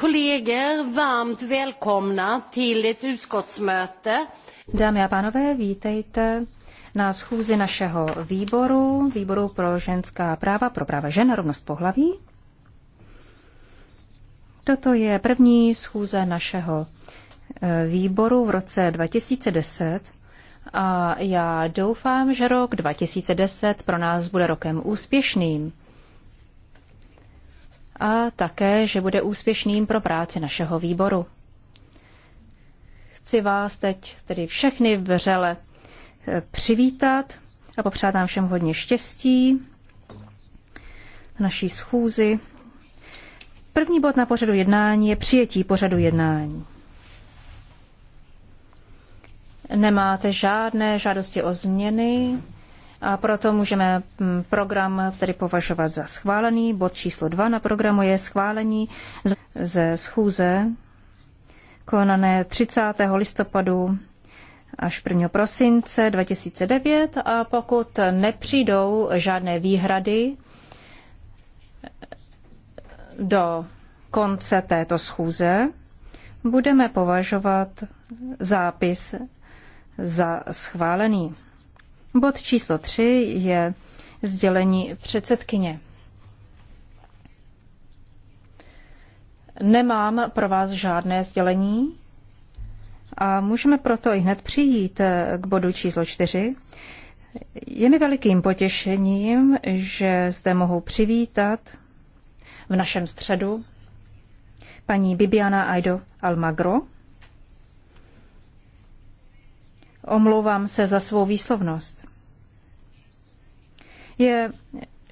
Kolleger, varmt välkomna till ett utskottsmöte. Dámy a pánové, vítejte na schůzi našeho výboru, výboru pro ženská práva, pro práva žen a rovnost pohlaví. Toto je první schůze našeho eh, výboru v roce 2010 a já doufám, že rok 2010 pro nás bude rokem úspěšným a také, že bude úspěšným pro práci našeho výboru. Chci vás teď tedy všechny vřele eh, přivítat a popřát vám všem hodně štěstí na naší schůzi. První bod na pořadu jednání je přijetí pořadu jednání. Nemáte žádné žádosti o změny, a proto můžeme mm, program tedy považovat za schválený. Bod číslo 2 na programu je schválení ze schůze konané 30. listopadu až 1. prosince 2009 a pokud nepřijdou žádné výhrady do konce této schůze, budeme považovat zápis za schválený. Bod číslo 3 je sdělení předsedkyně. Nemám pro vás žádné sdělení a můžeme proto i hned přijít k bodu číslo 4. Je mi velikým potěšením, že zde mohu přivítat v našem středu paní Bibiana Aido Almagro, Omlouvám se za svou výslovnost. Je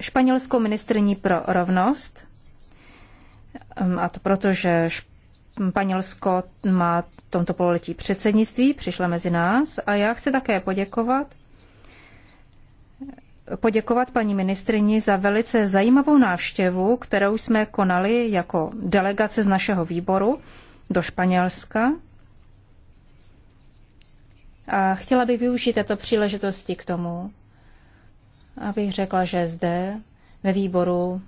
španělskou ministrní pro rovnost, um, a to proto, že Španělsko má tomto pololetí předsednictví, přišla mezi nás a já chci také poděkovat poděkovat paní ministrini za velice zajímavou návštěvu, kterou jsme konali jako delegace z našeho výboru do Španělska a chtěla bych využít této příležitosti k tomu, abych řekla, že zde ve výboru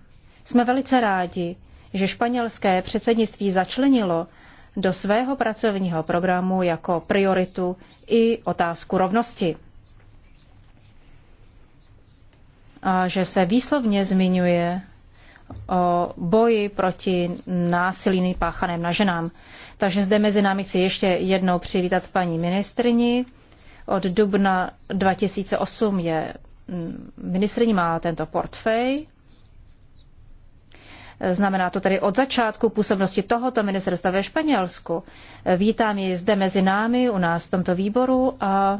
jsme velice rádi, že španělské předsednictví začlenilo do svého pracovního programu jako prioritu i otázku rovnosti. A že se výslovně zmiňuje o boji proti násilí páchaném na ženám. Takže zde mezi námi si ještě jednou přivítat paní ministrini. Od dubna 2008 je mm, ministriní má tento portfej. Znamená to tedy od začátku působnosti tohoto ministerstva ve Španělsku. Vítám ji zde mezi námi, u nás v tomto výboru a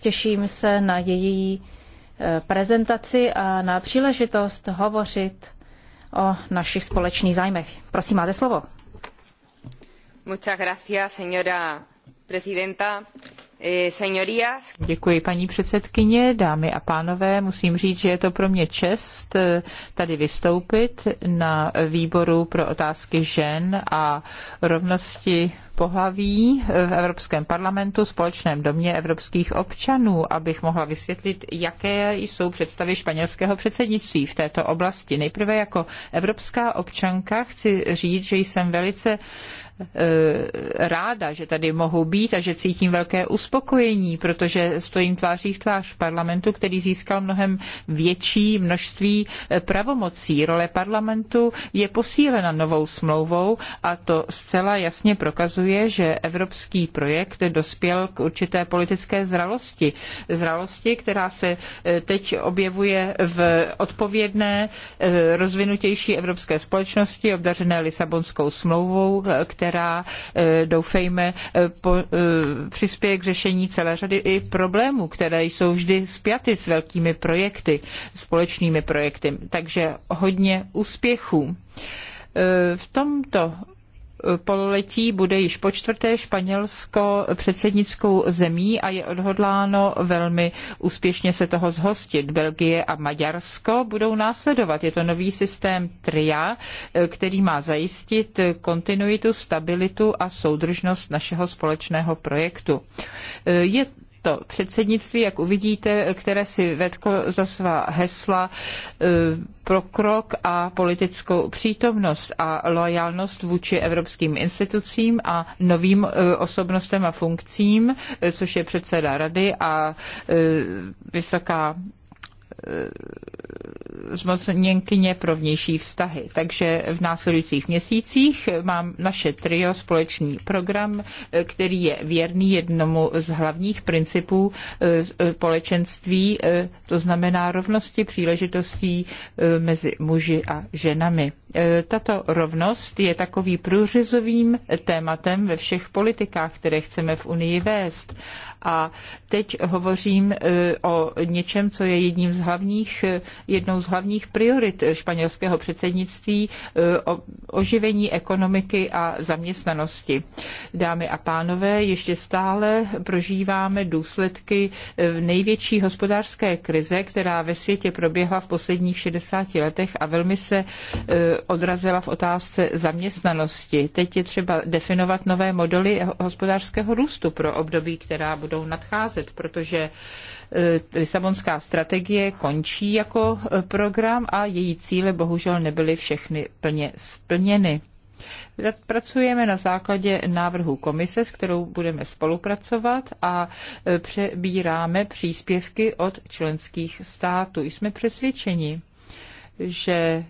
těším se na její eh, prezentaci a na příležitost hovořit o našich společných zájmech. Prosím, máte slovo. Muchas gracias, señora presidenta. Eh, Děkuji paní předsedkyně, dámy a pánové. Musím říct, že je to pro mě čest eh, tady vystoupit na výboru pro otázky žen a rovnosti pohlaví eh, v Evropském parlamentu, společném domě evropských občanů, abych mohla vysvětlit, jaké jsou představy španělského předsednictví v této oblasti. Nejprve jako evropská občanka chci říct, že jsem velice Eh, ráda, že tady mohu být a že cítím velké uspokojení, protože stojím tváří v tvář v parlamentu, který získal mnohem větší množství eh, pravomocí. Role parlamentu je posílena novou smlouvou a to zcela jasně prokazuje, že evropský projekt dospěl k určité politické zralosti. Zralosti, která se eh, teď objevuje v odpovědné, rozvinutější evropské společnosti, obdařené Lisabonskou smlouvou, která která eh, doufejme eh, po, eh, přispěje k řešení celé řady i problémů, které jsou vždy spjaty s velkými projekty, společnými projekty. Takže hodně úspěchů. V tomto pololetí bude již po čtvrté Španělsko předsednickou zemí a je odhodláno velmi úspěšně se toho zhostit. Belgie a Maďarsko budou následovat. Je to nový systém TRIA, který má zajistit kontinuitu, stabilitu a soudržnost našeho společného projektu. Je to předsednictví, jak uvidíte, které si vetklo za svá hesla e, pro krok a politickou přítomnost a lojalnost vůči evropským institucím a novým e, osobnostem a funkcím, e, což je předseda rady a vysoká Eh, zmocněnkyně pro vnější vztahy. Takže v následujících měsících mám naše trio společný program, eh, který je věrný jednomu z hlavních principů eh, společenství, to znamená rovnosti příležitostí mezi muži a ženami. Tato rovnost je takový průřezovým tématem ve všech politikách, které chceme v Unii vést. A teď hovořím e, o něčem, co je jedním z hlavních, e, jednou z hlavních priorit španělského předsednictví, e, o oživení ekonomiky a zaměstnanosti. Dámy a pánové, ještě stále prožíváme důsledky největší hospodářské krize, která ve světě proběhla v posledních 60 letech a velmi se odrazila v otázce zaměstnanosti. Teď je třeba definovat nové modely hospodářského růstu pro období, která budou budou nadcházet, protože eh, Lisabonská strategie končí jako eh, program a její cíle bohužel nebyly všechny plně splněny. Pracujeme na základě návrhu komise, s kterou budeme spolupracovat a eh, přebíráme příspěvky od členských států. Jsme přesvědčeni, že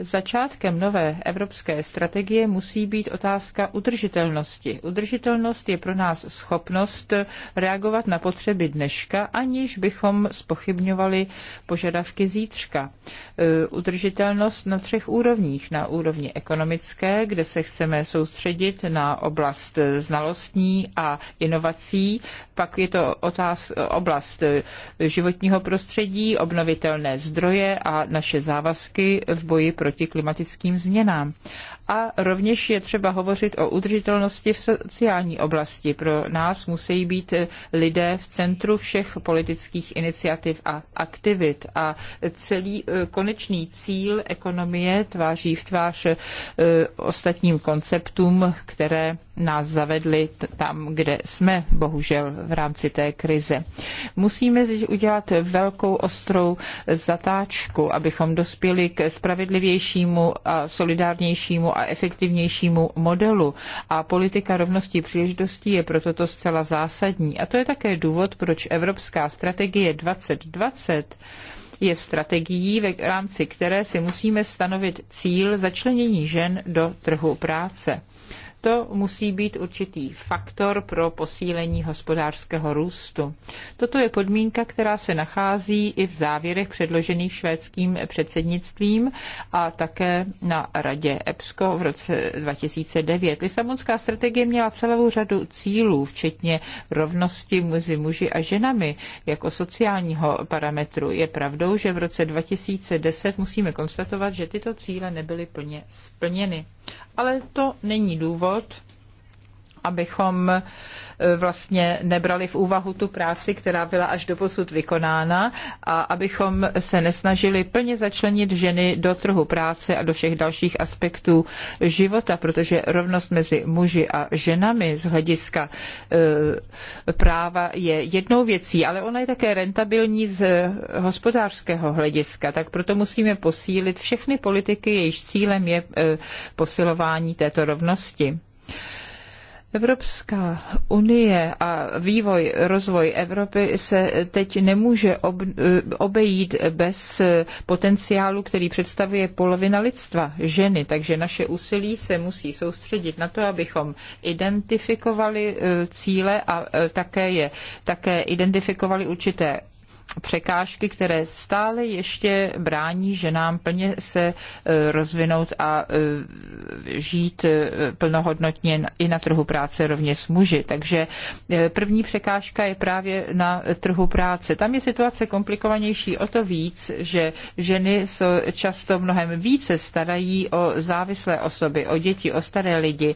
Začátkem nové evropské strategie musí být otázka udržitelnosti. Udržitelnost je pro nás schopnost reagovat na potřeby dneška, aniž bychom spochybňovali požadavky zítřka. E, udržitelnost na třech úrovních. Na úrovni ekonomické, kde se chceme soustředit na oblast znalostní a inovací, pak je to otáz, oblast životního prostředí, obnovitelné zdroje a naše závazky v boji pro proti klimatickým změnám a rovněž je třeba hovořit o udržitelnosti v sociální oblasti. Pro nás musí být lidé v centru všech politických iniciativ a aktivit a celý eh, konečný cíl ekonomie tváří v tvář eh, ostatním konceptům, které nás zavedly tam, kde jsme, bohužel, v rámci té krize. Musíme udělat velkou ostrou zatáčku, abychom dospěli k spravedlivějšímu a solidárnějšímu a efektivnějšímu modelu a politika rovnosti příležitostí je pro toto zcela zásadní. A to je také důvod, proč Evropská strategie 2020 je strategií, v rámci které si musíme stanovit cíl začlenění žen do trhu práce to musí být určitý faktor pro posílení hospodářského růstu. Toto je podmínka, která se nachází i v závěrech předložených švédským předsednictvím a také na Radě EPSCO v roce 2009. Lisabonská strategie měla celou řadu cílů, včetně rovnosti mezi muži a ženami jako sociálního parametru. Je pravdou, že v roce 2010 musíme konstatovat, že tyto cíle nebyly plně splněny. Ale to není důvod, abychom e, vlastně nebrali v úvahu tu práci, která byla až doposud vykonána a abychom se nesnažili plně začlenit ženy do trhu práce a do všech dalších aspektů života, protože rovnost mezi muži a ženami z hlediska e, práva je jednou věcí, ale ona je také rentabilní z hospodářského hlediska, tak proto musíme posílit všechny politiky, jejichž cílem je e, posilování této rovnosti. Evropská unie a vývoj, rozvoj Evropy se teď nemůže ob, eh, obejít bez potenciálu, který představuje polovina lidstva, ženy. Takže naše úsilí se musí soustředit na to, abychom identifikovali eh, cíle a eh, také je také identifikovali určité překážky, které stále ještě brání ženám plně se e, rozvinout a e, žít e, plnohodnotně i na trhu práce rovně s muži. Takže první překážka je právě na trhu práce. Tam je situace komplikovanější o to víc, že ženy se často mnohem více starají o závislé osoby, o děti, o staré lidi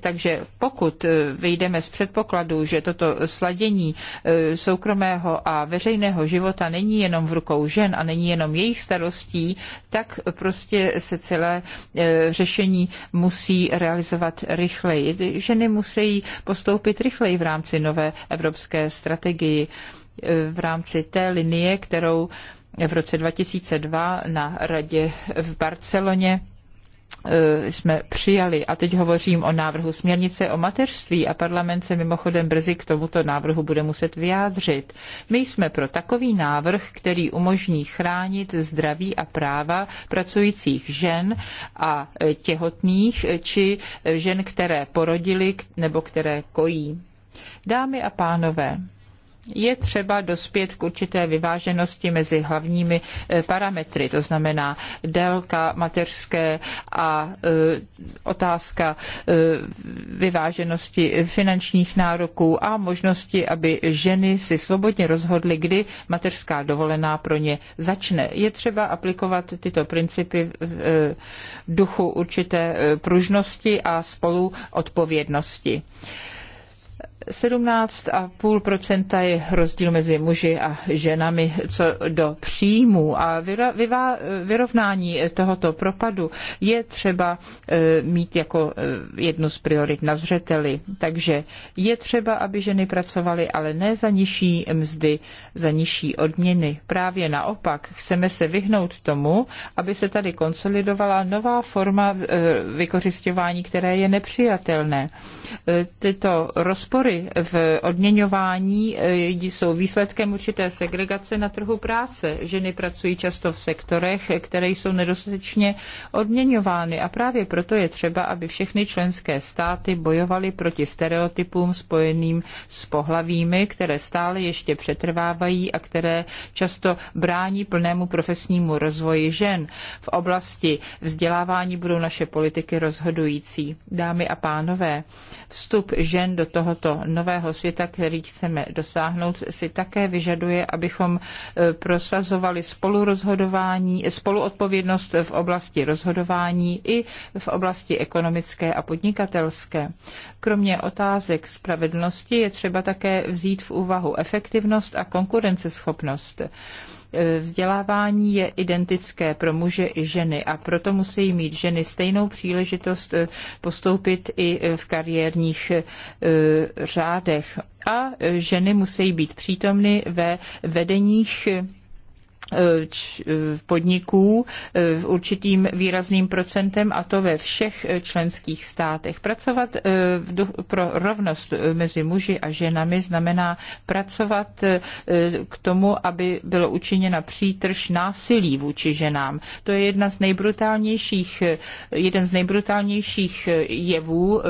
takže pokud eh, vyjdeme z předpokladu, že toto sladění eh, soukromého a veřejného života není jenom v rukou žen a není jenom jejich starostí, tak prostě se celé eh, řešení musí realizovat rychleji. Ženy musí postoupit rychleji v rámci nové evropské strategii, v rámci té linie, kterou v roce 2002 na radě v Barceloně Eh, jsme přijali, a teď hovořím o návrhu směrnice o mateřství a parlament se mimochodem brzy k tomuto návrhu bude muset vyjádřit. My jsme pro takový návrh, který umožní chránit zdraví a práva pracujících žen a těhotných či žen, které porodili nebo které kojí. Dámy a pánové, je třeba dospět k určité vyváženosti mezi hlavními eh, parametry, to znamená délka mateřské a eh, otázka eh, vyváženosti finančních nároků a možnosti, aby ženy si svobodně rozhodly, kdy mateřská dovolená pro ně začne. Je třeba aplikovat tyto principy v duchu určité pružnosti a spoluodpovědnosti. 17,5% je rozdíl mezi muži a ženami co do příjmů a vyrovnání tohoto propadu je třeba eh, mít jako eh, jednu z priorit na zřeteli. Takže je třeba, aby ženy pracovaly, ale ne za nižší mzdy, za nižší odměny. Právě naopak chceme se vyhnout tomu, aby se tady konsolidovala nová forma eh, vykořišťování, které je nepřijatelné. Tyto rozpory rozdíly v odměňování eh, jsou výsledkem určité segregace na trhu práce. Ženy pracují často v sektorech, které jsou nedostatečně odměňovány a právě proto je třeba, aby všechny členské státy bojovaly proti stereotypům spojeným s pohlavími, které stále ještě přetrvávají a které často brání plnému profesnímu rozvoji žen. V oblasti vzdělávání budou naše politiky rozhodující. Dámy a pánové, vstup žen do tohoto nového světa, který chceme dosáhnout, si také vyžaduje, abychom eh, prosazovali spolurozhodování, spoluodpovědnost v oblasti rozhodování i v oblasti ekonomické a podnikatelské. Kromě otázek spravedlnosti je třeba také vzít v úvahu efektivnost a konkurenceschopnost. Vzdělávání je identické pro muže i ženy a proto musí mít ženy stejnou příležitost eh, postoupit i eh, v kariérních eh, řádech. A ženy musí být přítomny ve vedeních podniků eh, určitým výrazným procentem a to ve všech eh, členských státech. Pracovat eh, pro rovnost mezi muži a ženami znamená pracovat k tomu, aby bylo učiněna přítrž násilí vůči ženám. To je jedna z nejbrutálnějších, jeden z nejbrutálnějších jevů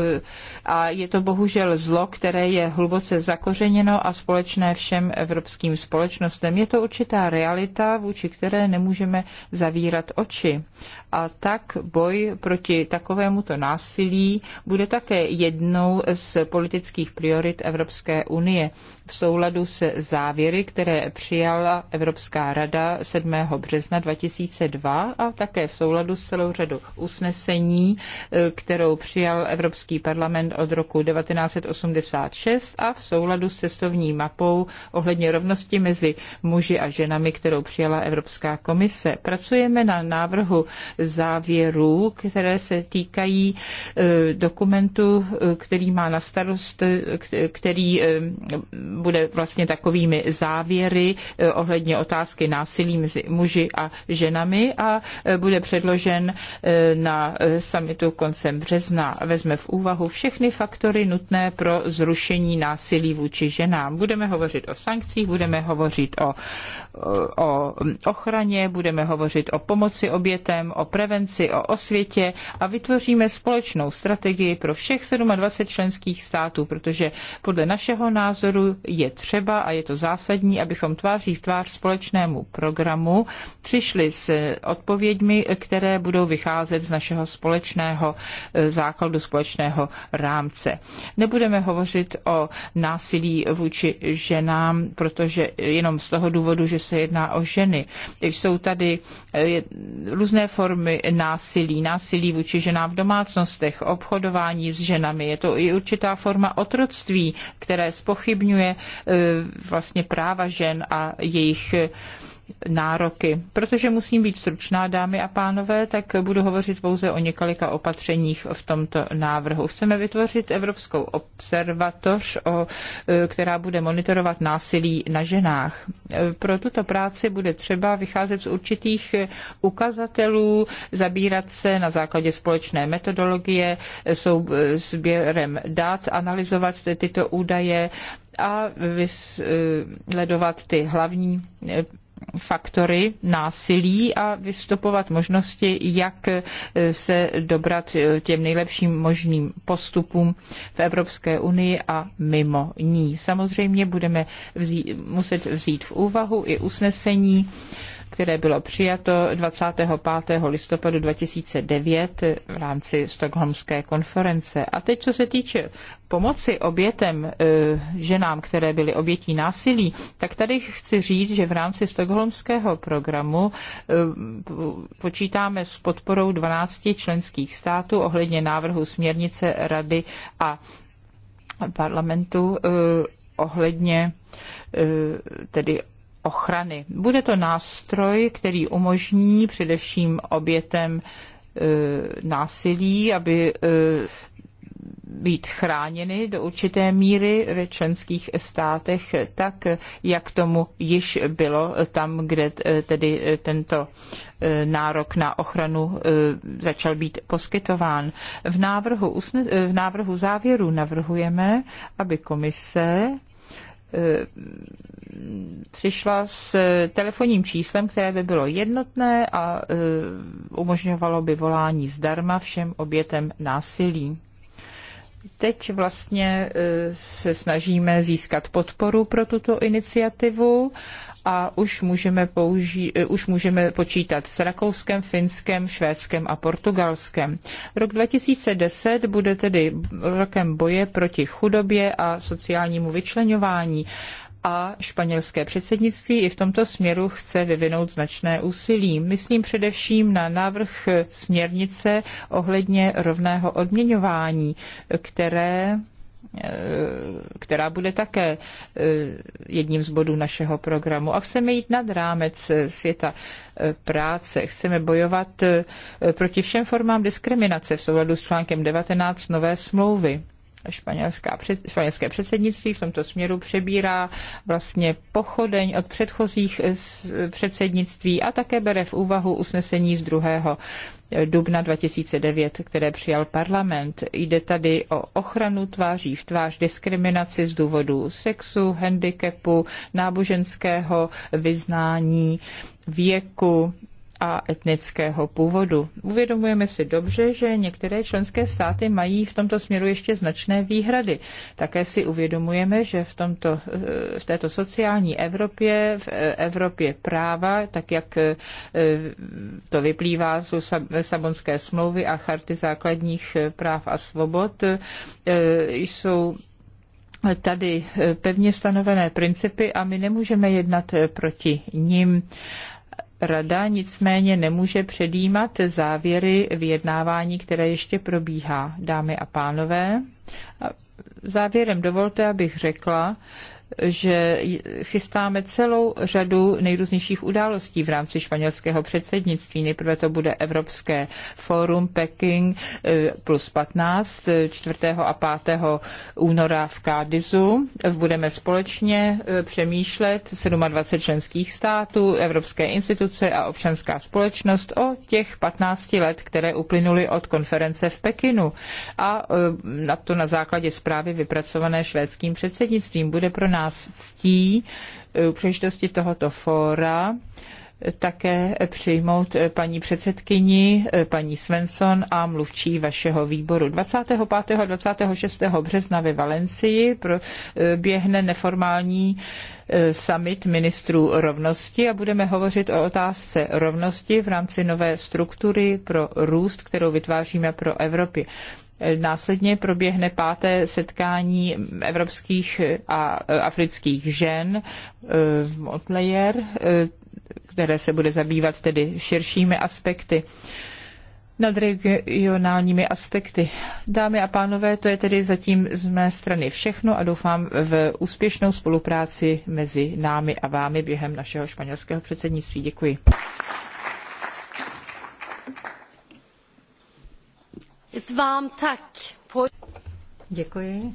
a je to bohužel zlo, které je hluboce zakořeněno a společné všem evropským společnostem. Je to určitá realita, vůči které nemůžeme zavírat oči a tak boj proti takovémuto násilí bude také jednou z politických priorit Evropské unie v souladu se závěry, které přijala Evropská rada 7. března 2002 a také v souladu s celou řadou usnesení, eh, kterou přijal Evropský parlament od roku 1986 a v souladu s cestovní mapou ohledně rovnosti mezi muži a ženami, kterou přijala Evropská komise. Pracujeme na návrhu závěrů, které se týkají eh, dokumentu, eh, který má na starost, eh, který bude vlastně takovými závěry ohledně otázky násilí mezi muži a ženami a bude předložen na samitu koncem března. Vezme v úvahu všechny faktory nutné pro zrušení násilí vůči ženám. Budeme hovořit o sankcích, budeme hovořit o, o ochraně, budeme hovořit o pomoci obětem, o prevenci, o osvětě a vytvoříme společnou strategii pro všech 27 členských států, protože podle našeho názoru je třeba a je to zásadní, abychom tváří v tvář společnému programu přišli s odpověďmi, které budou vycházet z našeho společného eh, základu, společného rámce. Nebudeme hovořit o násilí vůči ženám, protože jenom z toho důvodu, že se jedná o ženy. Jsou tady eh, různé formy formy násilí, násilí vůči ženám v domácnostech, obchodování s ženami. Je to i určitá forma otroctví, které spochybňuje eh, vlastně práva žen a jejich eh, nároky. Protože musím být stručná, dámy a pánové, tak budu hovořit pouze o několika opatřeních v tomto návrhu. Chceme vytvořit Evropskou observatoř, o, e, která bude monitorovat násilí na ženách. E, pro tuto práci bude třeba vycházet z určitých ukazatelů, zabírat se na základě společné metodologie, sou, e, sběrem dat, analyzovat tyto údaje, a vysledovat ty hlavní faktory násilí a vystupovat možnosti, jak eh, se dobrat eh, těm nejlepším možným postupům v Evropské unii a mimo ní. Samozřejmě budeme vzít, muset vzít v úvahu i usnesení které bylo přijato 25. listopadu 2009 v rámci Stockholmské konference. A teď, co se týče pomoci obětem, eh, ženám, které byly obětí násilí, tak tady chci říct, že v rámci Stockholmského programu eh, počítáme s podporou 12 členských států ohledně návrhu směrnice Rady a parlamentu eh, ohledně tedy ochrany. Bude to nástroj, který umožní především obětem e, násilí, aby e, být chráněny do určité míry ve členských státech, tak jak tomu již bylo tam, kde e, tedy tento nárok na ochranu začal být poskytován. V návrhu, v návrhu závěru navrhujeme, aby komise Eh, přišla s telefonním číslem, které by bylo jednotné a eh, umožňovalo by volání zdarma všem obětem násilí. Teď vlastně eh, se snažíme získat podporu pro tuto iniciativu a už můžeme, použí, eh, už můžeme počítat s Rakouskem, Finskem, Švédskem a Portugalskem. Rok 2010 bude tedy rokem boje proti chudobě a sociálnímu vyčlenování a španělské předsednictví i v tomto směru chce vyvinout značné úsilí. Myslím především na návrh směrnice ohledně rovného odměňování, které Eh, která bude také eh, jedním z bodů našeho programu. A chceme jít nad rámec eh, světa práce. Chceme bojovat proti všem formám diskriminace v souladu s článkem 19 nové smlouvy španělská před, španělské předsednictví v tomto směru přebírá vlastně pochodeň od předchozích předsednictví a také bere v úvahu usnesení z 2 dubna 2009, které přijal parlament. Jde tady o ochranu tváří v tvář diskriminaci z důvodu sexu, handicapu, náboženského vyznání, věku, a etnického původu. Uvědomujeme si dobře, že některé členské státy mají v tomto směru ještě značné výhrady. Také si uvědomujeme, že v, tomto, eh, v této sociální Evropě, v eh, Evropě práva, tak jak eh, to vyplývá z Sabonské smlouvy a charty základních práv a svobod, jsou tady pevně stanovené principy a my nemůžeme jednat proti nim. Rada nicméně nemůže předjímat závěry vyjednávání, které ještě probíhá. Dámy a pánové, závěrem dovolte, abych řekla, že chystáme celou řadu nejrůznějších událostí v rámci španělského předsednictví. Nejprve to bude Evropské fórum Peking eh, plus 15 4. Eh, a 5. února v Kádizu. Budeme společně eh, přemýšlet 27 členských států, evropské instituce a občanská společnost o těch 15 let, které uplynuly od konference v Pekinu. A na to na základě zprávy vypracované švédským předsednictvím bude pro nás nás ctí eh, u příležitosti tohoto fóra eh, také přijmout eh, paní předsedkyni, paní Svensson a mluvčí vašeho výboru. 25. a 26. března ve Valencii běhne neformální summit ministrů rovnosti a budeme hovořit o otázce rovnosti v rámci nové struktury pro růst, kterou vytváříme pro Evropy. Následně proběhne páté setkání evropských a e, afrických žen e, v Montlayer, e, které se bude zabývat tedy širšími aspekty nad regionálními aspekty. Dámy a pánové, to je tedy zatím z mé strany všechno a doufám v úspěšnou spolupráci mezi námi a vámi během našeho španělského předsednictví. Děkuji. Děkuji.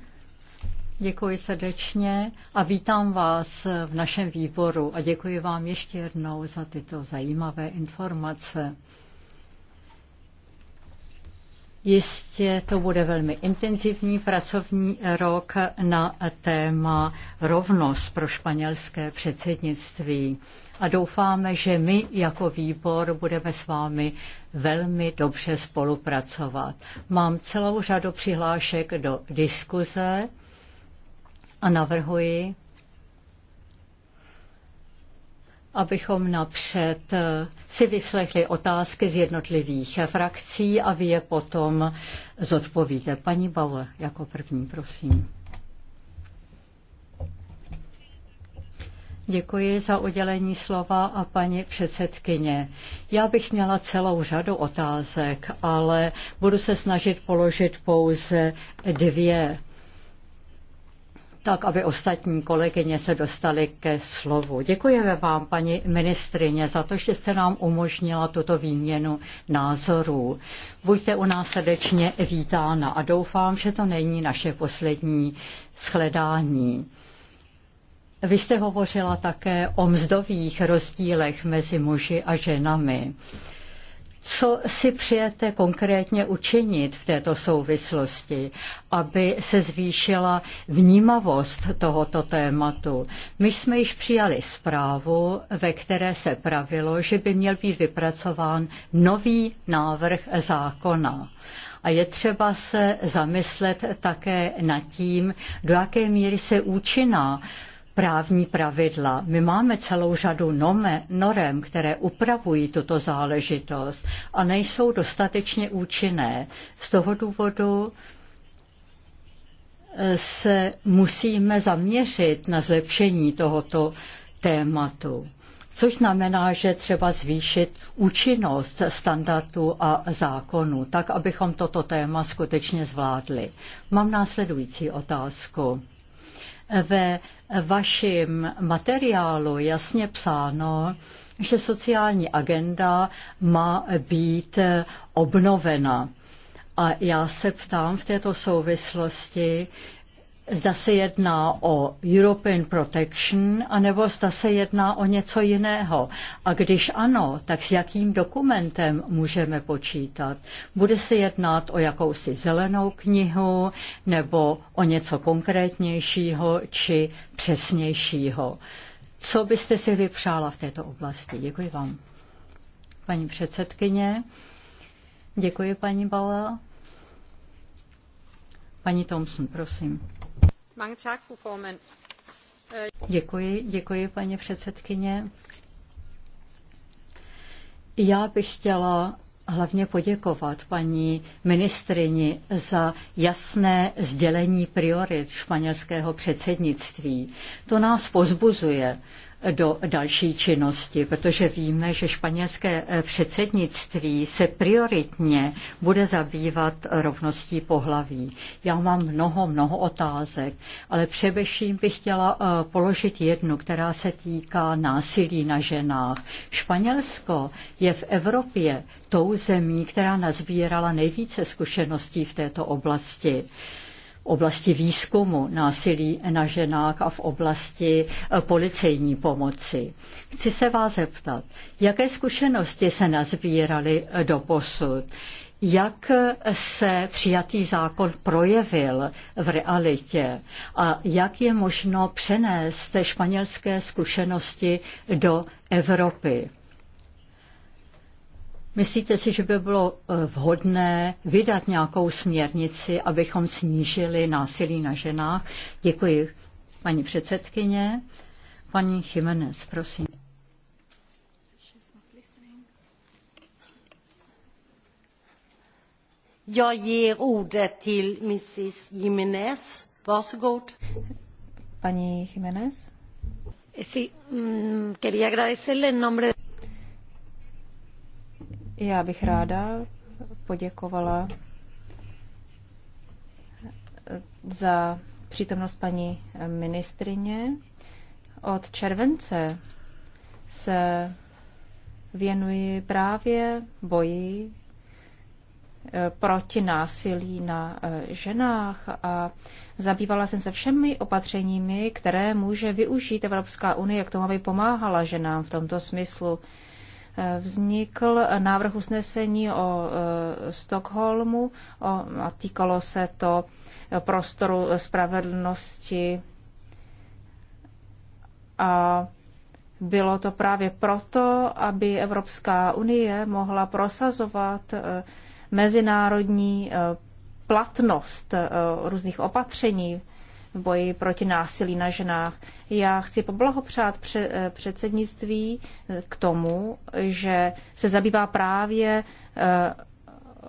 Děkuji srdečně a vítám vás v našem výboru a děkuji vám ještě jednou za tyto zajímavé informace. Jistě to bude velmi intenzivní pracovní rok na téma rovnost pro španělské předsednictví. A doufáme, že my jako výbor budeme s vámi velmi dobře spolupracovat. Mám celou řadu přihlášek do diskuze a navrhuji, abychom napřed eh, si vyslechli otázky z jednotlivých frakcí a vy je potom zodpovíte. Paní Bauer, jako první, prosím. Děkuji za udělení slova a paní předsedkyně. Já bych měla celou řadu otázek, ale budu se snažit položit pouze dvě tak, aby ostatní kolegyně se dostali ke slovu. Děkujeme vám, paní ministrině, za to, že jste nám umožnila tuto výměnu názorů. Buďte u nás srdečně vítána a doufám, že to není naše poslední shledání. Vy jste hovořila také o mzdových rozdílech mezi muži a ženami. Co si přijete konkrétně učinit v této souvislosti, aby se zvýšila vnímavost tohoto tématu? My jsme již přijali zprávu, ve které se pravilo, že by měl být vypracován nový návrh zákona. A je třeba se zamyslet také nad tím, do jaké míry se účinná právní pravidla. My máme celou řadu nome, norem, které upravují tuto záležitost a nejsou dostatečně účinné. Z toho důvodu eh, se musíme zaměřit na zlepšení tohoto tématu. Což znamená, že třeba zvýšit účinnost standardů a zákonů, tak abychom toto téma skutečně zvládli. Mám následující otázku. Ve vašem materiálu jasně psáno, že sociální agenda má být obnovena. A já se ptám v této souvislosti, zda se jedná o European Protection, anebo zda se jedná o něco jiného. A když ano, tak s jakým dokumentem můžeme počítat? Bude se jednat o jakousi zelenou knihu, nebo o něco konkrétnějšího či přesnějšího? Co byste si vypřála v této oblasti? Děkuji vám. Paní předsedkyně, děkuji paní Bala. Paní Thompson, prosím. Děkuji, děkuji paní předsedkyně. Já bych chtěla hlavně poděkovat paní ministrini za jasné sdělení priorit španělského předsednictví. To nás pozbuzuje do další činnosti, protože víme, že španělské eh, předsednictví se prioritně bude zabývat rovností pohlaví. Já mám mnoho, mnoho otázek, ale přebeším bych chtěla eh, položit jednu, která se týká násilí na ženách. Španělsko je v Evropě tou zemí, která nazbírala nejvíce zkušeností v této oblasti oblasti výzkumu násilí na ženách a v oblasti eh, policejní pomoci. Chci se vás zeptat, jaké zkušenosti se nazbíraly eh, do posud? Jak eh, se přijatý zákon projevil v realitě a jak je možno přenést španělské zkušenosti do Evropy? Myslíte si, že by bylo eh, vhodné vydat nějakou směrnici, abychom snížili násilí na ženách? Děkuji, paní předsedkyně. Paní Jiménez, prosím. Já je ordet til Mrs Jiménez. Varsågod. Paní Jiménez. Sí, mm, quería agradecerle en nombre de... Já bych ráda poděkovala eh, za přítomnost paní ministrině. Od července se věnuji právě boji eh, proti násilí na eh, ženách a zabývala jsem se všemi opatřeními, které může využít Evropská unie k tomu, aby pomáhala ženám v tomto smyslu vznikl návrh usnesení o e, Stockholmu a týkalo se to prostoru spravedlnosti a bylo to právě proto, aby Evropská unie mohla prosazovat e, mezinárodní e, platnost různých opatření v boji proti násilí na ženách. Já chci poblahopřát eh, předsednictví eh, k tomu, že se zabývá právě eh,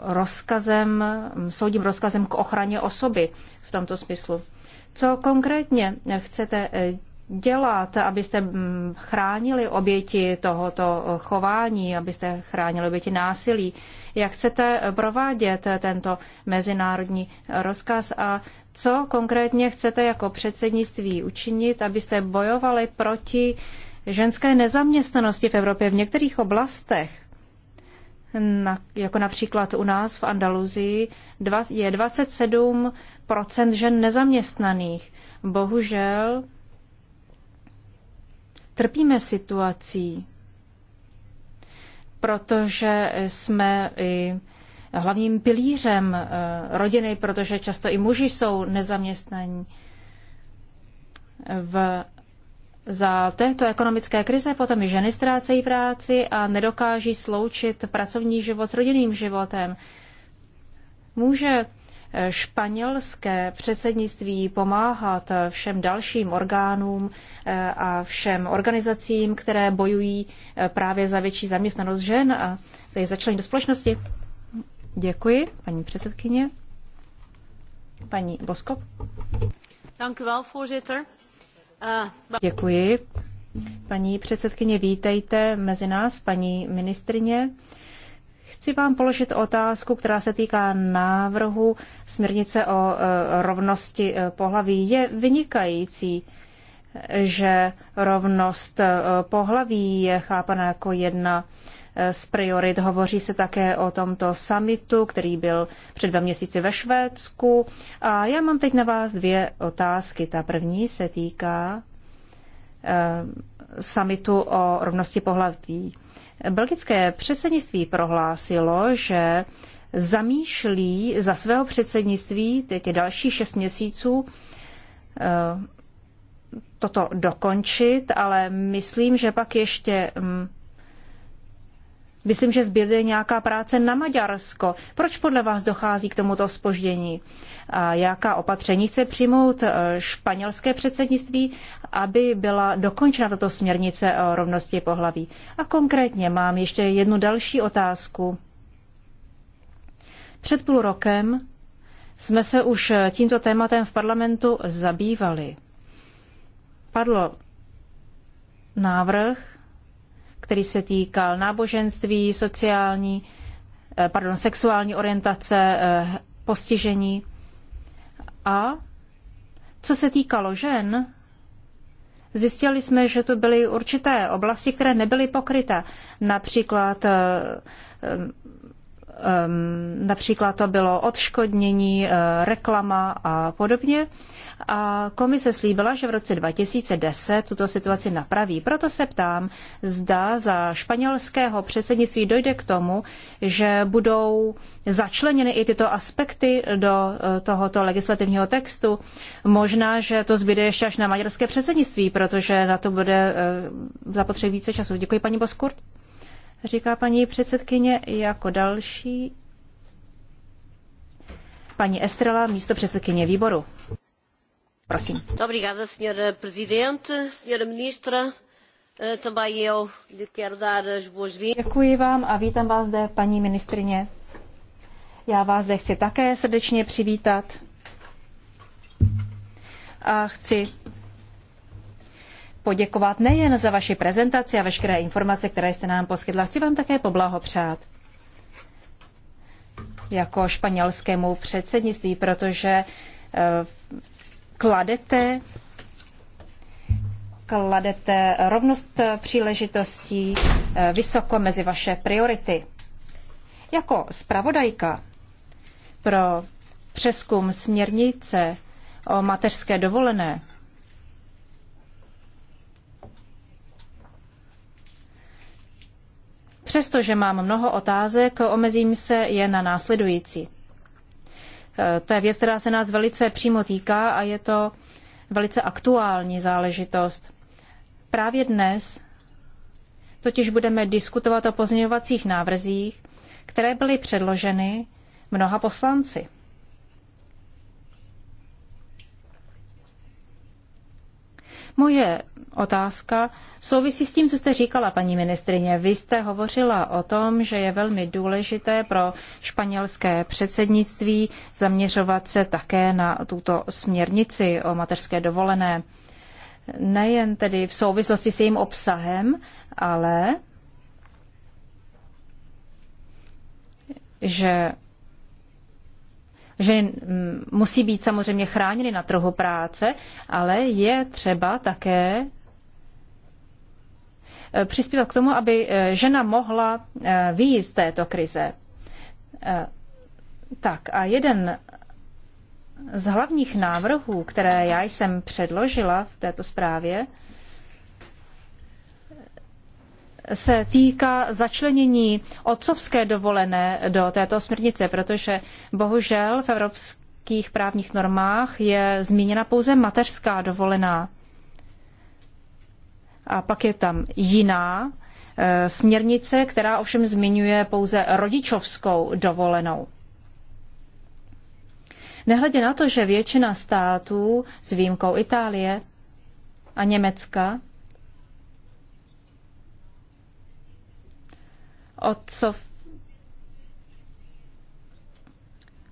rozkazem, soudním rozkazem k ochraně osoby v tomto smyslu. Co konkrétně chcete dělat, abyste mm, chránili oběti tohoto chování, abyste chránili oběti násilí? Jak chcete provádět tento mezinárodní rozkaz a co konkrétně chcete jako předsednictví učinit, abyste bojovali proti ženské nezaměstnanosti v Evropě v některých oblastech? Na, jako například u nás v Andaluzii dva, je 27 žen nezaměstnaných. Bohužel trpíme situací, protože jsme i hlavním pilířem eh, rodiny, protože často i muži jsou nezaměstnaní. V, za této ekonomické krize potom i ženy ztrácejí práci a nedokáží sloučit pracovní život s rodinným životem. Může eh, španělské předsednictví pomáhat eh, všem dalším orgánům a všem organizacím, které bojují právě za větší zaměstnanost žen a za jejich začlení do společnosti? Děkuji, paní předsedkyně. Paní Bosko. Eh, Děkuji. Paní předsedkyně, vítejte mezi nás, paní ministrině. Chci vám položit otázku, která se týká návrhu směrnice o eh, rovnosti eh, pohlaví. Je vynikající, že rovnost pohlaví je chápaná jako jedna z priorit. Hovoří se také o tomto summitu, který byl před dva měsíci ve Švédsku. A já mám teď na vás dvě otázky. Ta první se týká eh, summitu o rovnosti pohlaví. Belgické předsednictví prohlásilo, že zamýšlí za svého předsednictví, teď je další šest měsíců, eh, toto dokončit, ale myslím, že pak ještě mm, Myslím, že zbyde nějaká práce na Maďarsko. Proč podle vás dochází k tomuto spoždění? A jaká opatření se přijmout eh, španělské předsednictví, aby byla dokončena tato směrnice o rovnosti pohlaví? A konkrétně mám ještě jednu další otázku. Před půl rokem jsme se už eh, tímto tématem v parlamentu zabývali. Padlo návrh který se týkal náboženství, sociální, eh, pardon, sexuální orientace, eh, postižení. A co se týkalo žen, zjistili jsme, že to byly určité oblasti, které nebyly pokryté. Například eh, Ehm, například to bylo odškodnění, eh, reklama a podobně. A komise slíbila, že v roce 2010 tuto situaci napraví. Proto se ptám, zda za španělského předsednictví dojde k tomu, že budou začleněny i tyto aspekty do eh, tohoto legislativního textu. Možná, že to zbyde ještě až na maďarské předsednictví, protože na to bude eh, zapotřebí více času. Děkuji, paní Boskurt říká paní předsedkyně, jako další paní Estrela, místo předsedkyně výboru. Prosím. Obrigada, senhora presidente, senhora ministra. Eh, também eu lhe quero dar as boas-vindas. Děkuji vám a vítám vás zde, paní ministrině. Já vás zde chci také srdečně přivítat a chci poděkovat nejen za vaši prezentaci a veškeré informace, které jste nám poskytla. Chci vám také poblahopřát jako španělskému předsednictví, protože eh, kladete kladete rovnost příležitostí eh, vysoko mezi vaše priority. Jako zpravodajka pro přeskum směrnice o mateřské dovolené Přestože mám mnoho otázek, omezím se jen na následující. E, to je věc, která se nás velice přímo týká a je to velice aktuální záležitost. Právě dnes totiž budeme diskutovat o pozměňovacích návrzích, které byly předloženy mnoha poslanci. Moje otázka souvisí s tím, co jste říkala, paní ministrině. Vy jste hovořila o tom, že je velmi důležité pro španělské předsednictví zaměřovat se také na tuto směrnici o mateřské dovolené. Nejen tedy v souvislosti s jejím obsahem, ale že že musí být samozřejmě chráněny na trhu práce, ale je třeba také Eh, přispívat k tomu, aby eh, žena mohla eh, výjít z této krize. Tak a jeden z hlavních návrhů, které já jsem předložila v této zprávě, se týká začlenění otcovské dovolené do této směrnice, protože bohužel v evropských právních normách je zmíněna pouze mateřská dovolená. A pak je tam jiná eh, směrnice, která ovšem zmiňuje pouze rodičovskou dovolenou. Nehledě na to, že většina států, s výjimkou Itálie a Německa, otcov,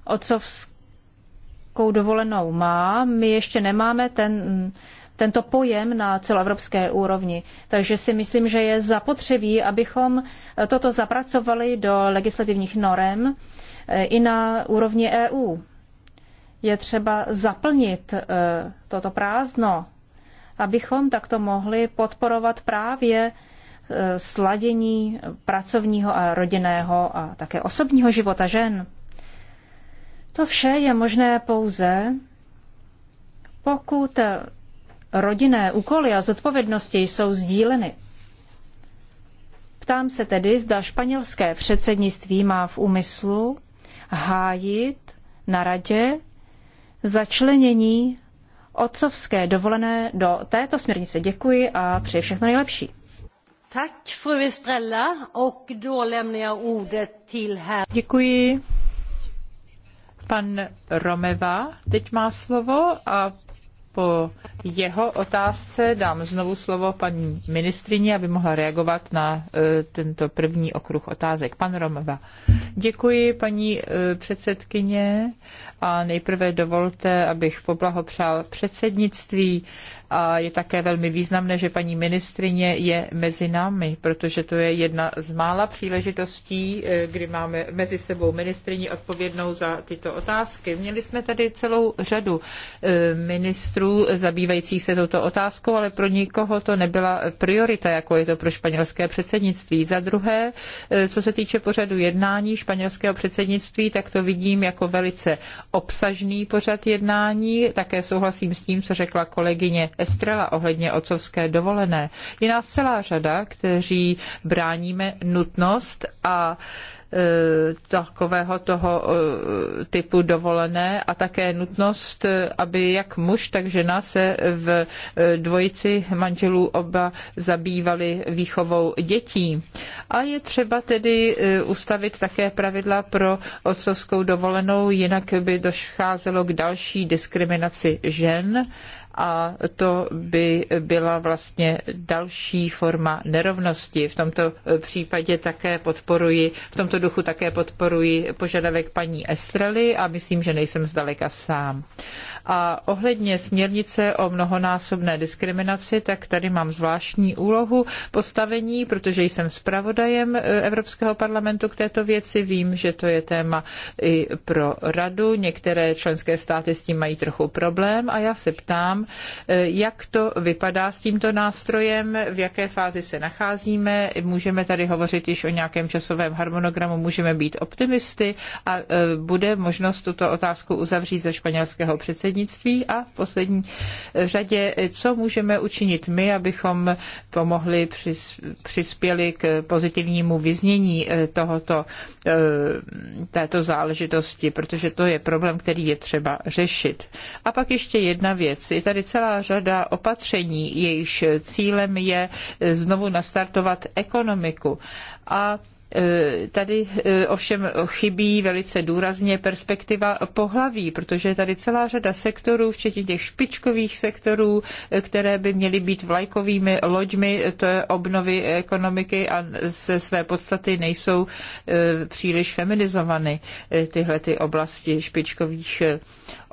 otcovskou dovolenou má, my ještě nemáme ten tento pojem na celoevropské úrovni. Takže si myslím, že je zapotřebí, abychom toto zapracovali do legislativních norem e, i na úrovni EU. Je třeba zaplnit e, toto prázdno, abychom takto mohli podporovat právě e, sladění pracovního a rodinného a také osobního života žen. To vše je možné pouze, pokud rodinné úkoly a zodpovědnosti jsou sdíleny. Ptám se tedy, zda španělské předsednictví má v úmyslu hájit na radě začlenění otcovské dovolené do této směrnice. Děkuji a přeji všechno nejlepší. Děkuji. Pan Romeva teď má slovo a po jeho otázce dám znovu slovo paní ministrině, aby mohla reagovat na e, tento první okruh otázek. Pan Romeva. Děkuji, paní e, předsedkyně. A nejprve dovolte, abych poblahopřál předsednictví a je také velmi významné, že paní ministrině je mezi námi, protože to je jedna z mála příležitostí, eh, kdy máme mezi sebou ministrině odpovědnou za tyto otázky. Měli jsme tady celou řadu eh, ministrů zabývajících se touto otázkou, ale pro nikoho to nebyla priorita, jako je to pro španělské předsednictví. Za druhé, eh, co se týče pořadu jednání španělského předsednictví, tak to vidím jako velice obsažný pořad jednání. Také souhlasím s tím, co řekla kolegyně Estrela ohledně otcovské dovolené. Je nás celá řada, kteří bráníme nutnost a e, takového toho e, typu dovolené a také nutnost, e, aby jak muž, tak žena se v dvojici manželů oba zabývali výchovou dětí. A je třeba tedy ustavit také pravidla pro otcovskou dovolenou, jinak by docházelo k další diskriminaci žen a to by byla vlastně další forma nerovnosti. V tomto případě také podporuji, v tomto duchu také podporuji požadavek paní Estrely a myslím, že nejsem zdaleka sám. A ohledně směrnice o mnohonásobné diskriminaci, tak tady mám zvláštní úlohu postavení, protože jsem zpravodajem e, Evropského parlamentu k této věci. Vím, že to je téma i pro radu. Některé členské státy s tím mají trochu problém a já se ptám, e, jak to vypadá s tímto nástrojem, v jaké fázi se nacházíme. Můžeme tady hovořit již o nějakém časovém harmonogramu, můžeme být optimisty a e, bude možnost tuto otázku uzavřít za španělského předsednictví předsednictví a v poslední řadě, co můžeme učinit my, abychom pomohli, přispěli k pozitivnímu vyznění eh, tohoto, eh, této záležitosti, protože to je problém, který je třeba řešit. A pak ještě jedna věc. Je tady celá řada opatření, jejichž cílem je eh, znovu nastartovat ekonomiku. A Eh, tady eh, ovšem chybí velice důrazně perspektiva pohlaví, protože je tady celá řada sektorů, včetně těch špičkových sektorů, eh, které by měly být vlajkovými loďmi té obnovy ekonomiky a ze své podstaty nejsou příliš feminizovány tyhle ty oblasti špičkových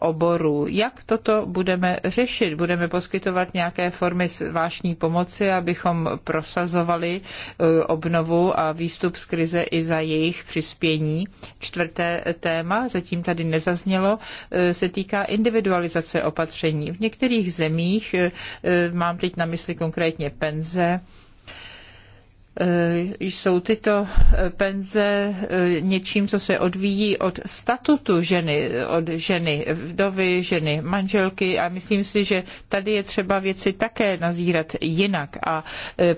oborů. Jak toto budeme řešit? Budeme poskytovat nějaké formy zvláštní pomoci, abychom prosazovali e, obnovu a výstup z krize i za jejich přispění. Čtvrté téma, zatím tady nezaznělo, e, se týká individualizace opatření. V některých zemích, e, mám teď na mysli konkrétně penze, Eh, jsou tyto eh, penze eh, něčím, co se odvíjí od statutu ženy, od ženy vdovy, ženy manželky a myslím si, že tady je třeba věci také nazírat jinak. A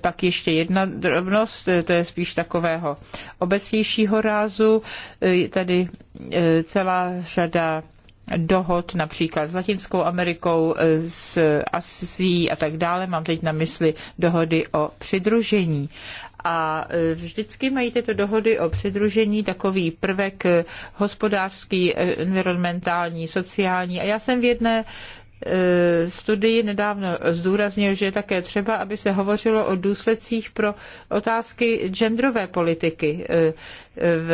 pak ještě jedna drobnost, to je spíš takového obecnějšího rázu, tady celá řada dohod například s Latinskou Amerikou, s Asií a tak dále. Mám teď na mysli dohody o přidružení a e, vždycky mají tyto dohody o přidružení takový prvek e, hospodářský, e, environmentální, sociální. A já jsem v jedné studii nedávno zdůraznil, že je také třeba, aby se hovořilo o důsledcích pro otázky genderové politiky v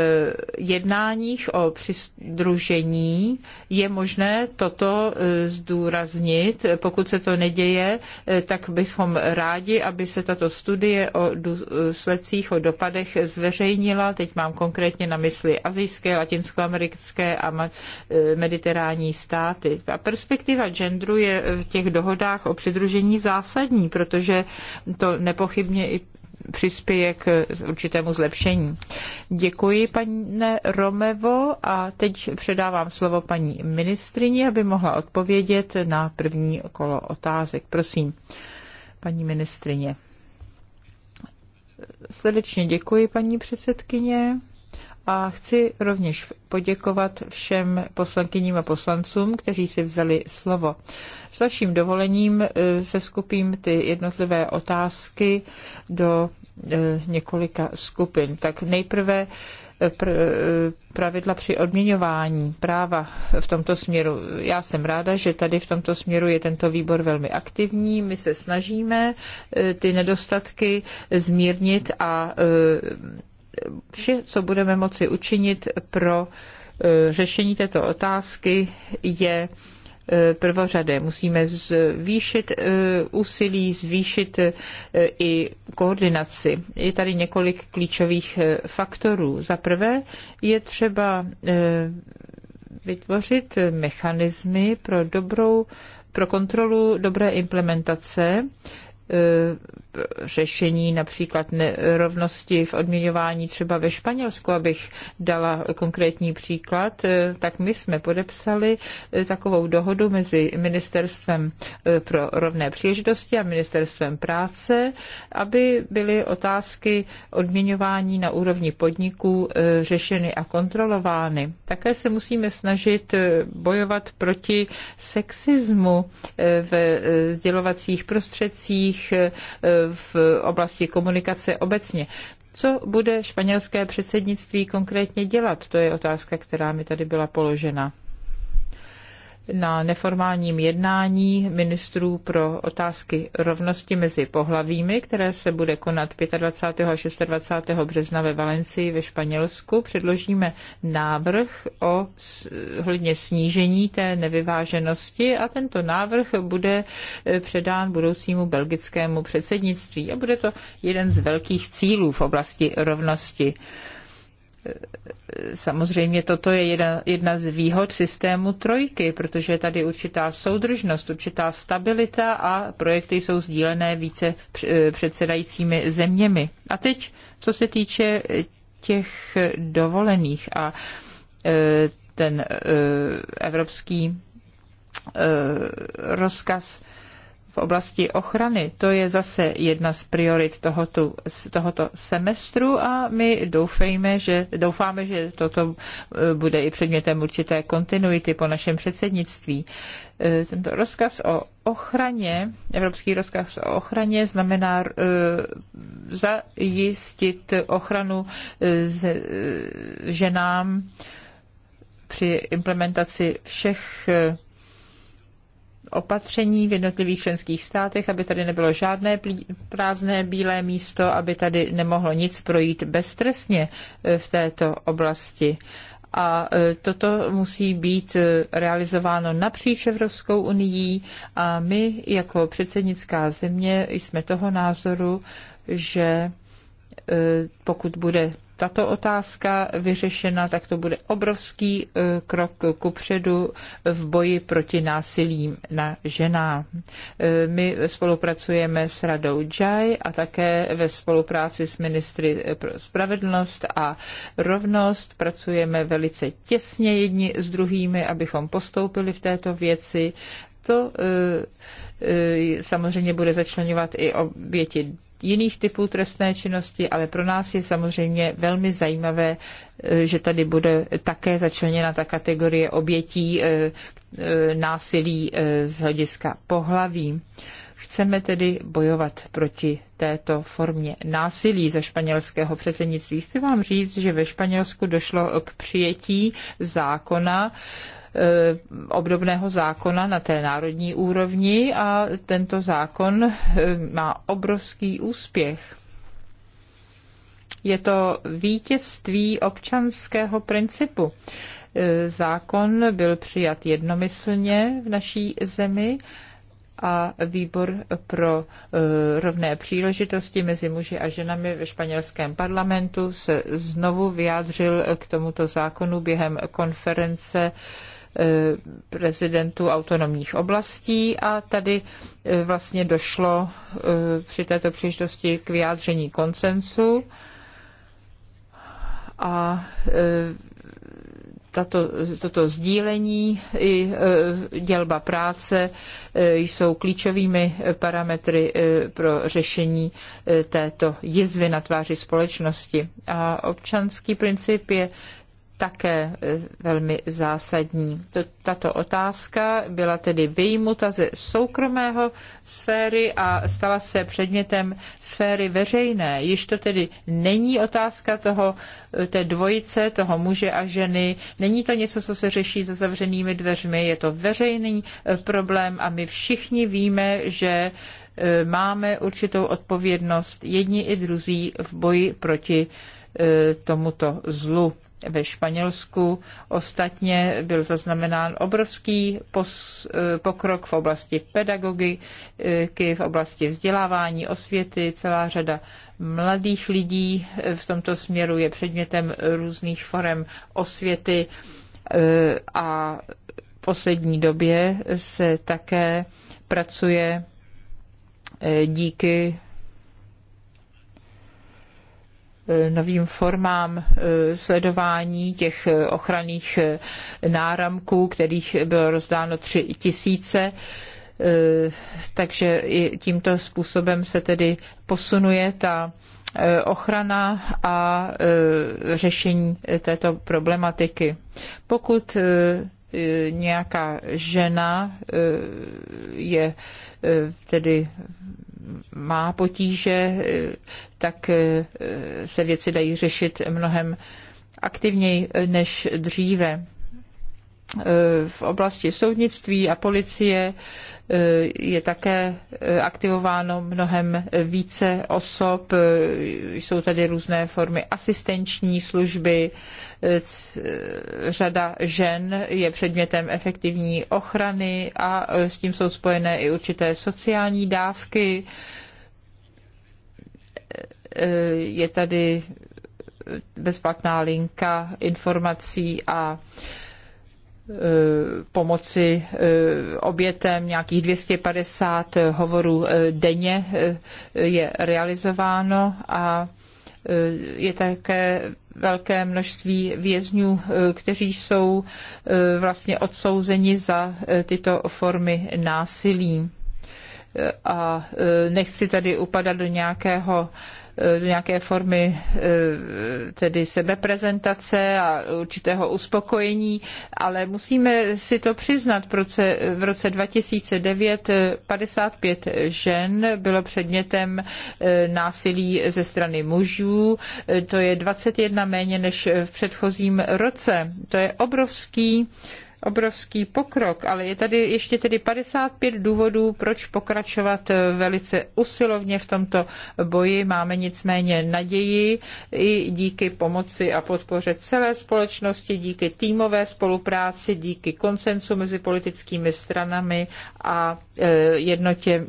jednáních o přidružení je možné toto e, zdůraznit. Pokud se to neděje, e, tak bychom rádi, aby se tato studie o důsledcích, o dopadech zveřejnila. Teď mám konkrétně na mysli azijské, latinskoamerické a e, mediterální státy. A perspektiva genderu je v těch dohodách o přidružení zásadní, protože to nepochybně i přispěje k určitému zlepšení. Děkuji, paní Romevo, a teď předávám slovo paní ministrině, aby mohla odpovědět na první kolo otázek. Prosím, paní ministrině. Srdečně děkuji, paní předsedkyně. A chci rovněž poděkovat všem poslankyním a poslancům, kteří si vzali slovo. S vaším dovolením eh, se skupím ty jednotlivé otázky do E, několika skupin. Tak nejprve e, e, pravidla při odměňování práva v tomto směru. Já jsem ráda, že tady v tomto směru je tento výbor velmi aktivní. My se snažíme ty nedostatky zmírnit a vše, co budeme moci učinit pro řešení této otázky, je prvořadé. Musíme zvýšit eh, úsilí, zvýšit eh, i koordinaci. Je tady několik klíčových eh, faktorů. Za prvé je třeba vytvořit mechanismy pro dobrou pro kontrolu dobré implementace řešení například nerovnosti v odměňování třeba ve Španělsku, abych dala konkrétní příklad, eh, tak my jsme podepsali eh, takovou dohodu mezi Ministerstvem eh, pro rovné příležitosti a Ministerstvem práce, aby byly otázky odměňování na úrovni podniků řešeny a kontrolovány. Také se musíme snažit bojovat proti sexismu ve sdělovacích prostředcích, v oblasti komunikace obecně. Co bude španělské předsednictví konkrétně dělat? To je otázka, která mi tady byla položena na neformálním jednání ministrů pro otázky rovnosti mezi pohlavími, které se bude konat 25. a 26. března ve Valencii ve Španělsku. Předložíme návrh o hodně snížení té nevyváženosti a tento návrh bude eh, předán budoucímu belgickému předsednictví a bude to jeden z velkých cílů v oblasti rovnosti. Samozřejmě toto je jedna, jedna z výhod systému trojky, protože je tady určitá soudržnost, určitá stabilita a projekty jsou sdílené více eh, předsedajícími zeměmi. A teď, co se týče těch dovolených a eh, ten eh, evropský rozkaz, v oblasti ochrany. To je zase jedna z priorit tohoto, tohoto semestru a my doufejme, že, doufáme, že toto e, bude i předmětem určité kontinuity po našem předsednictví. E, tento rozkaz o ochraně, evropský rozkaz o ochraně znamená e, zajistit ochranu ženám při implementaci všech opatření v jednotlivých členských státech, aby tady nebylo žádné prázdné bílé místo, aby tady nemohlo nic projít beztresně e, v této oblasti a e, toto musí být e, realizováno napříč Evropskou unii a my jako předsednická země jsme toho názoru, že pokud bude tato otázka vyřešena, tak to bude obrovský e, krok kupředu v boji proti násilím na ženách. E, my spolupracujeme s Radou JAI a také ve spolupráci s ministry pro spravedlnost a rovnost pracujeme velice těsně jedni s druhými, abychom postoupili v této věci to e, samozřejmě bude začlenovat i oběti jiných typů trestné činnosti, ale pro nás je samozřejmě velmi zajímavé, eh, že tady bude také začleněna ta kategorie obětí eh, eh, násilí z hlediska pohlaví. Chceme tedy bojovat proti této formě násilí za španělského předsednictví. Chci vám říct, že ve Španělsku došlo k přijetí zákona, Eh, obdobného zákona na té národní úrovni a tento zákon eh, má obrovský úspěch. Je to vítězství občanského principu. Eh, zákon byl přijat jednomyslně v naší zemi a výbor pro rovné příležitosti mezi muži a ženami ve španělském parlamentu se znovu vyjádřil k tomuto zákonu během konference Eh, prezidentů autonomních oblastí a tady eh, vlastně došlo eh, při této příležitosti k vyjádření konsensu a tato, toto sdílení i dělba práce jsou klíčovými parametry pro řešení této jizvy na tváři společnosti. A občanský princip je také e, velmi zásadní. Tato otázka byla tedy vyjmuta ze soukromého sféry a stala se předmětem sféry veřejné. Již to tedy není otázka toho, e, té dvojice, toho muže a ženy. Není to něco, co se řeší za zavřenými dveřmi, je to veřejný e, problém a my všichni víme, že máme určitou odpovědnost jedni i druzí v boji proti tomuto zlu ve Španělsku. Ostatně byl zaznamenán obrovský pos, eh, pokrok v oblasti pedagogiky, eh, v oblasti vzdělávání, osvěty, celá řada mladých lidí eh, v tomto směru je předmětem různých forem osvěty a v poslední době se také pracuje díky Eh, novým formám eh, sledování těch eh, ochranných náramků, kterých bylo rozdáno tři tisíce takže tímto způsobem se tedy posunuje ta ochrana a řešení této problematiky. Pokud nějaká žena je tedy má potíže, tak eh, se věci dají řešit mnohem aktivněji eh, než dříve. Eh, v oblasti soudnictví a policie je také eh, aktivováno mnohem více osob, eh, jsou tady různé formy asistenční služby, eh, řada žen je předmětem efektivní ochrany a s tím jsou spojené i určité sociální dávky. Je tady bezplatná linka informací a Eh, pomoci eh, obětem. Nějakých 250 hovorů eh, denně je realizováno a je také velké množství vězňů, kteří jsou vlastně odsouzeni za tyto formy násilí. A nechci tady upadat do nějakého do eh, nějaké formy eh, tedy sebeprezentace a určitého uspokojení, ale musíme si to přiznat. V roce 2009 55 eh, žen bylo předmětem násilí ze strany mužů. To je 21 méně než v předchozím roce. To je obrovský obrovský pokrok, ale je tady ještě tedy 55 důvodů, proč pokračovat velice usilovně v tomto boji. Máme nicméně naději i díky pomoci a podpoře celé společnosti, díky týmové spolupráci, díky koncensu mezi politickými stranami a e, jednotě e,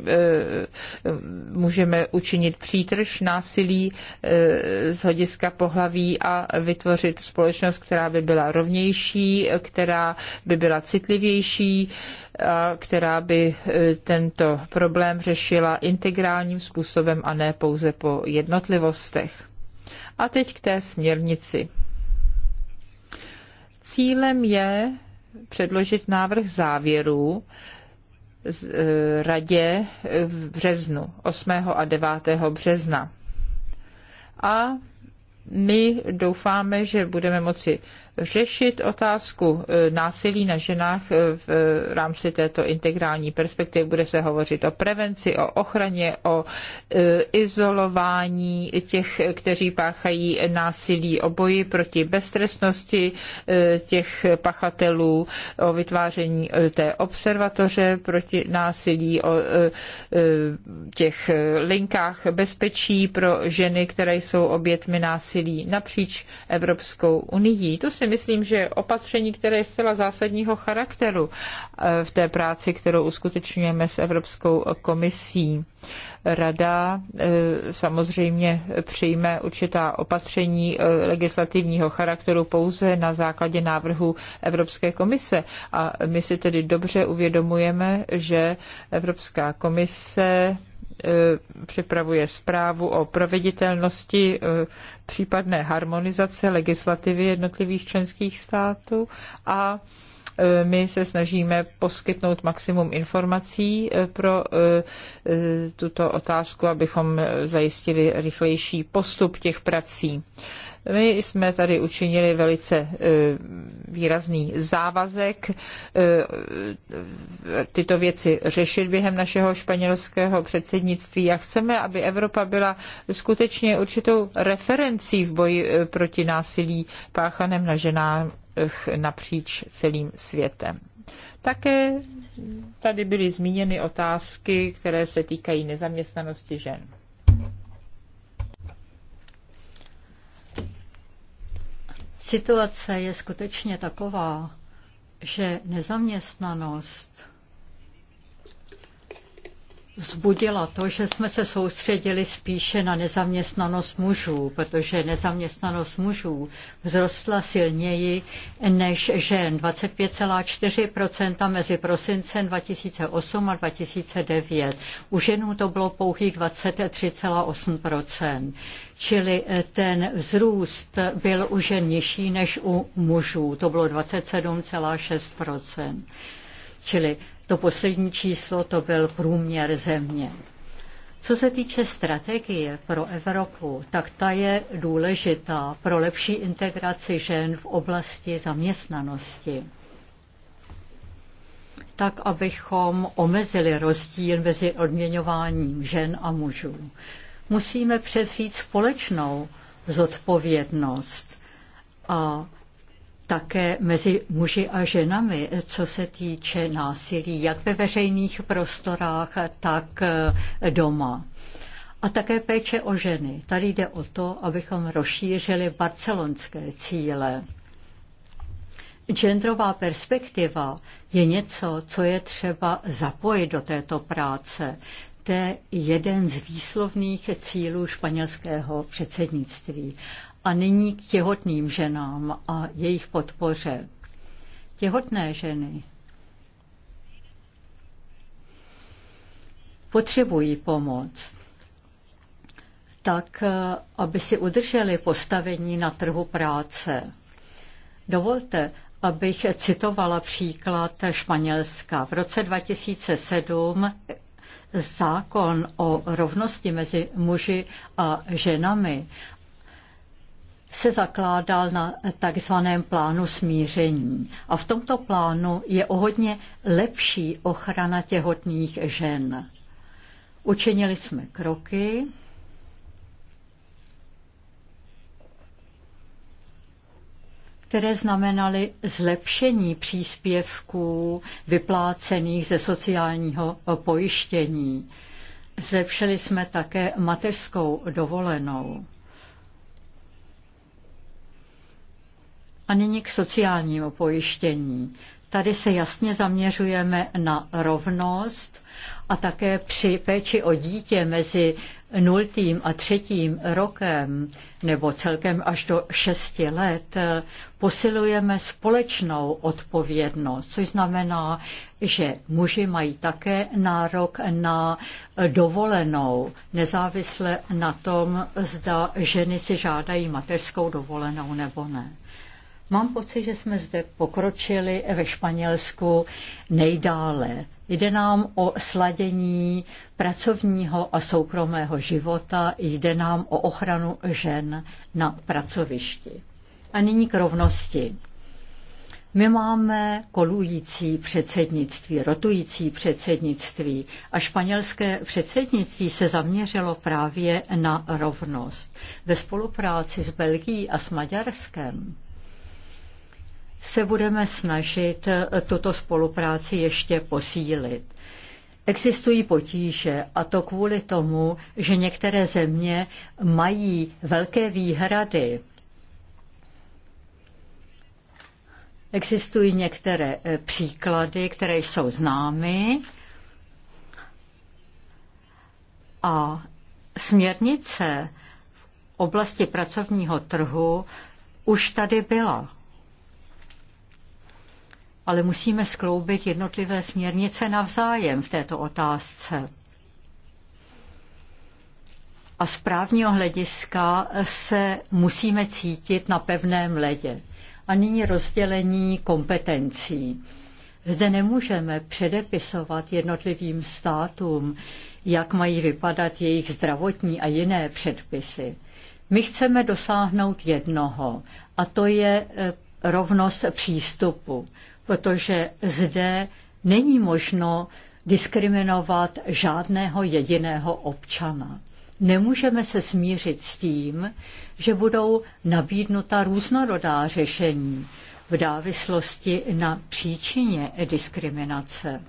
můžeme učinit přítrž násilí e, z hlediska pohlaví a vytvořit společnost, která by byla rovnější, která by byla citlivější, a eh, která by eh, tento problém řešila integrálním způsobem a ne pouze po jednotlivostech. A teď k té směrnici. Cílem je předložit návrh závěrů eh, radě v březnu, 8. a 9. března. A my doufáme, že budeme moci řešit otázku e, násilí na ženách e, e, v rámci této integrální perspektivy. Bude se hovořit o prevenci, o ochraně, o izolování těch, kteří páchají násilí, o boji proti beztrestnosti těch pachatelů, o vytváření té observatoře proti násilí, o těch linkách bezpečí pro ženy, které jsou obětmi násilí napříč Evropskou unii. To se si myslím, že opatření, které je zcela zásadního charakteru eh, v té práci, kterou uskutečňujeme s Evropskou komisí. Rada eh, samozřejmě přijme určitá opatření eh, legislativního charakteru pouze na základě návrhu Evropské komise. A my si tedy dobře uvědomujeme, že Evropská komise připravuje zprávu o proveditelnosti případné harmonizace legislativy jednotlivých členských států a E, my se snažíme poskytnout maximum informací e, pro e, tuto otázku, abychom zajistili rychlejší postup těch prací. My jsme tady učinili velice výrazný závazek tyto věci řešit během našeho španělského předsednictví a chceme, aby Evropa byla skutečně určitou referencí v boji proti násilí páchaném na ženách Eh, napříč celým světem. Také tady byly zmíněny otázky, které se týkají nezaměstnanosti žen. Situace je skutečně taková, že nezaměstnanost vzbudila to, že jsme se soustředili spíše na nezaměstnanost mužů, protože nezaměstnanost mužů vzrostla silněji než žen 25,4% mezi prosincem 2008 a 2009. U ženů to bylo pouhých 23,8%. Čili eh, ten vzrůst byl u žen nižší než u mužů, to bylo 27,6%. Čili to poslední číslo to byl průměr země. Co se týče strategie pro Evropu, tak ta je důležitá pro lepší integraci žen v oblasti zaměstnanosti. Tak, abychom omezili rozdíl mezi odměňováním žen a mužů. Musíme převzít společnou zodpovědnost a také mezi muži a ženami, co se týče násilí, jak ve veřejných prostorách, tak eh, doma. A také péče o ženy. Tady jde o to, abychom rozšířili barcelonské cíle. Gendrová perspektiva je něco, co je třeba zapojit do této práce. To je jeden z výslovných cílů španělského předsednictví. A nyní k těhotným ženám a jejich podpoře. Těhotné ženy potřebují pomoc tak, aby si udrželi postavení na trhu práce. Dovolte, abych citovala příklad Španělska. V roce 2007 zákon o rovnosti mezi muži a ženami se zakládal na takzvaném plánu smíření. A v tomto plánu je o hodně lepší ochrana těhotných žen. Učinili jsme kroky, které znamenaly zlepšení příspěvků vyplácených ze sociálního pojištění. Zlepšili jsme také mateřskou dovolenou. A nyní k sociálnímu pojištění. Tady se jasně zaměřujeme na rovnost a také při péči o dítě mezi nultým a třetím rokem nebo celkem až do šesti let posilujeme společnou odpovědnost, což znamená, že muži mají také nárok na dovolenou, nezávisle na tom, zda ženy si žádají mateřskou dovolenou nebo ne. Mám pocit, že jsme zde pokročili ve Španělsku nejdále. Jde nám o sladění pracovního a soukromého života, jde nám o ochranu žen na pracovišti. A nyní k rovnosti. My máme kolující předsednictví, rotující předsednictví a španělské předsednictví se zaměřilo právě na rovnost. Ve spolupráci s Belgií a s Maďarskem se budeme snažit eh, tuto spolupráci ještě posílit. Existují potíže a to kvůli tomu, že některé země mají velké výhrady. Existují některé eh, příklady, které jsou známy a směrnice v oblasti pracovního trhu už tady byla ale musíme skloubit jednotlivé směrnice navzájem v této otázce. A z právního hlediska se musíme cítit na pevném ledě. A nyní rozdělení kompetencí. Zde nemůžeme předepisovat jednotlivým státům, jak mají vypadat jejich zdravotní a jiné předpisy. My chceme dosáhnout jednoho, a to je eh, rovnost přístupu protože zde není možno diskriminovat žádného jediného občana. Nemůžeme se smířit s tím, že budou nabídnuta různorodá řešení v dávislosti na příčině diskriminace.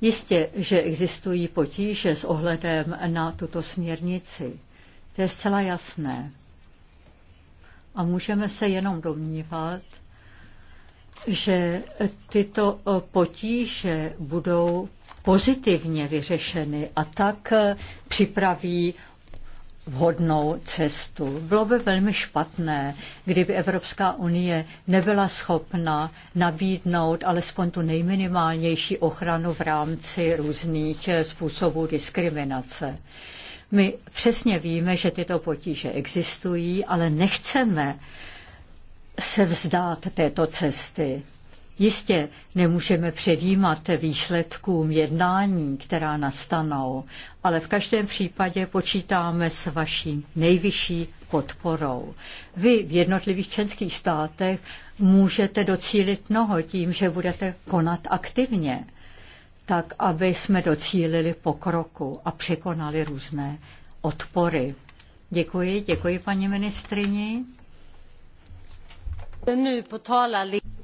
Jistě, že existují potíže s ohledem na tuto směrnici. To je zcela jasné a můžeme se jenom domnívat, že tyto potíže budou pozitivně vyřešeny a tak připraví vhodnou cestu. Bylo by velmi špatné, kdyby Evropská unie nebyla schopna nabídnout alespoň tu nejminimálnější ochranu v rámci různých způsobů diskriminace. My přesně víme, že tyto potíže existují, ale nechceme se vzdát této cesty. Jistě nemůžeme předjímat výsledkům jednání, která nastanou, ale v každém případě počítáme s vaší nejvyšší podporou. Vy v jednotlivých členských státech můžete docílit mnoho tím, že budete konat aktivně tak aby jsme docílili pokroku a překonali různé odpory. Děkuji, děkuji paní ministrini.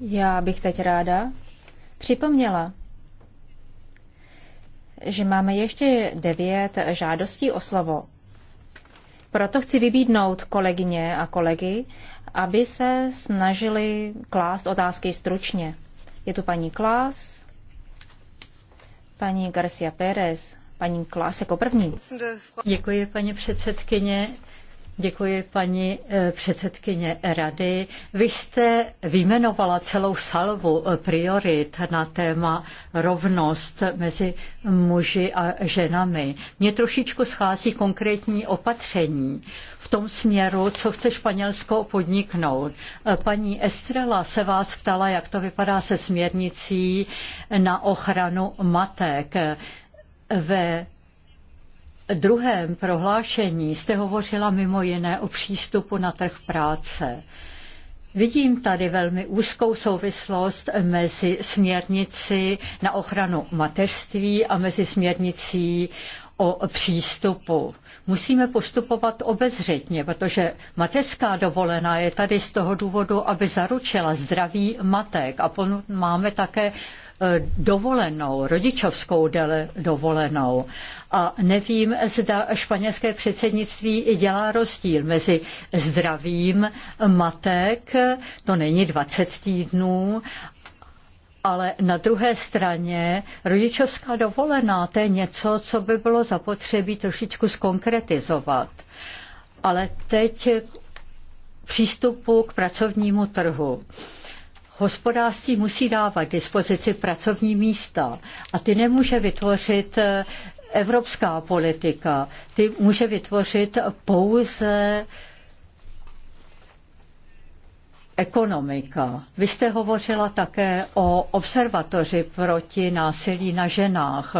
Já bych teď ráda připomněla, že máme ještě devět žádostí o slovo. Proto chci vybídnout kolegyně a kolegy, aby se snažili klást otázky stručně. Je tu paní Klás, paní Garcia Pérez, paní Klás jako první. Děkuji, paní předsedkyně. Děkuji, paní eh, předsedkyně rady. Vy jste vyjmenovala celou salvu eh, priorit na téma rovnost mezi muži a ženami. Mně trošičku schází konkrétní opatření v tom směru, co chce Španělsko podniknout. Eh, paní Estrela se vás ptala, jak to vypadá se směrnicí na ochranu matek. Ve druhém prohlášení jste hovořila mimo jiné o přístupu na trh práce. Vidím tady velmi úzkou souvislost mezi směrnici na ochranu mateřství a mezi směrnicí o přístupu. Musíme postupovat obezřetně, protože mateřská dovolená je tady z toho důvodu, aby zaručila zdraví matek. A máme také Eh, dovolenou, rodičovskou dovolenou. A nevím, zda španělské předsednictví dělá rozdíl mezi zdravím matek, to není 20 týdnů, ale na druhé straně rodičovská dovolená, to je něco, co by bylo zapotřebí trošičku skonkretizovat. Ale teď k přístupu k pracovnímu trhu hospodářství musí dávat dispozici pracovní místa a ty nemůže vytvořit eh, evropská politika, ty může vytvořit pouze ekonomika. Vy jste hovořila také o observatoři proti násilí na ženách.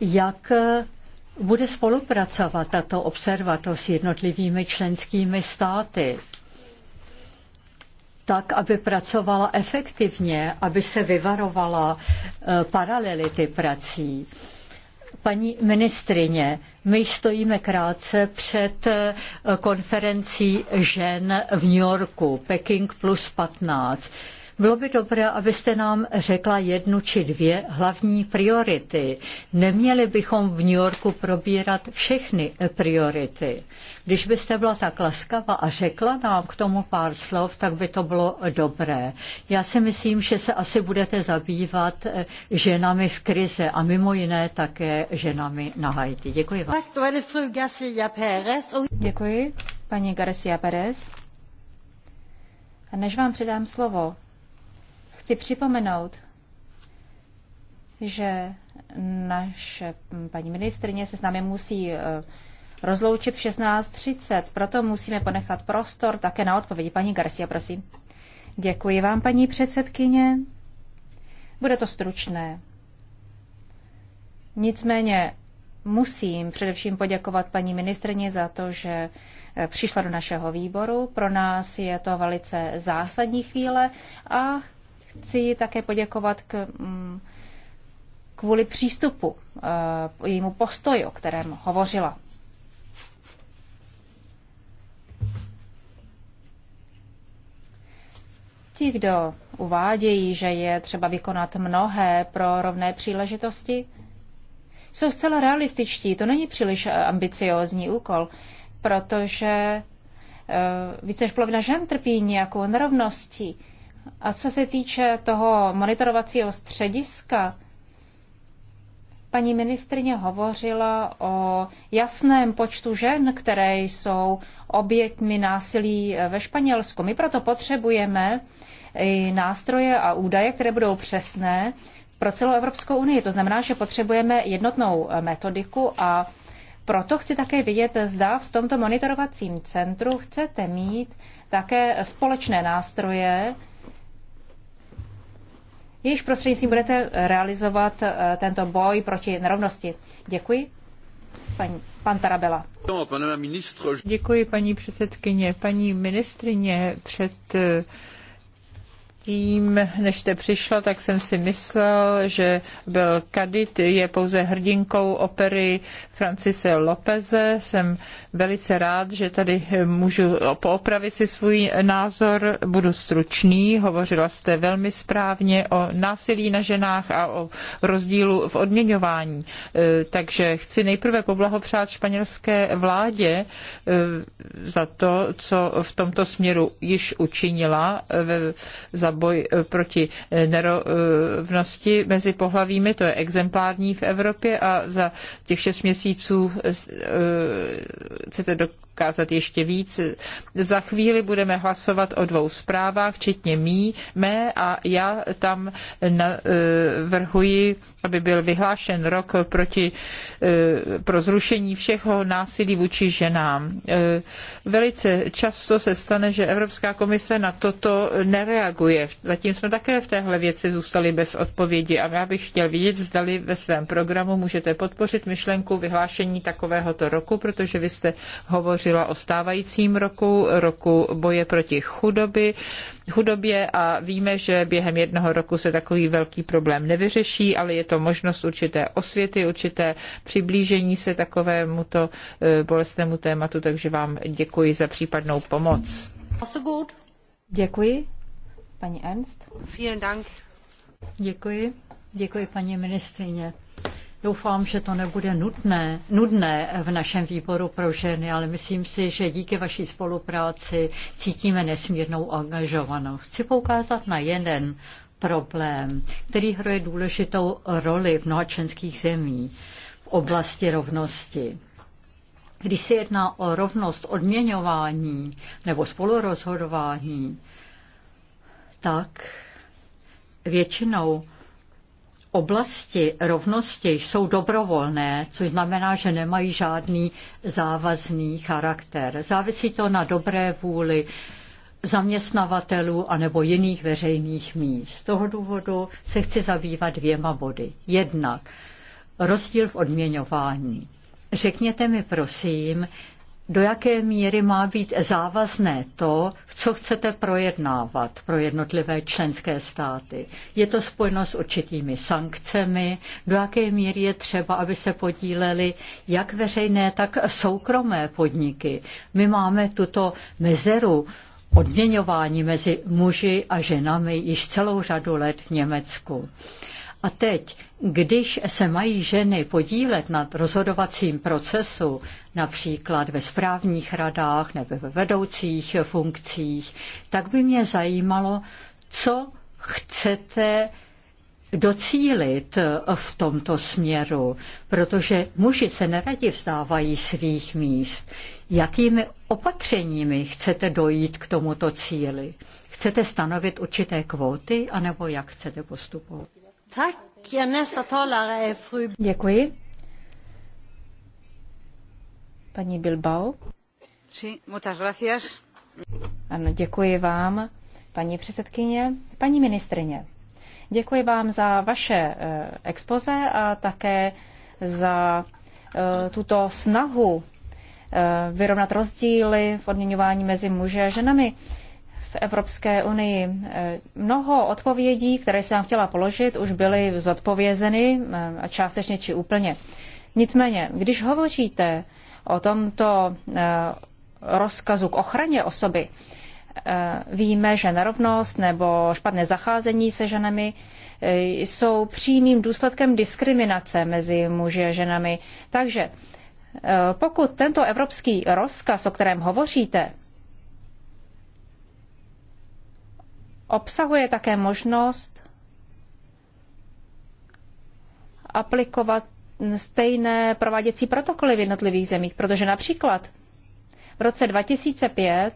Jak eh, bude spolupracovat tato observatoř s jednotlivými členskými státy? tak, aby pracovala efektivně, aby se vyvarovala eh, paralelity prací. Paní ministrině, my stojíme krátce před eh, konferencí žen v New Yorku, Peking plus 15. Bylo by dobré, abyste nám řekla jednu či dvě hlavní priority. Neměli bychom v New Yorku probírat všechny priority. Když byste byla tak laskava a řekla nám k tomu pár slov, tak by to bylo dobré. Já si myslím, že se asi budete zabývat eh, ženami v krize a mimo jiné také ženami na Haiti. Děkuji vám. Děkuji, paní Garcia Pérez. A než vám předám slovo, Chci připomenout, že naše paní ministrně se s námi musí eh, rozloučit v 16.30, proto musíme ponechat prostor také na odpovědi. Paní Garcia, prosím. Děkuji vám, paní předsedkyně. Bude to stručné. Nicméně musím především poděkovat paní ministrně za to, že eh, přišla do našeho výboru. Pro nás je to velice zásadní chvíle a Chci také poděkovat k, mm, kvůli přístupu, eh, jejímu postoji, o kterém hovořila. Ti, kdo uvádějí, že je třeba vykonat mnohé pro rovné příležitosti, jsou zcela realističtí. To není příliš eh, ambiciózní úkol, protože eh, více než polovina žen trpí nějakou nerovností. A co se týče toho monitorovacího střediska, paní ministrině hovořila o jasném počtu žen, které jsou oběťmi násilí ve Španělsku. My proto potřebujeme i nástroje a údaje, které budou přesné pro celou Evropskou unii. To znamená, že potřebujeme jednotnou metodiku a proto chci také vidět, zda v tomto monitorovacím centru chcete mít také společné nástroje, jejichž prostřednictvím budete realizovat eh, tento boj proti nerovnosti. Děkuji. Paní, pan Tarabela. Děkuji, paní předsedkyně. Paní ministrině, před eh, tím, než jste přišla, tak jsem si myslel, že byl Kadit, je pouze hrdinkou opery Francise Lopeze. Jsem velice rád, že tady můžu poopravit si svůj názor. Budu stručný. Hovořila jste velmi správně o násilí na ženách a o rozdílu v odměňování. E, takže chci nejprve poblahopřát španělské vládě e, za to, co v tomto směru již učinila e, za boj proti nerovnosti mezi pohlavími. To je exemplární v Evropě a za těch šest měsíců měsíců eh, CT ukázat ještě víc. Za chvíli budeme hlasovat o dvou zprávách, včetně mý, mé a já tam navrhuji, eh, aby byl vyhlášen rok proti, eh, pro zrušení všeho násilí vůči ženám. Eh, velice často se stane, že Evropská komise na toto nereaguje. Zatím jsme také v téhle věci zůstali bez odpovědi a já bych chtěl vidět, zdali ve svém programu můžete podpořit myšlenku vyhlášení takovéhoto roku, protože vy jste hovořil hovořila o stávajícím roku, roku boje proti chudoby, chudobě a víme, že během jednoho roku se takový velký problém nevyřeší, ale je to možnost určité osvěty, určité přiblížení se takovému to e, bolestnému tématu, takže vám děkuji za případnou pomoc. Děkuji. Paní Ernst? Vielen Dank. Děkuji. Děkuji, paní ministrině. Doufám, že to nebude nutné, nudné v našem výboru pro ženy, ale myslím si, že díky vaší spolupráci cítíme nesmírnou angažovanost. Chci poukázat na jeden problém, který hraje důležitou roli v mnoha členských zemí v oblasti rovnosti. Když se jedná o rovnost odměňování nebo spolurozhodování, tak většinou oblasti rovnosti jsou dobrovolné, což znamená, že nemají žádný závazný charakter. Závisí to na dobré vůli zaměstnavatelů anebo jiných veřejných míst. Z toho důvodu se chci zabývat dvěma body. Jednak rozdíl v odměňování. Řekněte mi prosím, do jaké míry má být závazné to, co chcete projednávat pro jednotlivé členské státy. Je to spojeno s určitými sankcemi, do jaké míry je třeba, aby se podíleli jak veřejné, tak soukromé podniky. My máme tuto mezeru odměňování mezi muži a ženami již celou řadu let v Německu. A teď, když se mají ženy podílet nad rozhodovacím procesu, například ve správních radách nebo ve vedoucích funkcích, tak by mě zajímalo, co chcete docílit v tomto směru, protože muži se neradi vzdávají svých míst. Jakými opatřeními chcete dojít k tomuto cíli? Chcete stanovit určité kvóty, anebo jak chcete postupovat? Er děkuji. Paní Bilbao. Sí, Ano, děkuji vám, paní předsedkyně, paní ministrině. Děkuji vám za vaše eh, expoze a také za eh, tuto snahu eh, vyrovnat rozdíly v odměňování mezi muži a ženami v Evropské unii. Eh, mnoho odpovědí, které jsem chtěla položit, už byly zodpovězeny eh, částečně či úplně. Nicméně, když hovoříte o tomto eh, rozkazu k ochraně osoby, víme, že nerovnost nebo špatné zacházení se ženami jsou přímým důsledkem diskriminace mezi muži a ženami. Takže pokud tento evropský rozkaz, o kterém hovoříte, obsahuje také možnost aplikovat stejné prováděcí protokoly v jednotlivých zemích, protože například v roce 2005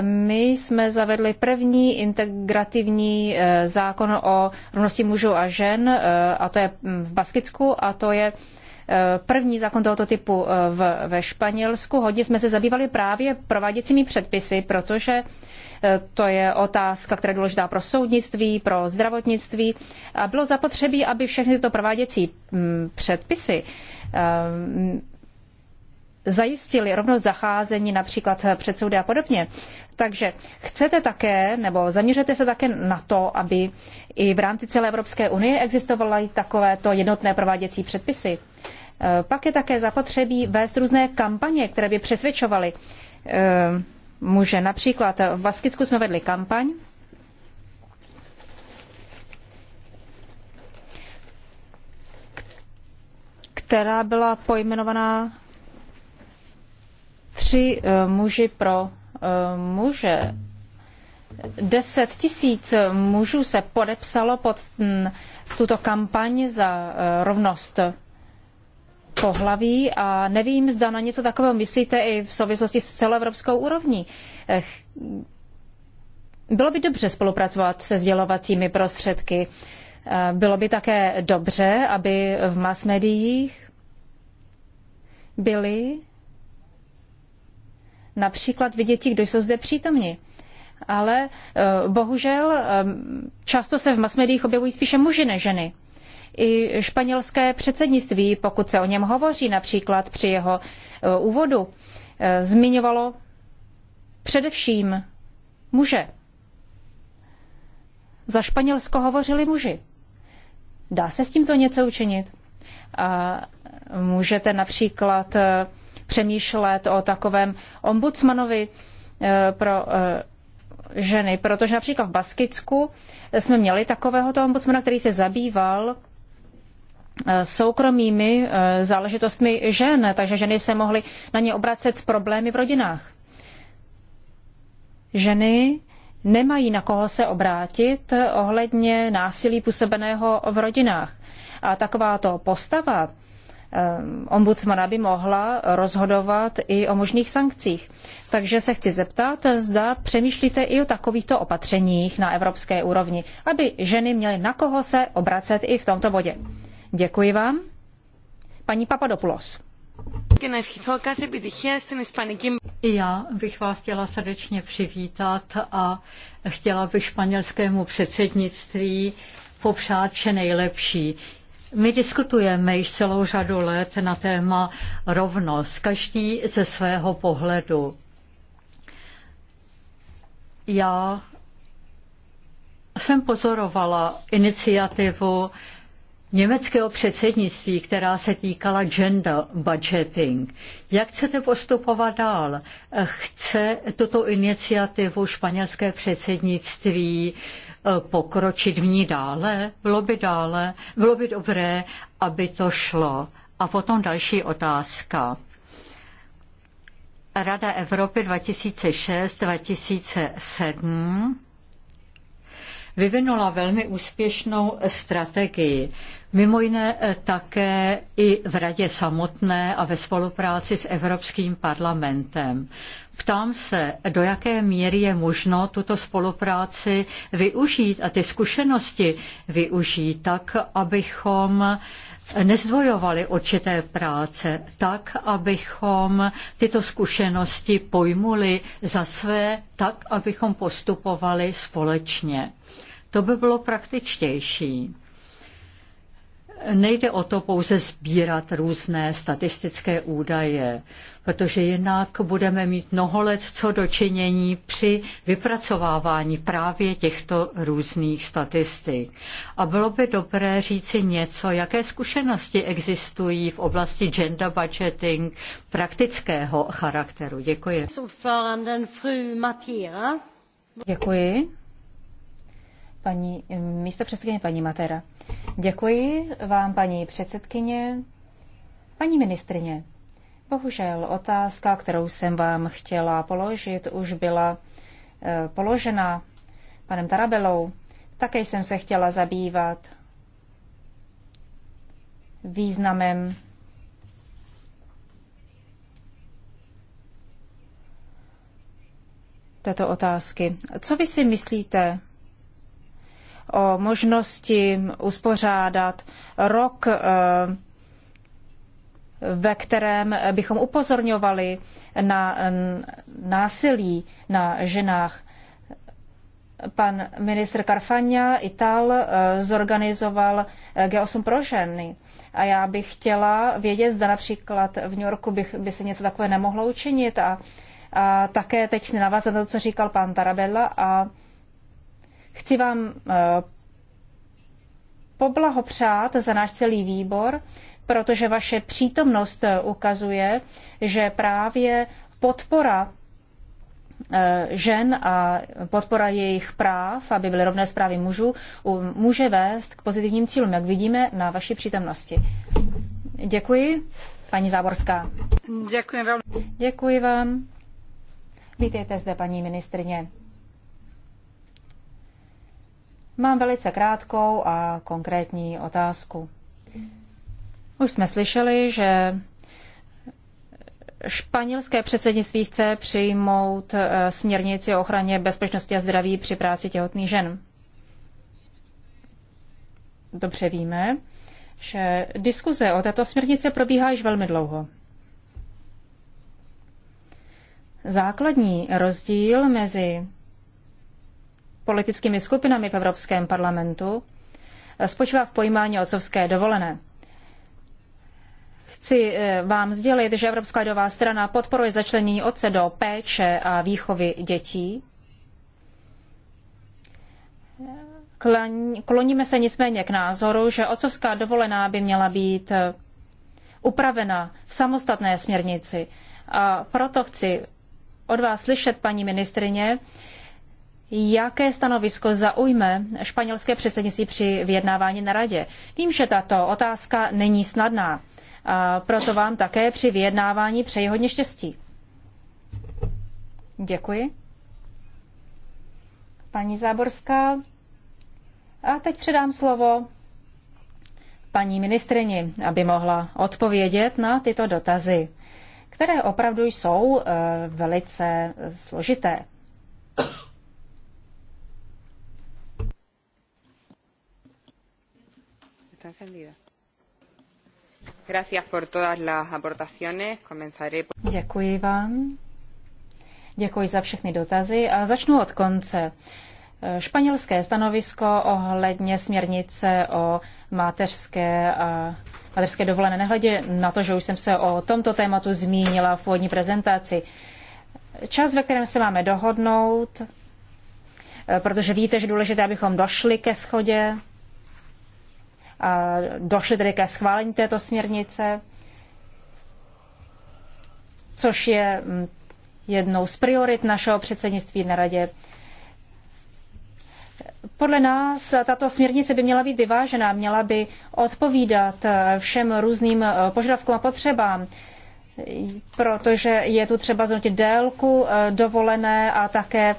my jsme zavedli první integrativní eh, zákon o rovnosti mužů a žen, eh, a to je hm, v Baskicku, a to je eh, první zákon tohoto typu v, ve Španělsku. Hodně jsme se zabývali právě prováděcími předpisy, protože to je otázka, která je důležitá pro soudnictví, pro zdravotnictví. A bylo zapotřebí, aby všechny tyto prováděcí mm, předpisy ehm, zajistili rovnost zacházení například před soudy a podobně. Takže chcete také, nebo zaměřete se také na to, aby i v rámci celé Evropské unie existovaly takovéto jednotné prováděcí předpisy. Ehm, pak je také zapotřebí vést různé kampaně, které by přesvědčovaly ehm, muže. Například v Baskicku jsme vedli kampaň, která byla pojmenovaná Tři eh, muži pro eh, muže. Deset tisíc mužů se podepsalo pod hm, tuto kampaň za eh, rovnost pohlaví a nevím, zda na něco takového myslíte i v souvislosti s celoevropskou úrovní. Eh, bylo by dobře spolupracovat se sdělovacími prostředky. Eh, bylo by také dobře, aby v mass médiích byli například vidět ti, kdo jsou zde přítomni. Ale eh, bohužel často se v masmédiích objevují spíše muži než ženy i španělské předsednictví, pokud se o něm hovoří například při jeho e, úvodu, e, zmiňovalo především muže. Za Španělsko hovořili muži. Dá se s tímto něco učinit? A můžete například e, přemýšlet o takovém ombudsmanovi pro ženy, protože například v Baskicku jsme měli takového toho ombudsmana, který se zabýval Eh, soukromými eh, záležitostmi žen, takže ženy se mohly na ně obracet s problémy v rodinách. Ženy nemají na koho se obrátit eh, ohledně násilí působeného v rodinách. A takováto postava ombudsmana by mohla rozhodovat i o možných sankcích. Takže se chci zeptat, zda přemýšlíte i o takovýchto opatřeních na evropské úrovni, aby ženy měly na koho se obracet i v tomto bodě. Děkuji vám. Paní Papadopoulos. I já bych vás chtěla srdečně přivítat a chtěla bych španělskému předsednictví popřát vše nejlepší. My diskutujeme již celou řadu let na téma rovnost, každý ze svého pohledu. Já jsem pozorovala iniciativu německého předsednictví, která se týkala gender budgeting. Jak chcete postupovat dál? Chce tuto iniciativu španělské předsednictví eh, pokročit v ní dále? Bylo by dále, bylo by dobré, aby to šlo. A potom další otázka. Rada Evropy 2006-2007 vyvinula velmi úspěšnou strategii Mimo jiné eh, také i v radě samotné a ve spolupráci s Evropským parlamentem. Ptám se, do jaké míry je možno tuto spolupráci využít a ty zkušenosti využít tak, abychom nezdvojovali určité práce, tak, abychom tyto zkušenosti pojmuli za své, tak, abychom postupovali společně. To by bylo praktičtější nejde o to pouze sbírat různé statistické údaje, protože jinak budeme mít mnoho let co dočinění při vypracovávání právě těchto různých statistik. A bylo by dobré říci něco, jaké zkušenosti existují v oblasti gender budgeting praktického charakteru. Děkuji. Děkuji paní místo předsedkyně paní Matera. Děkuji vám, paní předsedkyně. Paní ministrině, bohužel otázka, kterou jsem vám chtěla položit, už byla eh, položena panem Tarabelou. Také jsem se chtěla zabývat významem této otázky. Co vy si myslíte o možnosti uspořádat rok, eh, ve kterém bychom upozorňovali na násilí na ženách. Pan ministr Carfagna Ital eh, zorganizoval eh, G8 pro ženy. A já bych chtěla vědět, zda například v New Yorku bych, by se něco takové nemohlo učinit. A, a také teď navázat na to, co říkal pan Tarabella a Chci vám eh, poblahopřát za náš celý výbor, protože vaše přítomnost eh, ukazuje, že právě podpora eh, žen a podpora jejich práv, aby byly rovné zprávy mužů, může vést k pozitivním cílům, jak vidíme na vaší přítomnosti. Děkuji, paní Záborská. Děkuji vám. Děkuji vám. Vítejte zde, paní ministrině. Mám velice krátkou a konkrétní otázku. Už jsme slyšeli, že španělské předsednictví chce přijmout eh, směrnici o ochraně bezpečnosti a zdraví při práci těhotných žen. Dobře víme, že diskuze o této směrnici probíhá již velmi dlouho. Základní rozdíl mezi politickými skupinami v Evropském parlamentu, eh, spočívá v pojímání otcovské dovolené. Chci eh, vám sdělit, že Evropská lidová strana podporuje začlenění otce do péče a výchovy dětí. Kloníme se nicméně k názoru, že otcovská dovolená by měla být eh, upravena v samostatné směrnici. A proto chci od vás slyšet, paní ministrině, jaké stanovisko zaujme španělské předsednictví při vyjednávání na radě. Vím, že tato otázka není snadná, a proto vám také při vyjednávání přeji hodně štěstí. Děkuji. Paní Záborská. A teď předám slovo paní ministrini, aby mohla odpovědět na tyto dotazy, které opravdu jsou eh, velice složité. Děkuji vám. Děkuji za všechny dotazy a začnu od konce. Španělské stanovisko ohledně směrnice o mateřské a mateřské dovolené, nehledě na to, že už jsem se o tomto tématu zmínila v původní prezentaci. Čas, ve kterém se máme dohodnout, eh, protože víte, že důležité, abychom došli ke schodě, došli tedy ke schválení této směrnice, což je mm, jednou z priorit našeho předsednictví na radě. Podle nás tato směrnice by měla být vyvážená, měla by odpovídat eh, všem různým eh, požadavkům a potřebám, protože je tu třeba zhodnotit délku eh, dovolené a také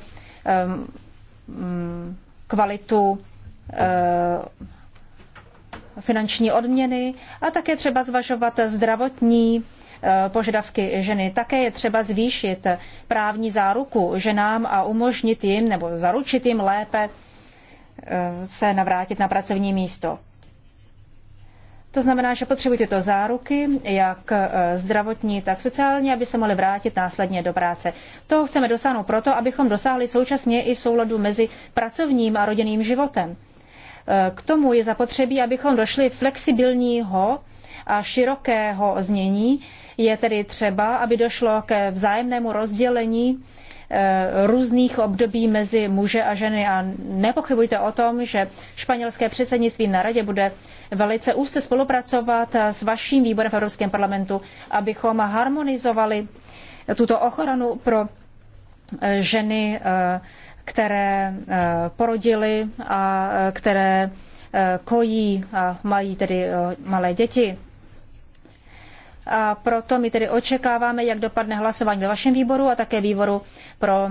mm, kvalitu finanční odměny a také třeba zvažovat zdravotní e, požadavky ženy. Také je třeba zvýšit právní záruku ženám a umožnit jim nebo zaručit jim lépe e, se navrátit na pracovní místo. To znamená, že potřebují tyto záruky, jak e, zdravotní, tak sociální, aby se mohly vrátit následně do práce. To chceme dosáhnout proto, abychom dosáhli současně i souladu mezi pracovním a rodinným životem. K tomu je zapotřebí, abychom došli flexibilního a širokého znění. Je tedy třeba, aby došlo ke vzájemnému rozdělení eh, různých období mezi muže a ženy a nepochybujte o tom, že španělské předsednictví na radě bude velice úzce spolupracovat s vaším výborem v Evropském parlamentu, abychom harmonizovali tuto ochranu pro eh, ženy eh, které eh, porodili a eh, které eh, kojí a mají tedy malé děti. A proto my tedy očekáváme, jak dopadne hlasování ve vašem výboru a také výboru pro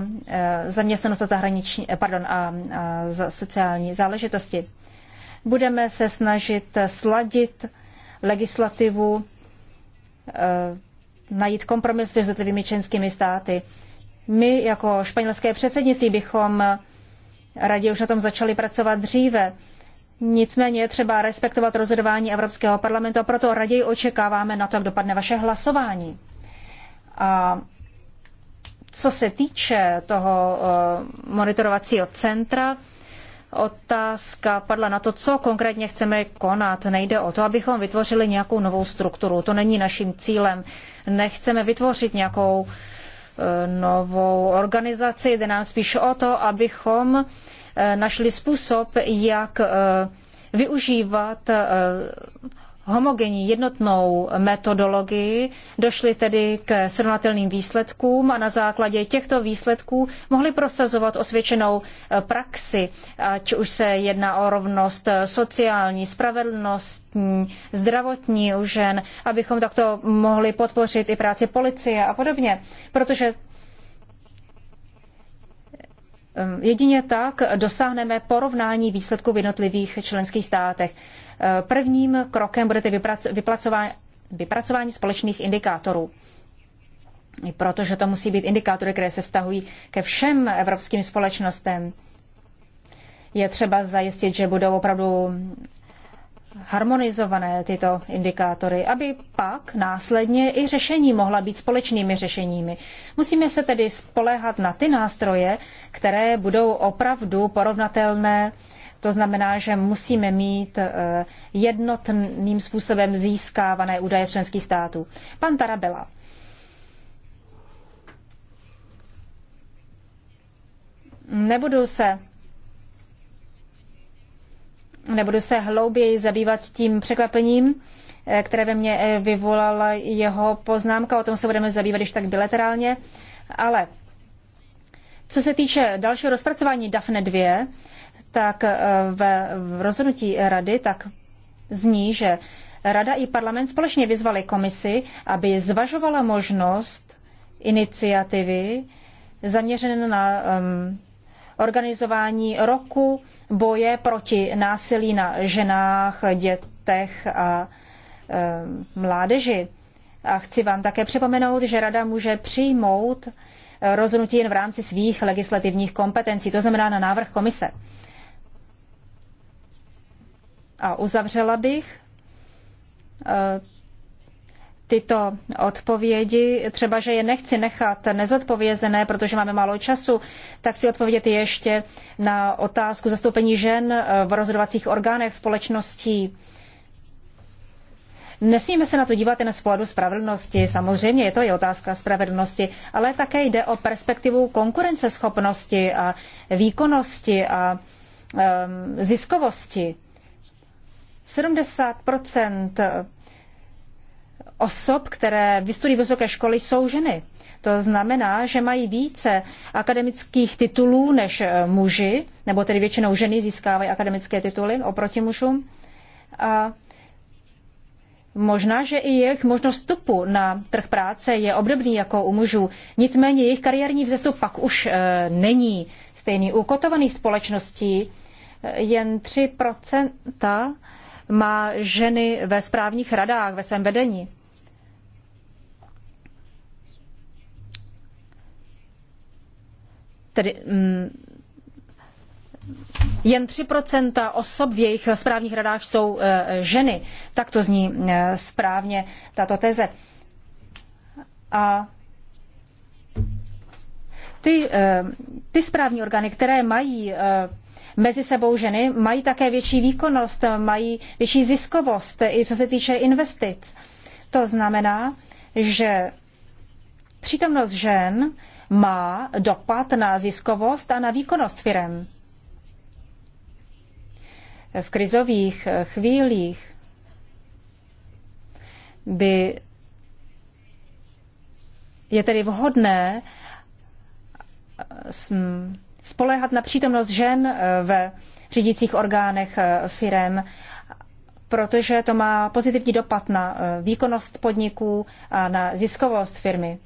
zaměstnanost a, zahraniční, pardon, a, a sociální záležitosti. Budeme se snažit sladit legislativu, najít kompromis s jednotlivými členskými státy. My jako španělské předsednictví bychom raději už na tom začali pracovat dříve. Nicméně je třeba respektovat rozhodování Evropského parlamentu a proto raději očekáváme na to, jak dopadne vaše hlasování. A co se týče toho eh, monitorovacího centra, otázka padla na to, co konkrétně chceme konat. Nejde o to, abychom vytvořili nějakou novou strukturu. To není naším cílem. Nechceme vytvořit nějakou novou organizaci. Jde nám spíš o to, abychom eh, našli způsob, jak eh, využívat eh, homogenní jednotnou metodologii, došli tedy k srovnatelným výsledkům a na základě těchto výsledků mohli prosazovat osvědčenou eh, praxi, ať už se jedná o rovnost eh, sociální, spravedlnostní, zdravotní u žen, abychom takto mohli podpořit i práci policie a podobně, protože eh, Jedině tak dosáhneme porovnání výsledků v jednotlivých členských státech. Prvním krokem budete vypracování, vypracování společných indikátorů protože to musí být indikátory, které se vztahují ke všem evropským společnostem. Je třeba zajistit, že budou opravdu harmonizované tyto indikátory, aby pak následně i řešení mohla být společnými řešeními. Musíme se tedy spoléhat na ty nástroje, které budou opravdu porovnatelné to znamená, že musíme mít eh, jednotným způsobem získávané údaje z členských států. Pan Tarabela. Nebudu se nebudu se hlouběji zabývat tím překvapením, eh, které ve mně eh, vyvolala jeho poznámka. O tom se budeme zabývat, ještě tak bilaterálně. Ale co se týče dalšího rozpracování DAFNE 2, tak eh, v rozhodnutí rady tak zní, že Rada i parlament společně vyzvali komisi, aby zvažovala možnost iniciativy zaměřené na um, organizování roku boje proti násilí na ženách, dětech a um, mládeži. A chci vám také připomenout, že Rada může přijmout rozhodnutí jen v rámci svých legislativních kompetencí, to znamená na návrh komise. A uzavřela bych eh, tyto odpovědi, třeba že je nechci nechat nezodpovězené, protože máme málo času, tak si odpovědět ještě na otázku zastoupení žen eh, v rozhodovacích orgánech společností. Nesmíme se na to dívat jen z pohledu spravedlnosti, samozřejmě je to i otázka spravedlnosti, ale také jde o perspektivu konkurenceschopnosti a výkonnosti a um, ziskovosti 70 osob, které vystudují vysoké školy, jsou ženy. To znamená, že mají více akademických titulů než muži, nebo tedy většinou ženy získávají akademické tituly oproti mužům. A Možná, že i jejich možnost vstupu na trh práce je obdobný jako u mužů, nicméně jejich kariérní vzestup pak už e, není stejný. U kotovaných společností e, jen 3% má ženy ve správních radách, ve svém vedení. Tedy mm, jen 3% osob v jejich správních radách jsou e, ženy. Tak to zní e, správně tato teze. A ty, e, ty správní orgány, které mají mezi sebou ženy mají také větší výkonnost, mají větší ziskovost, i co se týče investic. To znamená, že přítomnost žen má dopad na ziskovost a na výkonnost firem. V krizových chvílích by je tedy vhodné spoléhat na přítomnost žen eh, ve řídících orgánech eh, firem, protože to má pozitivní dopad na eh, výkonnost podniků a na ziskovost firmy.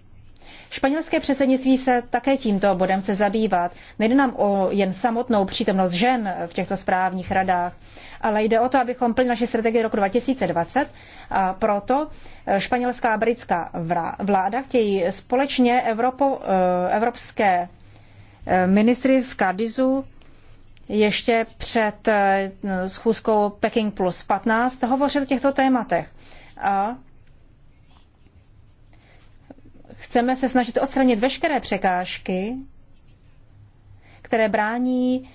Španělské předsednictví se také tímto bodem se zabývat. Nejde nám o jen samotnou přítomnost žen v těchto správních radách, ale jde o to, abychom plnili naše strategie roku 2020 a proto španělská a britská vláda chtějí společně Evropo, evropské ministry v Kardizu ještě před eh, schůzkou Peking plus 15 hovořil o těchto tématech. A chceme se snažit odstranit veškeré překážky, které brání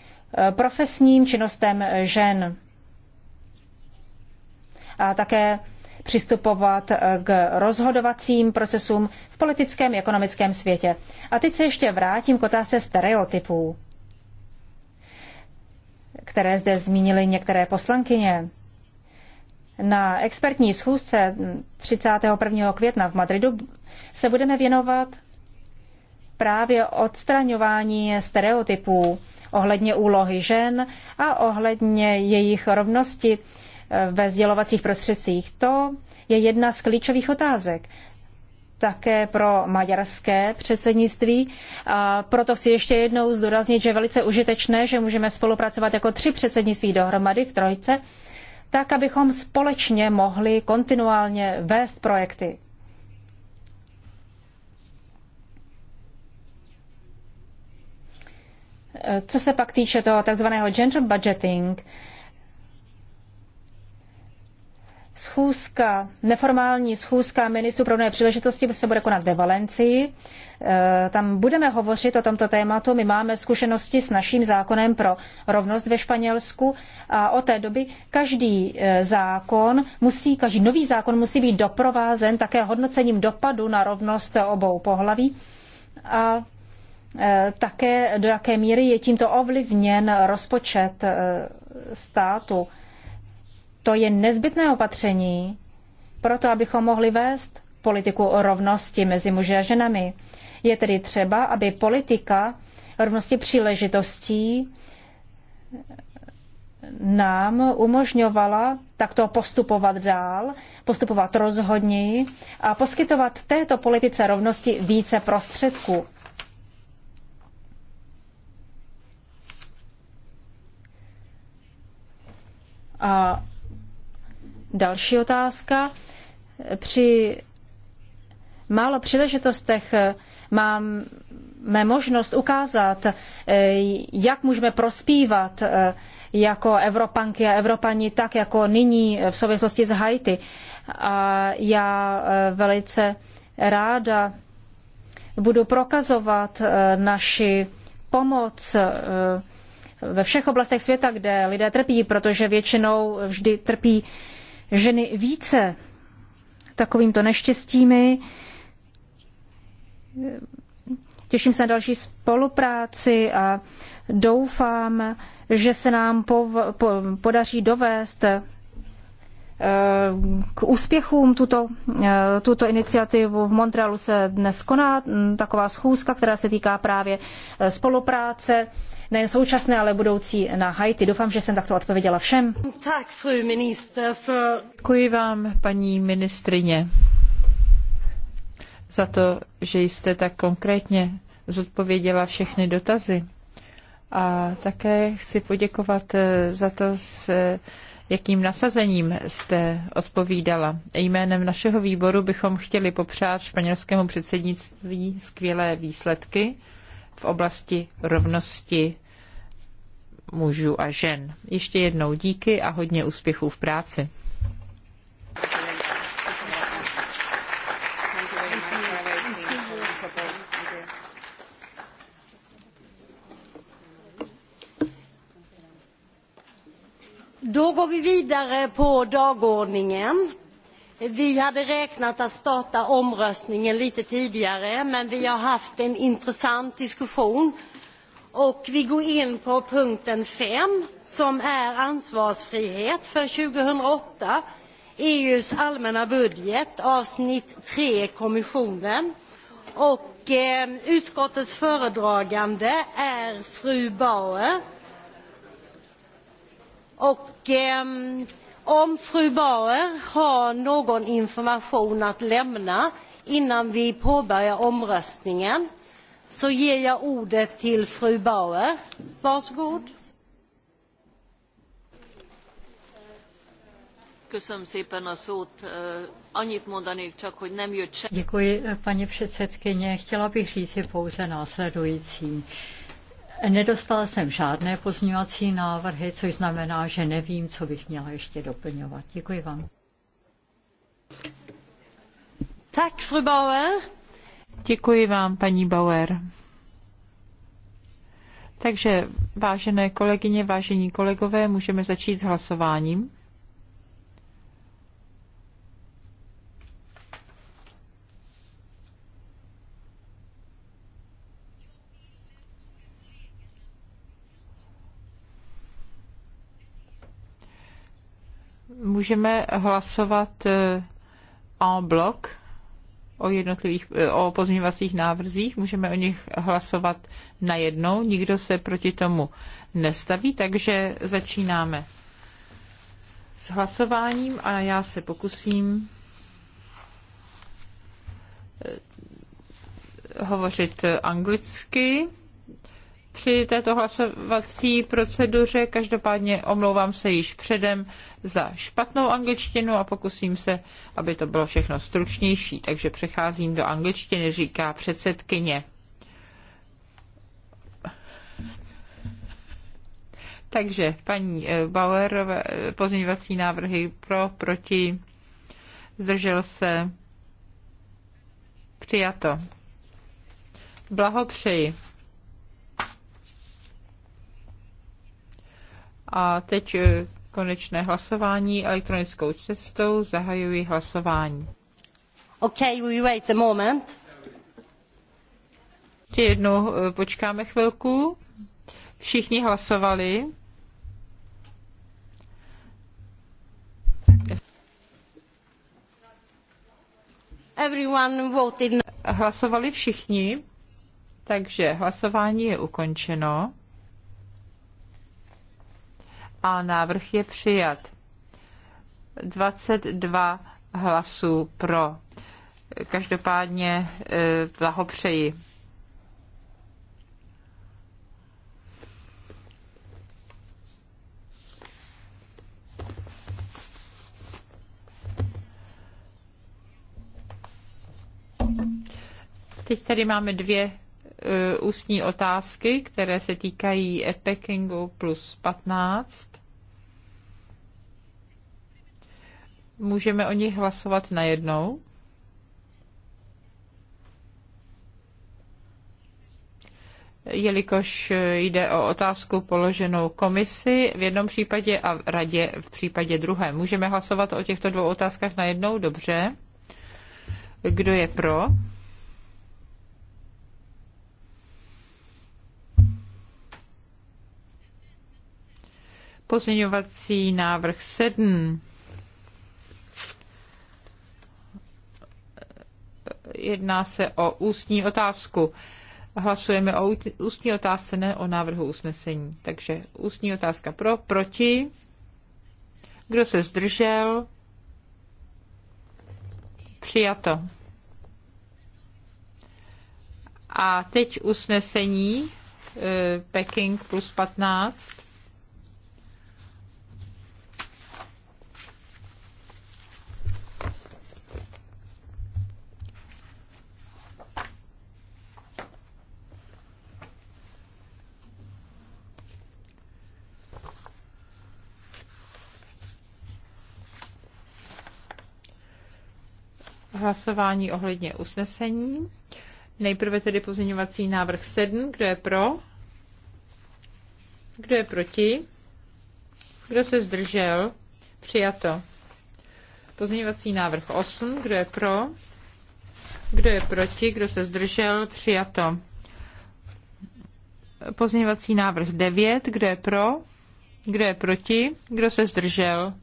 eh, profesním činnostem žen. A také přistupovat eh, k rozhodovacím procesům v politickém i ekonomickém světě. A teď se ještě vrátím k otázce stereotypů, které zde zmínili některé poslankyně. Na expertní schůzce 31. května v Madridu se budeme věnovat právě odstraňování stereotypů ohledně úlohy žen a ohledně jejich rovnosti ve sdělovacích prostředcích. To je jedna z klíčových otázek také pro maďarské předsednictví. A proto chci ještě jednou zdůraznit, že je velice užitečné, že můžeme spolupracovat jako tři předsednictví dohromady v trojce, tak abychom společně mohli kontinuálně vést projekty. Co se pak týče toho takzvaného gender budgeting, Schůzka, neformální schůzka ministrů pro nové příležitosti se bude konat ve Valencii. E, tam budeme hovořit o tomto tématu. My máme zkušenosti s naším zákonem pro rovnost ve Španělsku a od té doby každý e, zákon musí, každý nový zákon musí být doprovázen také hodnocením dopadu na rovnost obou pohlaví a e, také do jaké míry je tímto ovlivněn rozpočet státu. To je nezbytné opatření Pro to, abychom mohli vést politiku o rovnosti mezi muži a ženami. Je tedy třeba, aby politika rovnosti příležitostí nám umožňovala takto postupovat dál, postupovat rozhodněji a poskytovat této politice rovnosti více prostředků. A Další otázka. Při málo příležitostech eh, mé možnost ukázat, eh, jak můžeme prospívat eh, jako Evropanky a Evropani, tak jako nyní v souvislosti s Haiti. A já velice ráda budu prokazovat naši pomoc ve všech oblastech světa, kde lidé trpí, protože většinou vždy trpí ženy více takovýmto neštěstími. Těším se na další spolupráci a doufám, že se nám podaří dovést k úspěchům tuto, eh, tuto iniciativu. V Montrealu se dnes koná hm, taková schůzka, která se týká právě eh, spolupráce nejen současné, ale budoucí na Haiti. Doufám, že jsem takto odpověděla všem. Děkuji vám, paní ministrině, za to, že jste tak konkrétně zodpověděla všechny dotazy. A také chci poděkovat eh, za to, se, jakým nasazením jste odpovídala. Jménem našeho výboru bychom chtěli popřát španělskému předsednictví skvělé výsledky v oblasti rovnosti mužů a žen. Ještě jednou díky a hodně úspěchů v práci. Då går vi vidare på dagordningen. Vi hade räknat att starta omröstningen lite tidigare, men vi har haft en intressant diskussion. Och vi går in på punkten 5, som är ansvarsfrihet för 2008, EUs allmänna budget, avsnitt 3, kommissionen. Och eh, utskottets föredragande är fru Bauer. Och, eh, om fru Bauer har någon information att lämna innan vi påbörjar omröstningen så ger jag ordet till fru Bauer. Varsågod. Děkuji, paní předsedkyně. Chtěla bych říci pouze následující. Nedostala jsem žádné pozňovací návrhy, což znamená, že nevím, co bych měla ještě doplňovat. Děkuji vám. Tak, fru Bauer. Děkuji vám, paní Bauer. Takže, vážené kolegyně, vážení kolegové, můžeme začít s hlasováním. Můžeme hlasovat eh, en bloc o jednotlivých, eh, o pozměňovacích návrzích, můžeme o nich hlasovat najednou, nikdo se proti tomu nestaví, takže začínáme s hlasováním a já se pokusím eh, hovořit anglicky při této hlasovací proceduře. Každopádně omlouvám se již předem za špatnou angličtinu a pokusím se, aby to bylo všechno stručnější. Takže přecházím do angličtiny, říká předsedkyně. Takže paní eh, Bauer, eh, pozměňovací návrhy pro, proti, zdržel se, přijato. Blahopřeji. A teď eh, konečné hlasování elektronickou cestou. Zahajuji hlasování. Okay, we wait a moment. Ještě jednou eh, počkáme chvilku. Všichni hlasovali. Everyone voted. No. Hlasovali všichni, takže hlasování je ukončeno a návrh je přijat. 22 hlasů pro. Každopádně e, blahopřeji. Teď tady máme dvě Eh, ústní otázky, které se týkají Pekingu plus 15. Můžeme o nich hlasovat najednou? jelikož eh, jde o otázku položenou komisi v jednom případě a radě v případě druhém. Můžeme hlasovat o těchto dvou otázkách najednou? Dobře. Kdo je pro? Pozměňovací návrh 7. Jedná se o ústní otázku. Hlasujeme o ústní otázce, ne o návrhu usnesení. Takže ústní otázka pro, proti. Kdo se zdržel? Přijato. A teď usnesení eh, Peking plus 15. hlasování ohledně usnesení. Nejprve tedy pozměňovací návrh 7. Kdo je pro? Kdo je proti? Kdo se zdržel? Přijato. Pozměňovací návrh 8. Kdo je pro? Kdo je proti? Kdo se zdržel? Přijato. Pozměňovací návrh 9. Kdo je pro? Kdo je proti? Kdo se zdržel?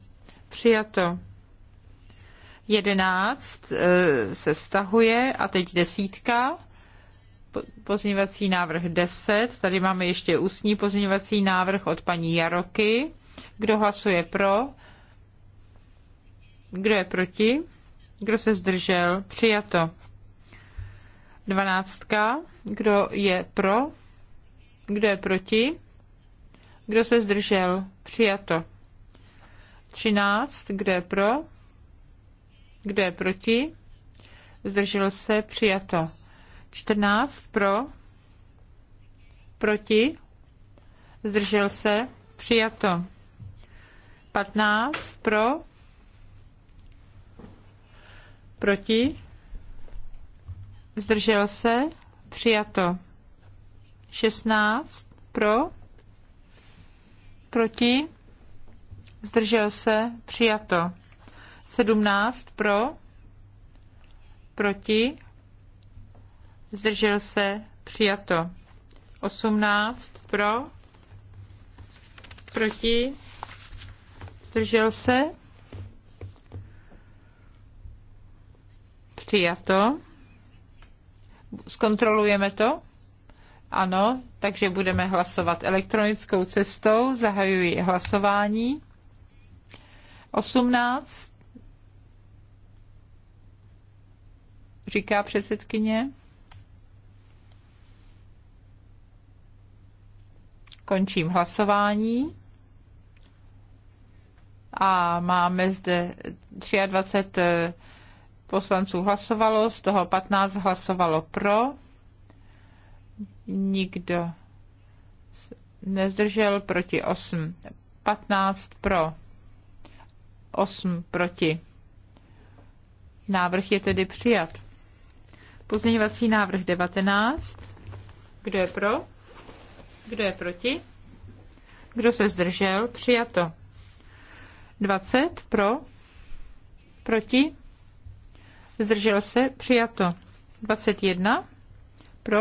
Přijato. 11 eh, se stahuje a teď desítka. Pozměňovací návrh 10. Tady máme ještě ústní pozměňovací návrh od paní Jaroky. Kdo hlasuje pro? Kdo je proti? Kdo se zdržel? Přijato. Dvanáctka. Kdo je pro? Kdo je proti? Kdo se zdržel? Přijato. Třináct. Kdo je pro? Kdo je proti? Zdržel se? Přijato. 14 pro? Proti? Zdržel se? Přijato. 15 pro? Proti? Zdržel se? Přijato. 16 pro? Proti? Zdržel se? Přijato. 17 pro, proti, zdržel se, přijato. 18 pro, proti, zdržel se, přijato. Zkontrolujeme to? Ano, takže budeme hlasovat elektronickou cestou. Zahajuji hlasování. 18. říká předsedkyně. Končím hlasování. A máme zde 23 eh, poslanců hlasovalo, z toho 15 hlasovalo pro. Nikdo nezdržel proti 8. 15 pro. 8 proti. Návrh je tedy přijat. Pozměňovací návrh 19. Kdo je pro? Kdo je proti? Kdo se zdržel? Přijato. 20 pro, proti, zdržel se, přijato. 21 pro,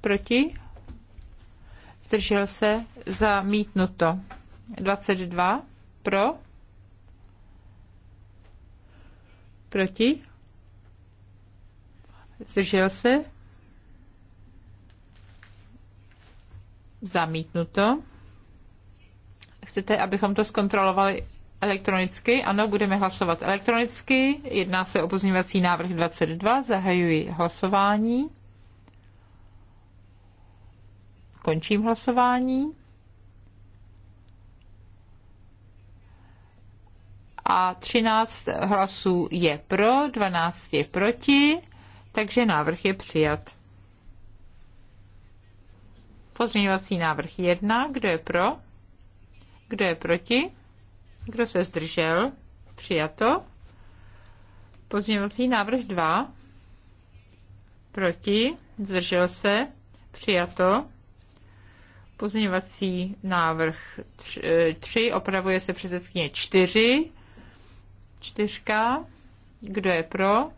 proti, zdržel se, zamítnuto. 22 pro, proti, Zdržel se? Zamítnuto. Chcete, abychom to zkontrolovali elektronicky? Ano, budeme hlasovat elektronicky. Jedná se o pozměňovací návrh 22. Zahajuji hlasování. Končím hlasování. A 13 hlasů je pro, 12 je proti. Takže návrh je přijat. Pozměňovací návrh 1. Kdo je pro? Kdo je proti? Kdo se zdržel? Přijato. Pozměňovací návrh 2. Proti? Zdržel se? Přijato. Pozměňovací návrh 3. Eh, Opravuje se předsedkyně 4. Čtyřka. Kdo je pro?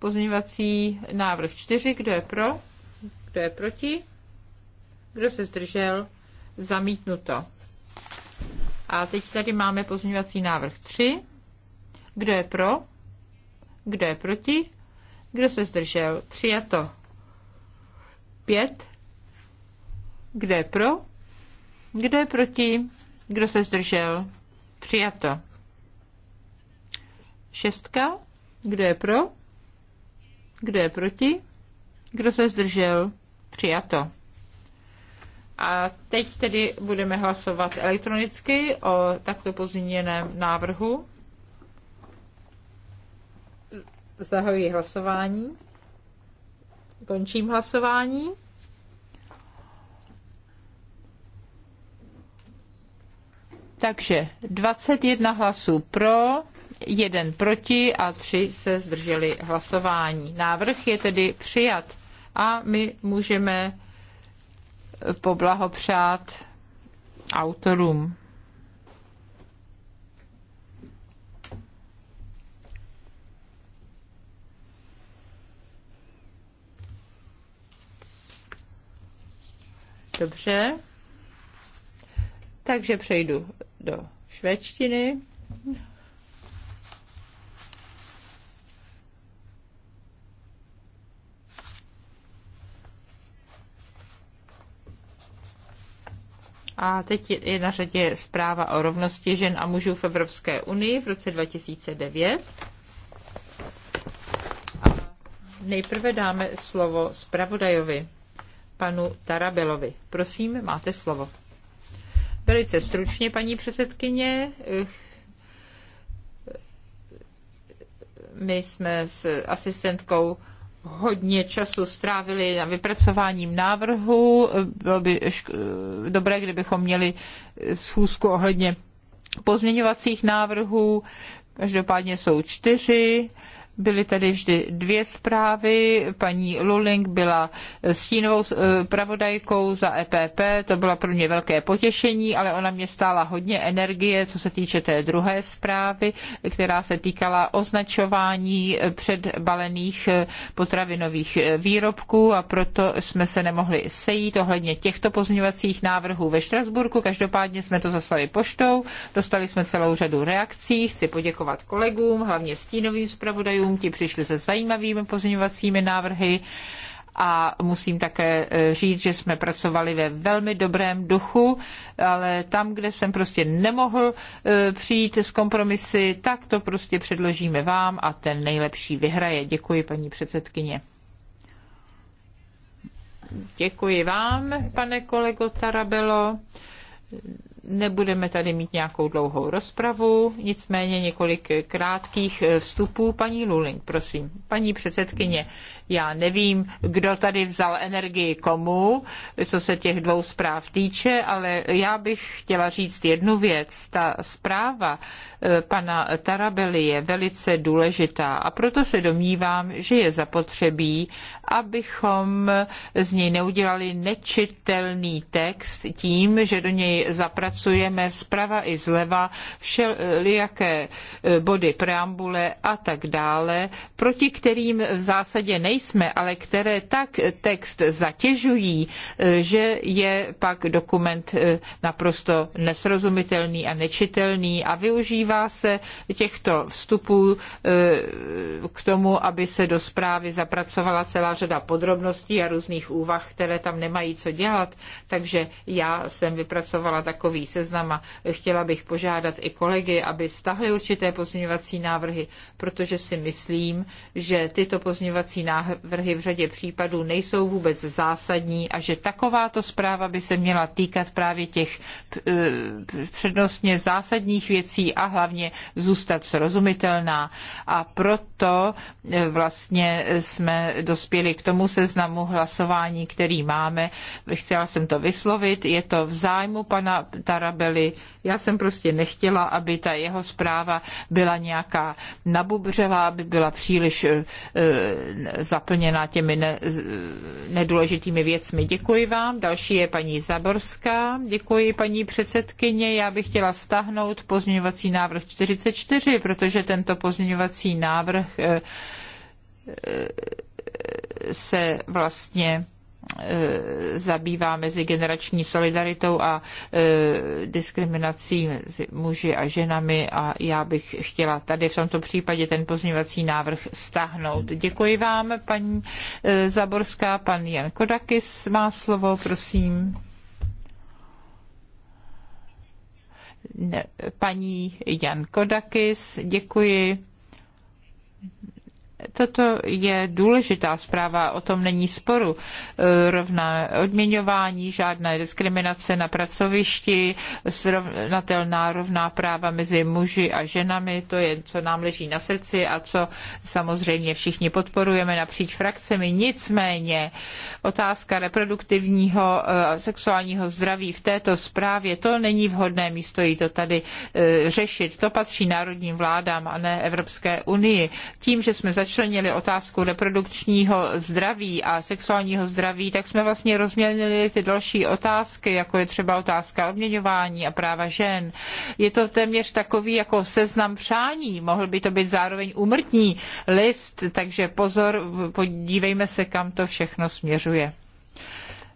Pozměňovací návrh 4. Kdo je pro? Kdo je proti? Kdo se zdržel? Zamítnuto. A teď tady máme pozměňovací návrh 3. Kdo je pro? Kdo je proti? Kdo se zdržel? Přijato. 5. Kdo je pro? Kdo je proti? Kdo se zdržel? Přijato. 6. Kdo je pro? Kdo je proti? Kdo se zdržel? Přijato. A teď tedy budeme hlasovat elektronicky o takto pozměněném návrhu. Zahajuji hlasování. Končím hlasování. Takže 21 hlasů pro, jeden proti a tři se zdrželi hlasování. Návrh je tedy přijat a my můžeme poblahopřát autorům. Dobře. Takže přejdu do švédštiny. A teď je na řadě zpráva o rovnosti žen a mužů v Evropské unii v roce 2009. A nejprve dáme slovo zpravodajovi, panu Tarabelovi. Prosím, máte slovo. Velice stručně, paní předsedkyně. My jsme s asistentkou hodně času strávili na vypracováním návrhu. Bylo by dobré, kdybychom měli schůzku ohledně pozměňovacích návrhů. Každopádně jsou čtyři. Byly tady vždy dvě zprávy. Paní Luling byla stínovou eh, pravodajkou za EPP, to bylo pro mě velké potěšení, ale ona mě stála hodně energie, co se týče té druhé zprávy, která se týkala označování předbalených eh, potravinových eh, výrobků a proto jsme se nemohli sejít ohledně těchto pozměňovacích návrhů ve Štrasburku. Každopádně jsme to zaslali poštou, dostali jsme celou řadu reakcí. Chci poděkovat kolegům, hlavně stínovým zpravodajům, kolegům, ti přišli se zajímavými pozměňovacími návrhy a musím také e, říct, že jsme pracovali ve velmi dobrém duchu, ale tam, kde jsem prostě nemohl e, přijít s kompromisy, tak to prostě předložíme vám a ten nejlepší vyhraje. Děkuji, paní předsedkyně. Děkuji vám, pane kolego Tarabelo. Nebudeme tady mít nějakou dlouhou rozpravu, nicméně několik krátkých eh, vstupů. Paní Luling, prosím. Paní předsedkyně, já nevím, kdo tady vzal energii komu, co se těch dvou zpráv týče, ale já bych chtěla říct jednu věc. Ta zpráva eh, pana Tarabely je velice důležitá a proto se domnívám, že je zapotřebí, abychom z něj neudělali nečitelný text tím, že do něj zapracujeme zapracujeme zprava i zleva všelijaké e, body preambule a tak dále, proti kterým v zásadě nejsme, ale které tak text zatěžují, e, že je pak dokument e, naprosto nesrozumitelný a nečitelný a využívá se těchto vstupů k tomu, aby se do zprávy zapracovala celá řada podrobností a různých úvah, které tam nemají co dělat. Takže já jsem vypracovala takový červnový seznam a chtěla bych požádat i kolegy, aby stahli určité pozměňovací návrhy, protože si myslím, že tyto pozměňovací návrhy v řadě případů nejsou vůbec zásadní a že takováto zpráva by se měla týkat právě těch e, přednostně zásadních věcí a hlavně zůstat srozumitelná. A proto e, vlastně jsme dospěli k tomu seznamu hlasování, který máme. Chtěla jsem to vyslovit. Je to v zájmu pana Tarabely. Já jsem prostě nechtěla, aby ta jeho zpráva byla nějaká nabubřela, aby byla příliš eh, zaplněna těmi ne, nedůležitými věcmi. Děkuji vám. Další je paní Zaborská. Děkuji paní předsedkyně. Já bych chtěla stáhnout pozměňovací návrh 44, protože tento pozměňovací návrh eh, eh, se vlastně Eh, zabývá mezigenerační solidaritou a eh, diskriminací mezi muži a ženami a já bych chtěla tady v tomto případě ten pozměňovací návrh stáhnout. Děkuji vám, paní eh, Zaborská. Pan Jan Kodakis má slovo, prosím. paní Jan Kodakis, děkuji. Toto je důležitá zpráva, o tom není sporu. E, rovná odměňování, žádná diskriminace na pracovišti, srovnatelná rovná práva mezi muži a ženami, to je, co nám leží na srdci a co samozřejmě všichni podporujeme napříč frakcemi. Nicméně otázka reproduktivního eh, sexuálního zdraví v této zprávě, to není vhodné místo jí to tady eh, řešit. To patří národním vládám a ne Evropské unii. Tím, že jsme začlenili otázku reprodukčního zdraví a sexuálního zdraví, tak jsme vlastně rozmělnili ty další otázky, jako je třeba otázka odměňování a práva žen. Je to téměř takový jako seznam přání, mohl by to být zároveň úmrtní list, takže pozor, podívejme se, kam to všechno směřuje podporuje.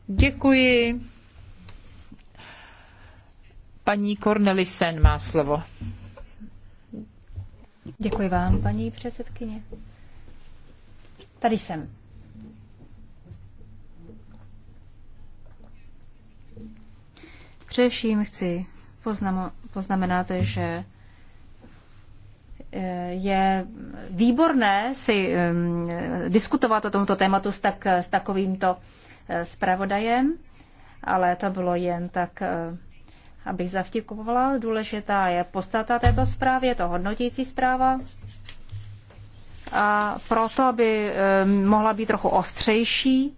Děkuji. Paní Cornelisen má slovo. Děkuji vám, paní předsedkyně. Tady jsem. Především chci poznamo, poznamenat, že je výborné si diskutovat o tomto tématu s, tak, s takovýmto eh, zpravodajem, ale to bylo jen tak, eh, abych zavtikovala. Důležitá je postata této zprávy, je to hodnotící zpráva. A proto, aby mohla být trochu ostřejší,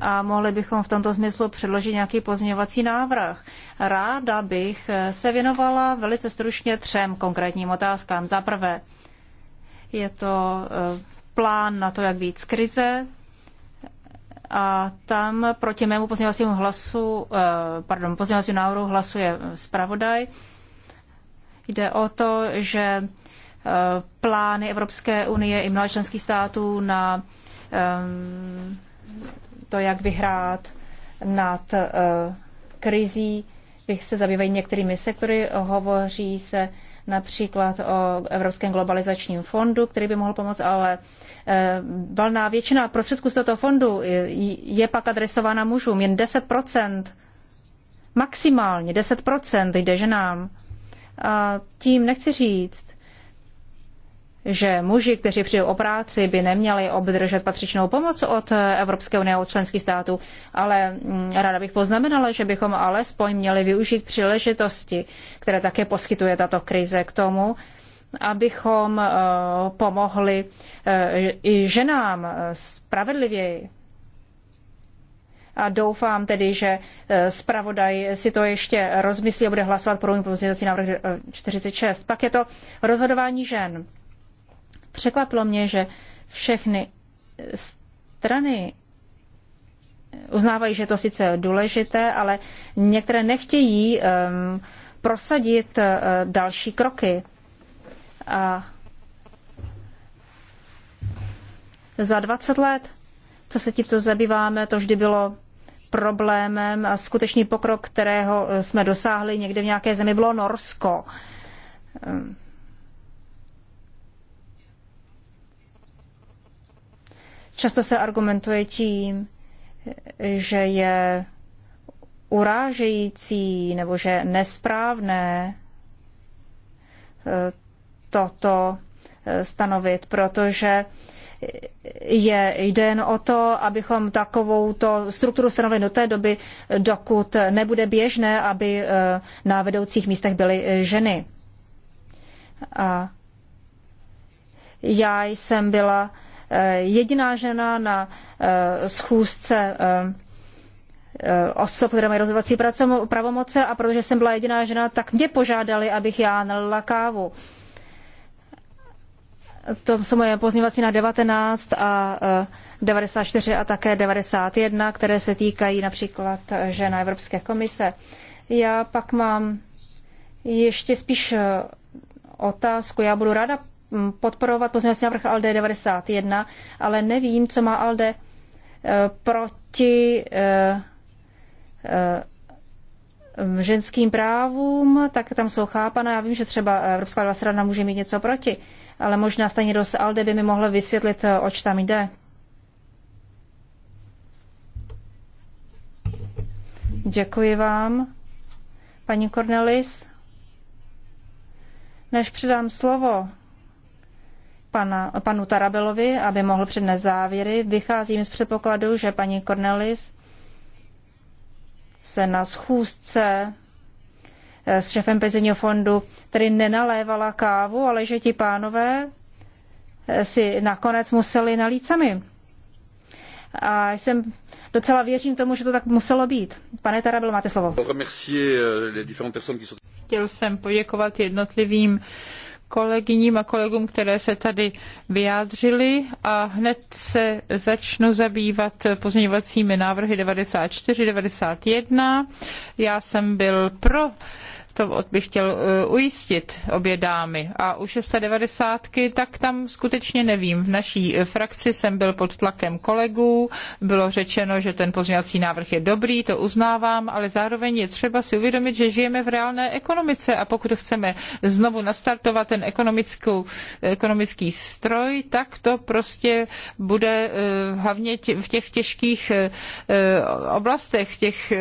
a mohli bychom v tomto smyslu předložit nějaký pozměňovací návrh. Ráda bych eh, se věnovala velice stručně třem konkrétním otázkám. Za prvé, je to eh, plán na to, jak víc krize, a tam proti mému pozměňovacímu hlasu, eh, pardon, pozměňovacímu návrhu hlasuje zpravodaj. Jde o to, že plány Evropské unie i mnoha členských států na to, jak vyhrát nad eh, krizí, se zabývají některými sektory, hovoří se například o Evropském globalizačním fondu, který by mohl pomoct, ale eh, valná většina prostředků z tohoto fondu je pak adresována mužům. Jen 10%, maximálně 10% jde ženám. A tím nechci říct, že muži, kteří přijdou o práci, by neměli obdržet patřičnou pomoc od Evropské unie, od členských států, ale mm, ráda bych poznamenala, že bychom alespoň měli využít příležitosti, které také poskytuje tato krize k tomu, abychom eh, pomohli eh, i ženám eh, spravedlivěji. A doufám tedy, že zpravodaj si to ještě rozmyslí a bude hlasovat pro můj pozměňovací návrh 46. Pak je to rozhodování žen. Překvapilo mě, že všechny strany uznávají, že je to sice důležité, ale některé nechtějí um, prosadit uh, další kroky. A za 20 let, co se tímto zabýváme, to vždy bylo problémem a skutečný pokrok, kterého jsme dosáhli někde v nějaké zemi, bylo Norsko. Um, Často se argumentuje tím, že je urážející nebo že nesprávné eh, toto eh, stanovit, protože je jde o to, abychom takovouto strukturu stanovili do té doby, dokud nebude běžné, aby eh, na vedoucích místech byly ženy. A já jsem byla Eh, jediná žena na eh, schůzce eh, osob, které mají rozhodovací pravomoce a protože jsem byla jediná žena, tak mě požádali, abych já nalila kávu. To jsou moje pozměvací na 19 a 94 a také 91, které se týkají například žen na Evropské komise. Já pak mám ještě spíš otázku. Já budu ráda podporovat pozměňovací návrh ALDE 91, ale nevím, co má ALDE e, proti e, e, ženským právům, tak tam jsou chápané. Já vím, že třeba Evropská vláda může mít něco proti, ale možná stejně dost Alde by mi mohla vysvětlit, oč tam jde. Děkuji vám, paní Cornelis. Než předám slovo pana, panu Tarabelovi, aby mohl přednést závěry. Vycházím z předpokladu, že paní Cornelis se na schůzce eh, s šefem penzijního fondu tedy nenalévala kávu, ale že ti pánové eh, si nakonec museli nalít sami. A jsem docela věřím tomu, že to tak muselo být. Pane Tarabel, máte slovo. Eh, Chtěl jsem poděkovat jednotlivým kolegyním a kolegům, které se tady vyjádřili a hned se začnu zabývat pozměňovacími návrhy 94, 91. Já jsem byl pro to bych chtěl eh, ujistit obě dámy. A u 690, tak tam skutečně nevím. V naší eh, frakci jsem byl pod tlakem kolegů, bylo řečeno, že ten pozměňovací návrh je dobrý, to uznávám, ale zároveň je třeba si uvědomit, že žijeme v reálné ekonomice a pokud chceme znovu nastartovat ten ekonomický stroj, tak to prostě bude eh, hlavně v těch těžkých oblastech, těch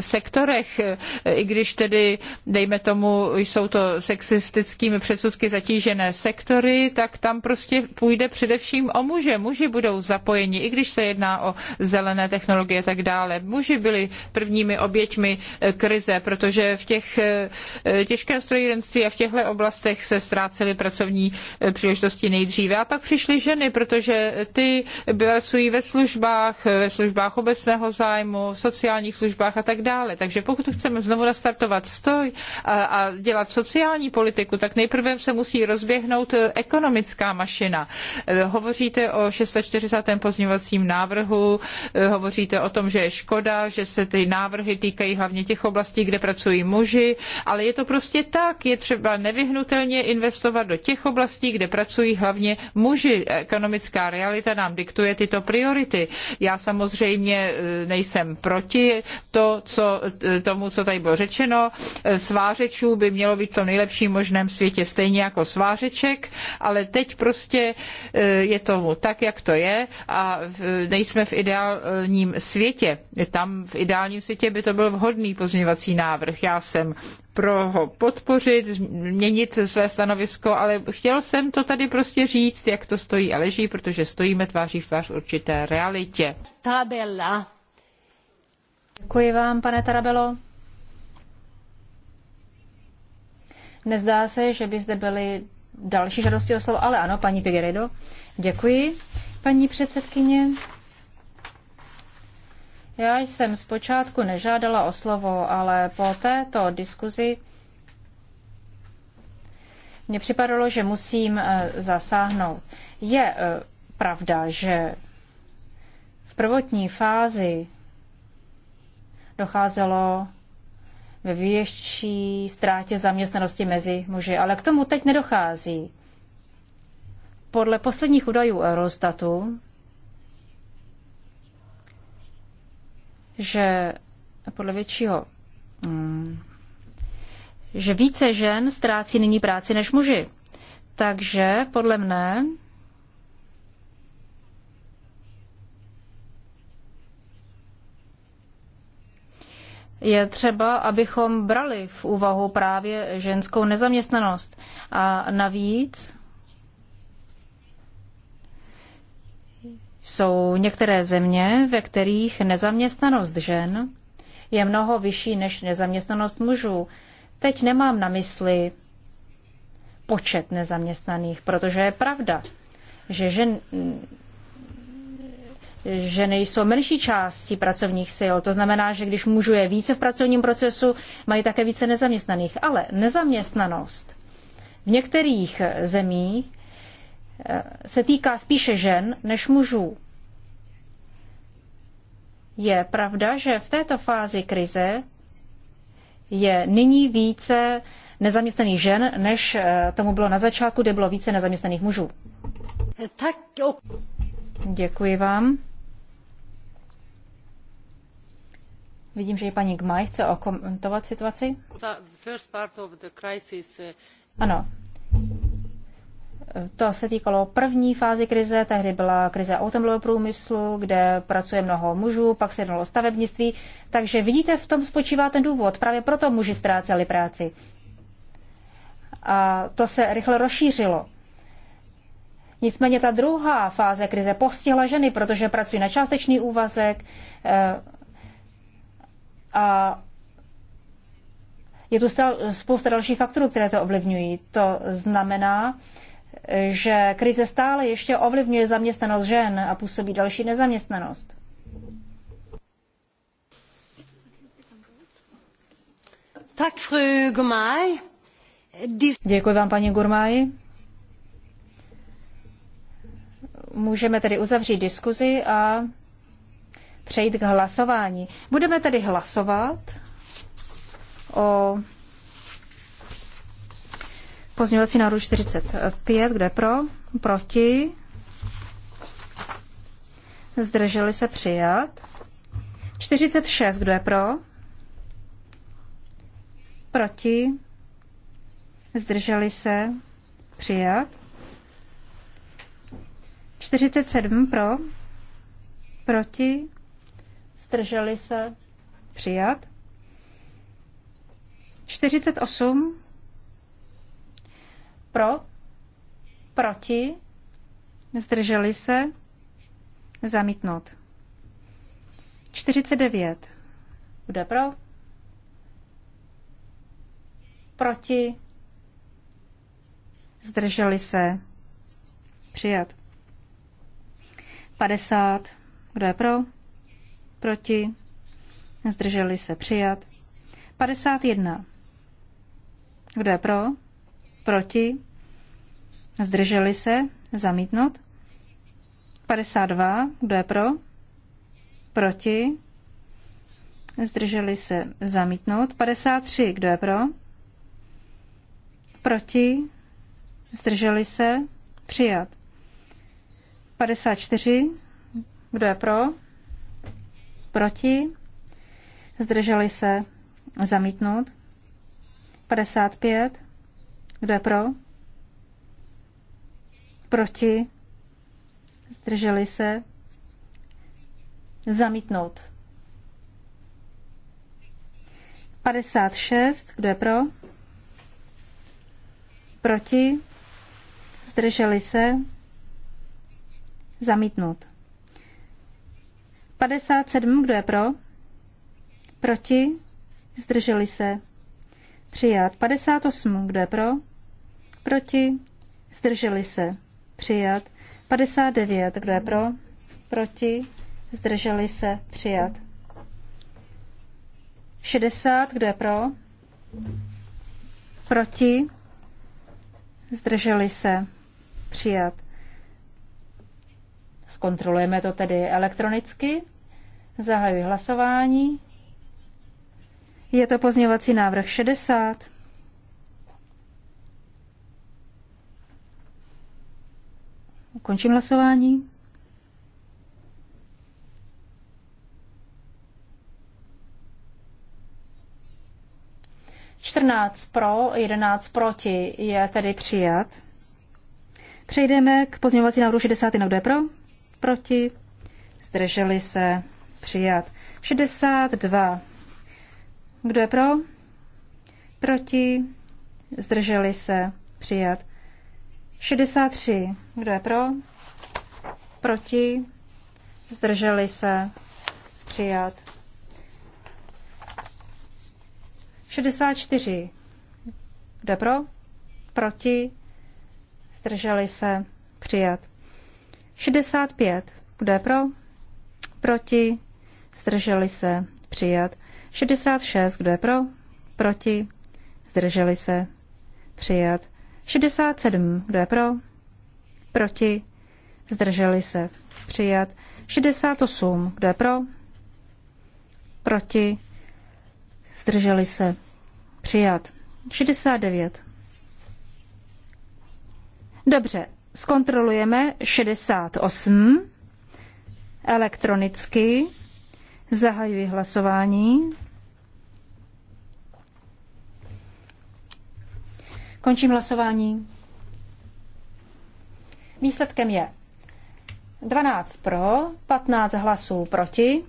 sektorech, i když tedy, dejme tomu, jsou to sexistickými předsudky zatížené sektory, tak tam prostě půjde především o muže. Muži budou zapojeni, i když se jedná o zelené technologie a tak dále. Muži byli prvními oběťmi eh, krize, protože v těch eh, těžké strojírenství a v těchto oblastech se ztrácely pracovní eh, příležitosti nejdříve. A pak přišly ženy, protože ty pracují ve službách, ve službách obecného zájmu, sociálních službách a tak dále. Takže pokud chceme znovu nastartovat stoj a, a dělat sociální politiku, tak nejprve se musí rozběhnout ekonomická mašina. Eh, hovoříte o 640. pozměňovacím návrhu, eh, hovoříte o tom, že je škoda, že se ty návrhy týkají hlavně těch oblastí, kde pracují muži, ale je to prostě tak, je třeba nevyhnutelně investovat do těch oblastí, kde pracují hlavně muži. Ekonomická realita nám diktuje tyto priority. Já samozřejmě eh, nejsem proti to, co, tomu, co tady bylo řečeno, řečeno, eh, svářečů by mělo být v tom nejlepším možném světě stejně jako svářeček, ale teď prostě eh, je tomu tak, jak to je a nejsme v ideálním světě. Tam v ideálním světě by to byl vhodný pozměňovací návrh. Já jsem pro ho podpořit, změnit své stanovisko, ale chtěl jsem to tady prostě říct, jak to stojí a leží, protože stojíme tváří v tvář určité realitě. Tabela. Děkuji vám, pane Tarabelo. Nezdá se, že by zde byly další žádosti o slovo, ale ano, paní Pigeredo. Děkuji, paní předsedkyně. Já jsem zpočátku nežádala o slovo, ale po této diskuzi mně připadalo, že musím eh, zasáhnout. Je eh, pravda, že v prvotní fázi docházelo ve větší ztrátě zaměstnanosti mezi muži. Ale k tomu teď nedochází. Podle posledních údajů Eurostatu, že podle většího, mm, že více žen ztrácí nyní práci než muži. Takže podle mne je třeba, abychom brali v úvahu právě ženskou nezaměstnanost. A navíc jsou některé země, ve kterých nezaměstnanost žen je mnoho vyšší než nezaměstnanost mužů. Teď nemám na mysli počet nezaměstnaných, protože je pravda, že žen, ženy jsou menší částí pracovních sil. To znamená, že když mužů je více v pracovním procesu, mají také více nezaměstnaných. Ale nezaměstnanost v některých zemích eh, se týká spíše žen než mužů. Je pravda, že v této fázi krize je nyní více nezaměstnaných žen, než eh, tomu bylo na začátku, kde bylo více nezaměstnaných mužů. Tak, Děkuji vám. Vidím, že i paní Gmaj chce okomentovat situaci. Eh, ano. To se týkalo první fázi krize, tehdy byla krize automobilového průmyslu, kde pracuje mnoho mužů, pak se jednalo stavebnictví, takže vidíte, v tom spočívá ten důvod. Právě proto muži ztráceli práci. A to se rychle rozšířilo. Nicméně ta druhá fáze krize postihla ženy, protože pracují na částečný úvazek eh, a je tu spousta dalších faktorů, které to ovlivňují. To znamená, že krize stále ještě ovlivňuje zaměstnanost žen a působí další nezaměstnanost. Tak, Děkuji vám, paní Gurmaj můžeme tedy uzavřít diskuzi a přejít k hlasování. Budeme tedy hlasovat o pozměňovací návrh 45. Kde pro? Proti? Zdrželi se přijat. 46. Kdo je pro? Proti? Zdrželi se přijat. 47 pro, proti, zdrželi se, přijat. 48 pro, proti, zdrželi se, zamítnout. 49 bude pro, proti, zdrželi se, přijat. 50. Kdo je pro? Proti? Zdrželi se přijat. 51. Kdo je pro? Proti? Zdrželi se? Zamítnout. 52. Kdo je pro? Proti? Zdrželi se? Zamítnout. 53. Kdo je pro? Proti? Zdrželi se? Přijat. 54. Kdo je pro? Proti? Zdrželi se zamítnout. 55. Kdo je pro? Proti? Zdrželi se zamítnout. 56. Kdo je pro? Proti? Zdrželi se? Zamítnut. 57. Kdo je pro? Proti? Zdrželi se. Přijat. 58. Kdo je pro? Proti? Zdrželi se. Přijat. 59. Kdo je pro? Proti? Zdrželi se. Přijat. 60. Kdo je pro? Proti? Zdrželi se. Přijat. Zkontrolujeme to tedy elektronicky. Zahajuji hlasování. Je to pozměňovací návrh 60. Končím hlasování. Čtrnáct pro, jedenáct proti je tedy přijat. Přejdeme k pozměňovací návrhu 60. Kdo je pro? proti, zdrželi se, přijat. 62. Kdo je pro? Proti, zdrželi se, přijat. 63. Kdo je pro? Proti, zdrželi se, přijat. 64. Kdo je pro? Proti, zdrželi se, přijat. 65. Kdo je pro? Proti? Zdrželi se? Přijat. 66. Kdo je pro? Proti? Zdrželi se? Přijat. 67. Kdo je pro? Proti? Zdrželi se? Přijat. 68. Kdo je pro? Proti? Zdrželi se? Přijat. 69. Dobře, Zkontrolujeme 68 elektronicky. Zahajuji hlasování. Končím hlasování. Výsledkem je 12 pro, 15 hlasů proti,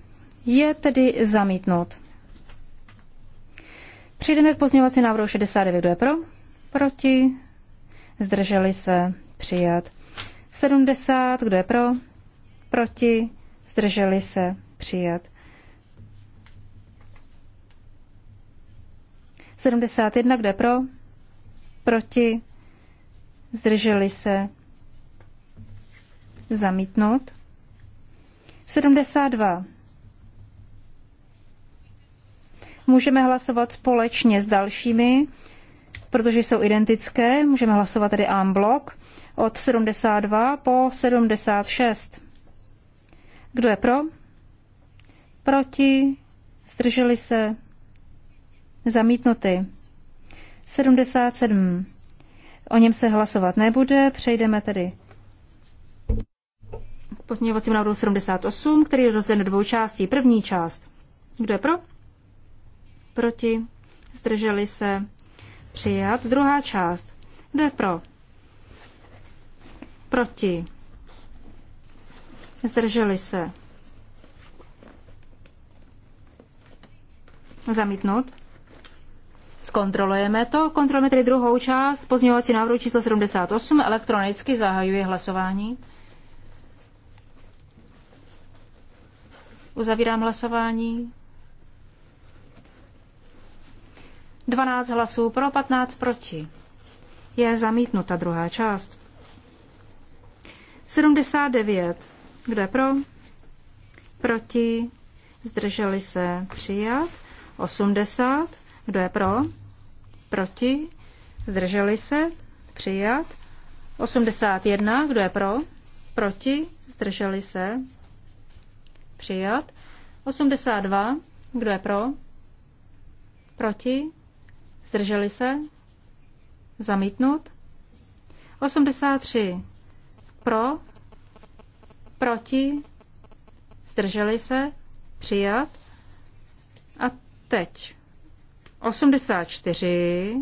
je tedy zamítnut. Přijdeme k pozměňovací návrhu 69. Kdo je pro? Proti? Zdrželi se? přijat. 70, kdo je pro, proti, zdrželi se, přijat. 71, je pro, proti, zdrželi se, zamítnout. 72. Můžeme hlasovat společně s dalšími, protože jsou identické. Můžeme hlasovat tedy en bloc od 72 po 76. Kdo je pro? Proti? Zdrželi se? Zamítnuty. 77. O něm se hlasovat nebude, přejdeme tedy k pozměňovacímu návrhu 78, který je rozdělen do dvou částí. První část. Kdo je pro? Proti? Zdrželi se? Přijat. Druhá část. Kdo je pro? Proti. Zdrželi se. Zamítnout. Zkontrolujeme to. Kontrolujeme tedy druhou část. Pozměňovací návrh číslo 78. Elektronicky zahajuje hlasování. Uzavírám hlasování. 12 hlasů pro, 15 proti. Je zamítnuta druhá část. 79. Kdo je pro? Proti? Zdrželi se přijat. 80. Kdo je pro? Proti? Zdrželi se přijat. 81. Kdo je pro? Proti? Zdrželi se přijat. 82. Kdo je pro? Proti? Zdrželi se? Zamítnut? 83 pro, proti, zdrželi se, přijat. A teď 84,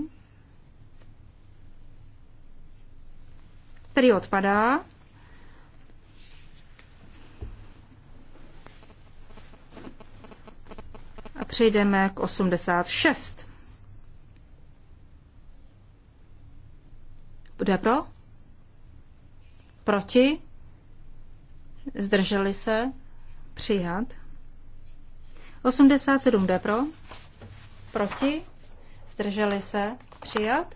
který odpadá. A přejdeme k 86. Bude pro? Proti? Zdrželi se? Přijat. 87 jde pro? Proti? Zdrželi se? Přijat.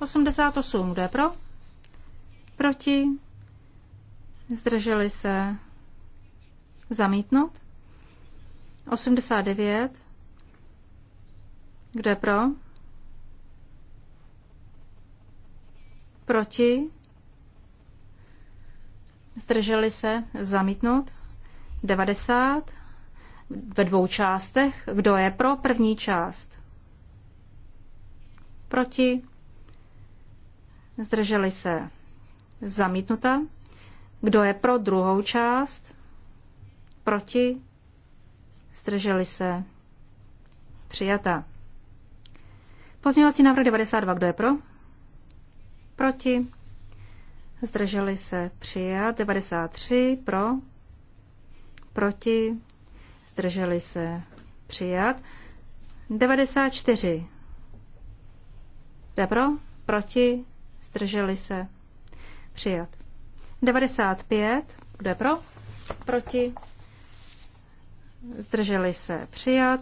88 jde pro? Proti? Zdrželi se? Zamítnout. 89. kde pro? Proti? zdrželi se, zamítnout. 90 ve dvou částech. Kdo je pro první část? Proti? Zdrželi se. Zamítnuta. Kdo je pro druhou část? Proti? Zdrželi se. Přijata. Pozměňovací návrh 92. Kdo je pro? Proti? zdrželi se přijat, 93 pro, proti, zdrželi se přijat, 94 jde pro, proti, zdrželi se přijat, 95 kde pro, proti, zdrželi se přijat,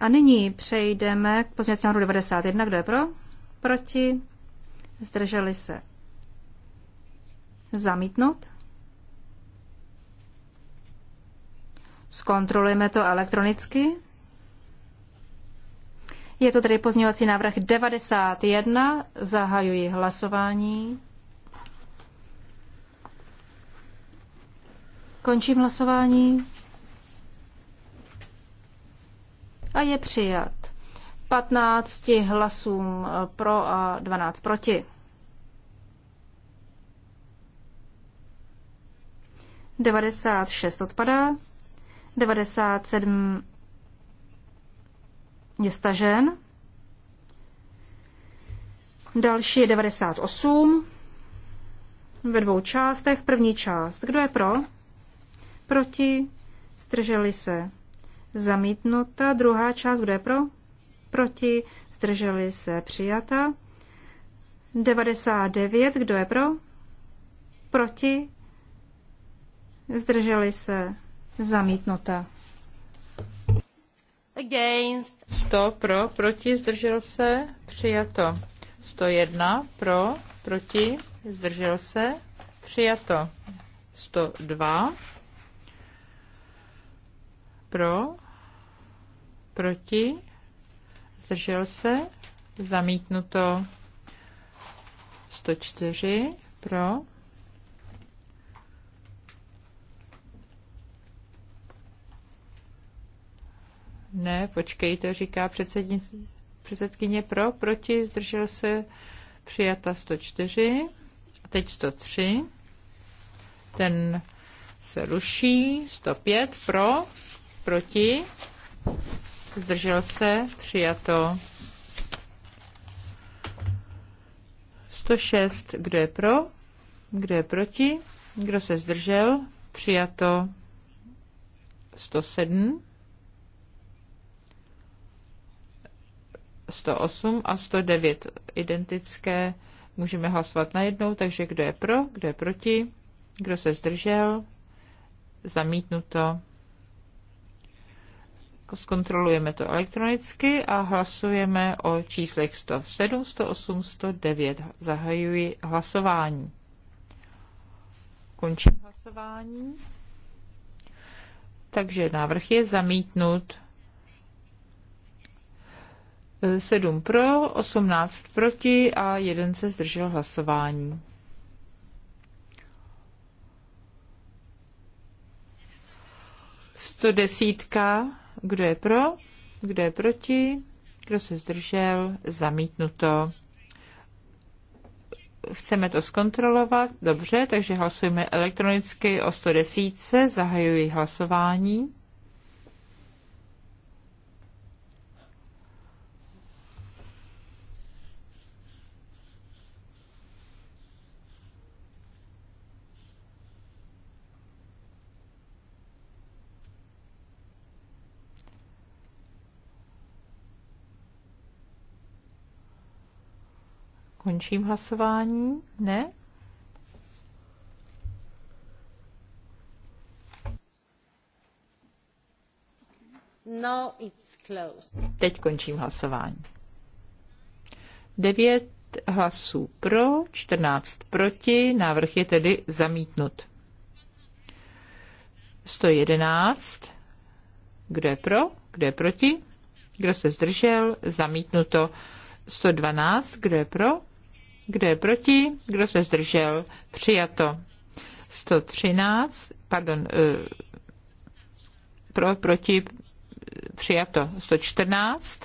a nyní přejdeme k pozměňovacímu 91, kdo je pro? Proti? Zdrželi se. Zamítnout. Zkontrolujeme to elektronicky. Je to tedy pozměňovací návrh 91. Zahajuji hlasování. Končím hlasování. A je přijat. 15 hlasům eh, pro a 12 proti. Devadesát šest odpadá, devadesát sedm je stažen, další je devadesát osm ve dvou částech. První část, kdo je pro? Proti, strželi se. Zamítnuta, druhá část, kdo je pro? proti, zdrželi se přijata. 99, kdo je pro, proti, zdrželi se zamítnuta. Against. 100 pro, proti, zdržel se, přijato. 101 pro, proti, zdržel se, přijato. 102 pro, proti, zdržel se, zamítnuto 104 pro, Ne, počkejte, říká předsedkyně pro, proti, zdržel se přijata 104, a teď 103, ten se ruší, 105 pro, proti, zdržel se, přijato. 106, kdo je pro, kdo je proti, kdo se zdržel, přijato. 107, 108 a 109 identické. Můžeme hlasovat najednou, takže kdo je pro, kdo je proti, kdo se zdržel, zamítnuto zkontrolujeme to elektronicky a hlasujeme o číslech 107, 108, 109. Zahajuji hlasování. Končím hlasování. Takže návrh je zamítnut. 7 pro, 18 proti a jeden se zdržel hlasování. Sto desítka kdo je pro? Kdo je proti? Kdo se zdržel? Zamítnuto. Chceme to zkontrolovat? Dobře, takže hlasujeme elektronicky o 110. Zahajuji hlasování. Končím hlasování. Ne? No, it's closed. Teď končím hlasování. 9 hlasů pro, 14 proti, návrh je tedy zamítnut. 111. Kdo je pro? Kdo je proti? Kdo se zdržel? Zamítnuto. 112. Kdo je pro? Kdo je proti? Kdo se zdržel? Přijato. 113, pardon, eh, pro, proti, přijato. 114,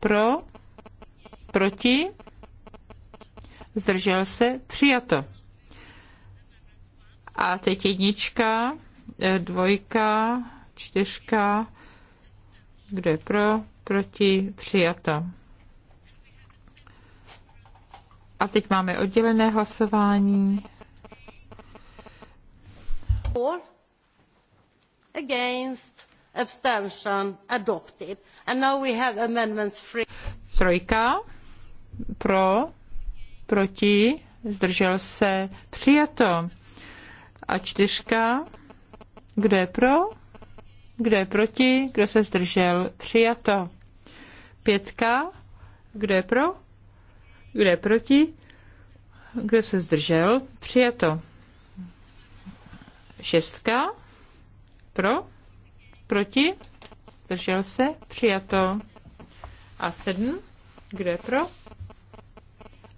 pro, proti, zdržel se, přijato. A teď jednička, eh, dvojka, čtyřka, kdo je pro, proti, přijato. A teď máme oddělené hlasování. against, abstention, adopted. And now we have amendments Trojka, pro, proti, zdržel se, přijato. A čtyřka, kdo je pro, kdo je proti, kdo se zdržel, přijato. Pětka, kdo je pro, kdo je proti? Kdo se zdržel? Přijato. Šestka. Pro? Proti? Zdržel se? Přijato. A sedm. Kdo je pro?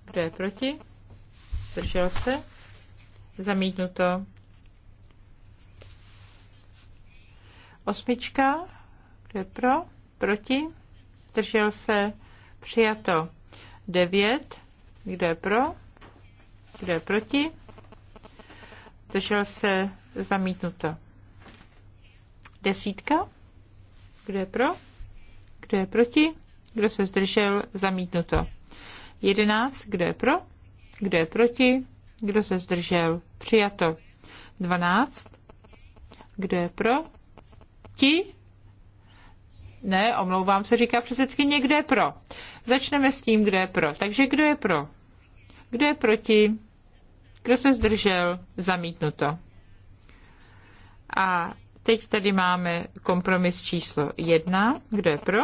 Kdo je proti? Zdržel se? Zamítnuto. Osmička. Kdo je pro? Proti? Zdržel se? Přijato. 9. Kdo je pro? Kdo je proti? Zdržel se zamítnuto. Desítka. Kdo je pro? Kdo je proti? Kdo se zdržel? Zamítnuto. Jedenáct. Kdo je pro? Kdo je proti? Kdo se zdržel? Přijato. Dvanáct. Kdo je pro? Ti? Ne, omlouvám se, říká předsedky, někde je pro. Začneme s tím, kde je pro. Takže kdo je pro? Kdo je proti? Kdo se zdržel? Zamítnuto. A teď tady máme kompromis číslo jedna. Kdo je pro?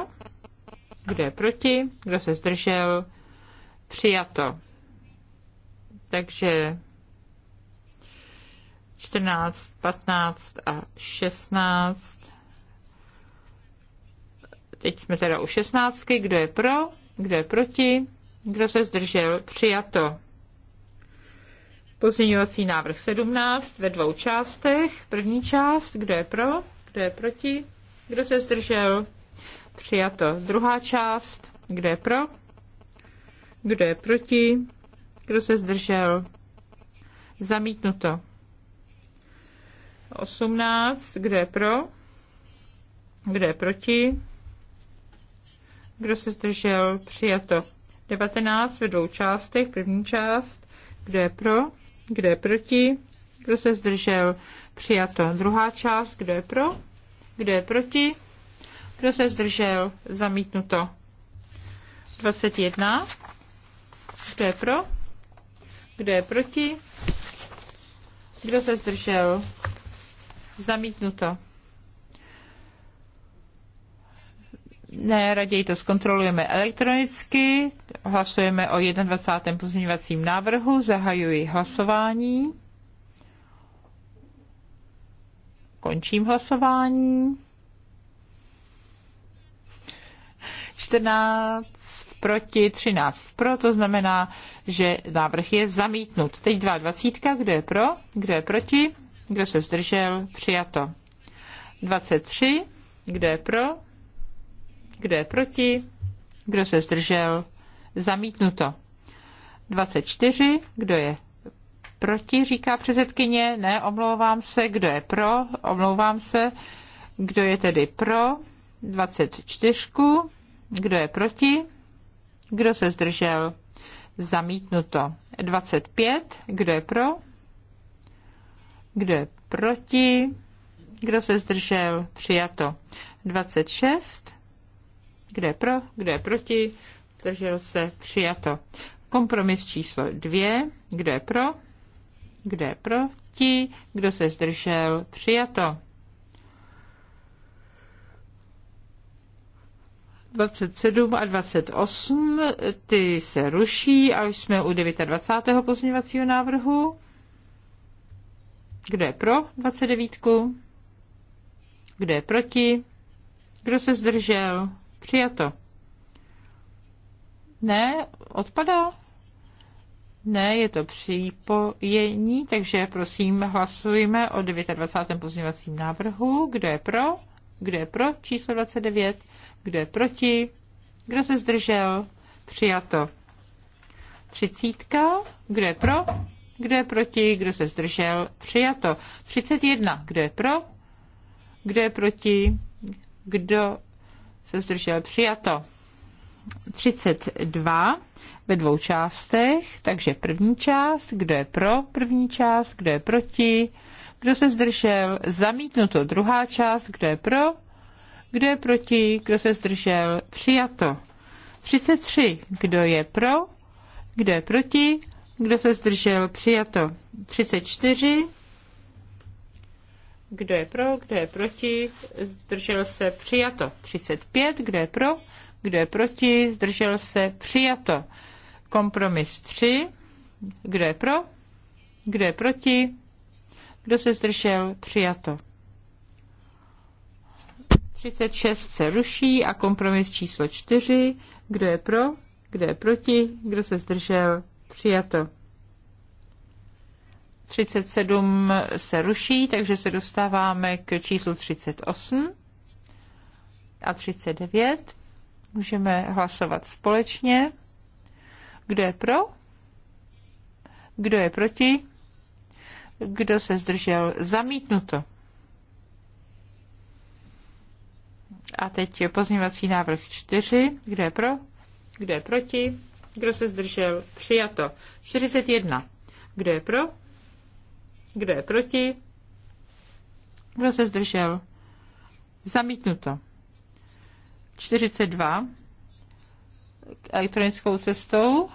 Kdo je proti? Kdo se zdržel? Přijato. Takže 14, 15 a 16 Teď jsme teda u šestnáctky. Kdo je pro? Kdo je proti? Kdo se zdržel? Přijato. Pozměňovací návrh 17 ve dvou částech. První část, kdo je pro, kdo je proti, kdo se zdržel, přijato. Druhá část, kdo je pro, kdo je proti, kdo se zdržel, zamítnuto. 18, kdo je pro, kdo je proti, kdo se zdržel? Přijato. 19 ve dvou částech. První část. Kdo je pro? Kdo je proti? Kdo se zdržel? Přijato. Druhá část. Kdo je pro? Kdo je proti? Kdo se zdržel? Zamítnuto. 21. Kdo je pro? Kdo je proti? Kdo se zdržel? Zamítnuto. Ne, raději to zkontrolujeme elektronicky. Hlasujeme o 21. pozměňovacím návrhu. Zahajuji hlasování. Končím hlasování. 14 proti, 13 pro, to znamená, že návrh je zamítnut. Teď 22, kdo je pro, kdo je proti, kdo se zdržel, přijato. 23, kdo je pro, kdo je proti? Kdo se zdržel? Zamítnuto. 24. Kdo je proti? Říká předsedkyně. Ne, omlouvám se. Kdo je pro? Omlouvám se. Kdo je tedy pro? 24. Kdo je proti? Kdo se zdržel? Zamítnuto. 25. Kdo je pro? Kdo je proti? Kdo se zdržel? Přijato. 26. Kdo je pro, kdo je proti? Zdržel se? Přijato. Kompromis číslo dvě. Kdo je pro? Kdo je proti? Kdo se zdržel? Přijato. 27 a 28, ty se ruší a už jsme u 29. pozměňovacího návrhu. Kdo je pro 29? Kdo je proti? Kdo se zdržel? Přijato. Ne, odpadá. Ne, je to připojení, takže prosím hlasujeme o 29. pozměňovacím návrhu. Kdo je pro? Kdo je pro číslo 29? Kdo je proti? Kdo se zdržel? Přijato. Třicítka. Kdo je pro? Kdo je proti? Kdo se zdržel? Přijato. 31. Kdo je pro? Kdo je proti? Kdo se zdržel přijato. 32 ve dvou částech, takže první část, kdo je pro první část, kdo je proti, kdo se zdržel, zamítnuto druhá část, kdo je pro, kdo je proti, kdo se zdržel, přijato. 33, kdo je pro, kdo je proti, kdo se zdržel, přijato. 34, kdo je pro, kdo je proti, zdržel se, přijato. 35, kdo je pro, kdo je proti, zdržel se, přijato. Kompromis 3, kdo je pro, kdo je proti, kdo se zdržel, přijato. 36 se ruší a kompromis číslo 4, kdo je pro, kdo je proti, kdo se zdržel, přijato. 37 se ruší, takže se dostáváme k číslu 38 a 39. Můžeme hlasovat společně. Kdo je pro? Kdo je proti? Kdo se zdržel? Zamítnuto. A teď je pozměňovací návrh 4. Kdo je pro? Kdo je proti? Kdo se zdržel? Přijato. 41. Kdo je pro? Kdo je proti? Kdo se zdržel? Zamítnuto. 42 elektronickou cestou.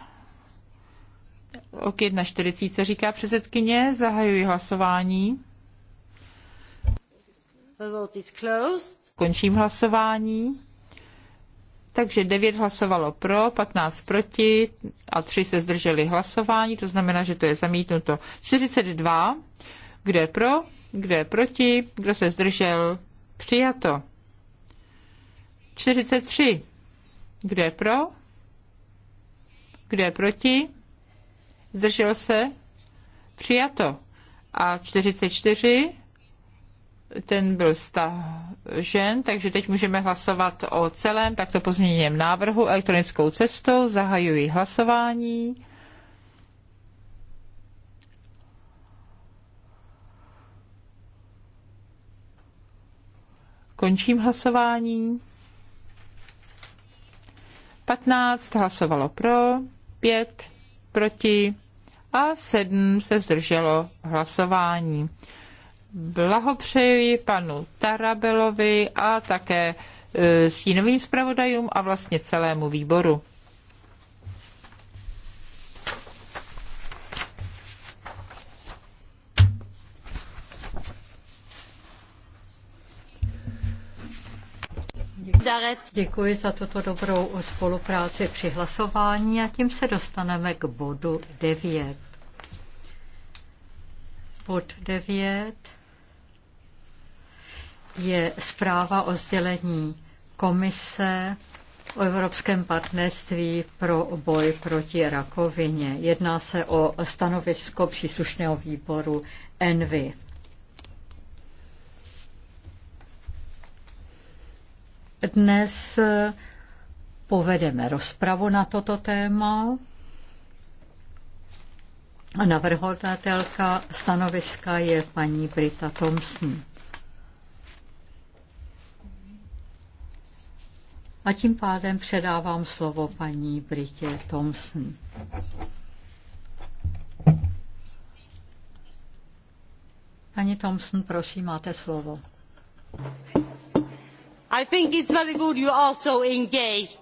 Ok 1.40 říká předsedkyně. Zahajuji hlasování. Končím hlasování. Takže 9 hlasovalo pro, 15 proti a 3 se zdrželi hlasování, to znamená, že to je zamítnuto. 42, kde je pro, kde je proti, kdo se zdržel, přijato. 43, kde je pro, kde je proti, zdržel se, přijato. A 44, ten byl stažen, takže teď můžeme hlasovat o celém takto pozměněném návrhu elektronickou cestou. Zahajuji hlasování. Končím hlasování. 15 hlasovalo pro, 5 proti a 7 se zdrželo hlasování blahopřeji panu Tarabelovi a také e, stínovým zpravodajům a vlastně celému výboru. Děkuji za tuto dobrou spolupráci při hlasování a tím se dostaneme k bodu 9. Bod 9 je zpráva o sdělení komise o Evropském partnerství pro boj proti rakovině. Jedná se o stanovisko příslušného výboru ENVY. Dnes povedeme rozpravu na toto téma. Navrhovatelka stanoviska je paní Brita Thompson. A tím pádem předávám slovo paní Britě Thompson. Pani Thompson, prosím, máte slovo. I think it's very good you also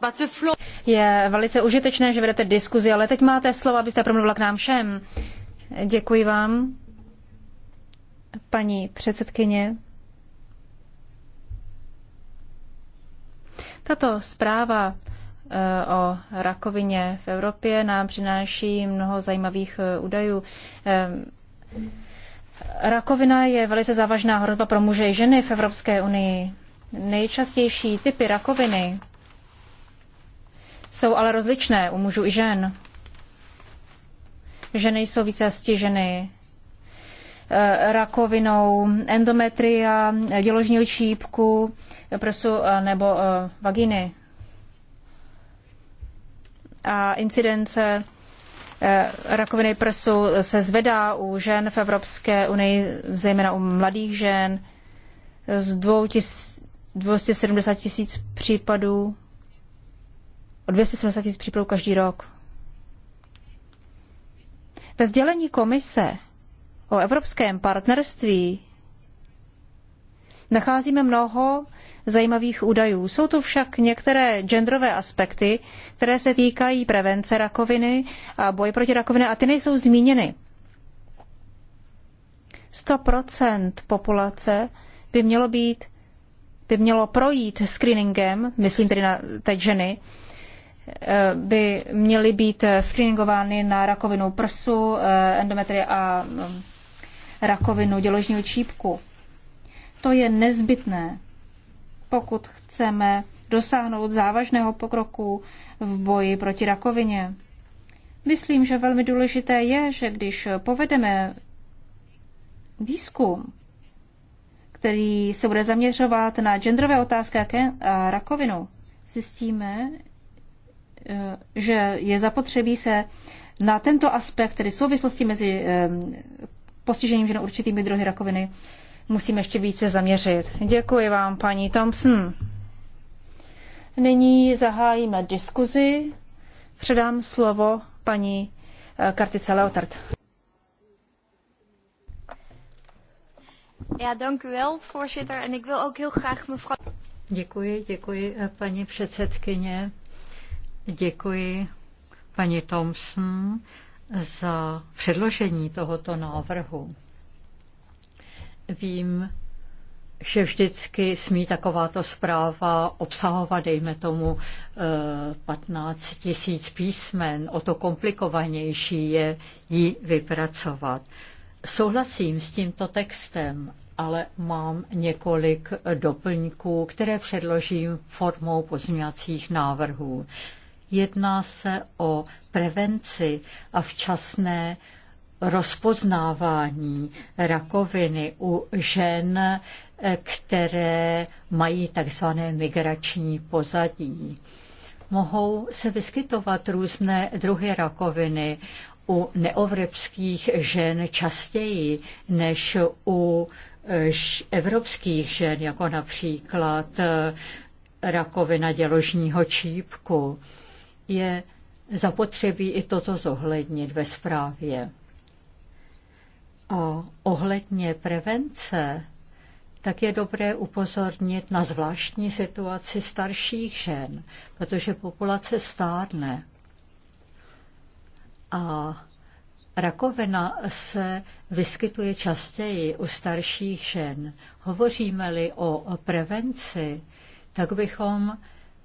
but the Je velice užitečné, že vedete diskuzi, ale teď máte slovo, abyste promluvila k nám všem. Děkuji vám, paní předsedkyně. Tato zpráva eh, o rakovině v Evropě nám přináší mnoho zajímavých eh, údajů. Eh, rakovina je velice závažná hrozba pro muže i ženy v Evropské unii. Nejčastější typy rakoviny jsou ale rozličné u mužů i žen. Ženy jsou více stiženy Eh, rakovinou endometria, děložního čípku, prsu eh, nebo eh, vaginy. A incidence rakoviny prsu se zvedá u žen v Evropské unii, zejména u mladých žen, z 270 tisíc případů, o 270 tisíc případů každý rok. Ve sdělení komise o evropském partnerství nacházíme mnoho zajímavých údajů. Jsou tu však některé genderové aspekty, které se týkají prevence rakoviny a boje proti rakovině a ty nejsou zmíněny. 100% populace by mělo být by mělo projít screeningem, myslím tedy na té ženy, eh, by měly být screeningovány na rakovinu prsu, eh, endometrie a rakovinu děložního čípku. To je nezbytné, pokud chceme dosáhnout závažného pokroku v boji proti rakovině. Myslím, že velmi důležité je, že když povedeme výzkum, který se bude zaměřovat na genderové otázky a rakovinu, zjistíme, eh, že je zapotřebí se na tento aspekt, tedy souvislosti mezi eh, postižením, že na určitými druhy rakoviny musíme ještě více zaměřit. Děkuji vám, paní Thompson. Nyní zahájíme diskuzi. Předám slovo paní eh, Kartice Leotard. Ja, dank u wel, voorzitter. En ik wil ook heel graag mevrouw... Děkuji, děkuji, eh, paní předsedkyně. Děkuji, paní Thompson za předložení tohoto návrhu. Vím, že vždycky smí takováto zpráva obsahovat, dejme tomu, 15 eh, tisíc písmen. O to komplikovanější je ji vypracovat. Souhlasím s tímto textem, ale mám několik doplňků, které předložím formou pozměňovacích návrhů. Jedná se o prevenci a včasné rozpoznávání rakoviny u žen, které mají takzvané migrační pozadí. Mohou se vyskytovat různé druhy rakoviny u neovrepských žen častěji než u eh, evropských žen, jako například eh, rakovina děložního čípku je zapotřebí i toto zohlednit ve zprávě. A ohledně prevence, tak je dobré upozornit na zvláštní situaci starších žen, protože populace stárne. A Rakovina se vyskytuje častěji u starších žen. Hovoříme-li o prevenci, tak bychom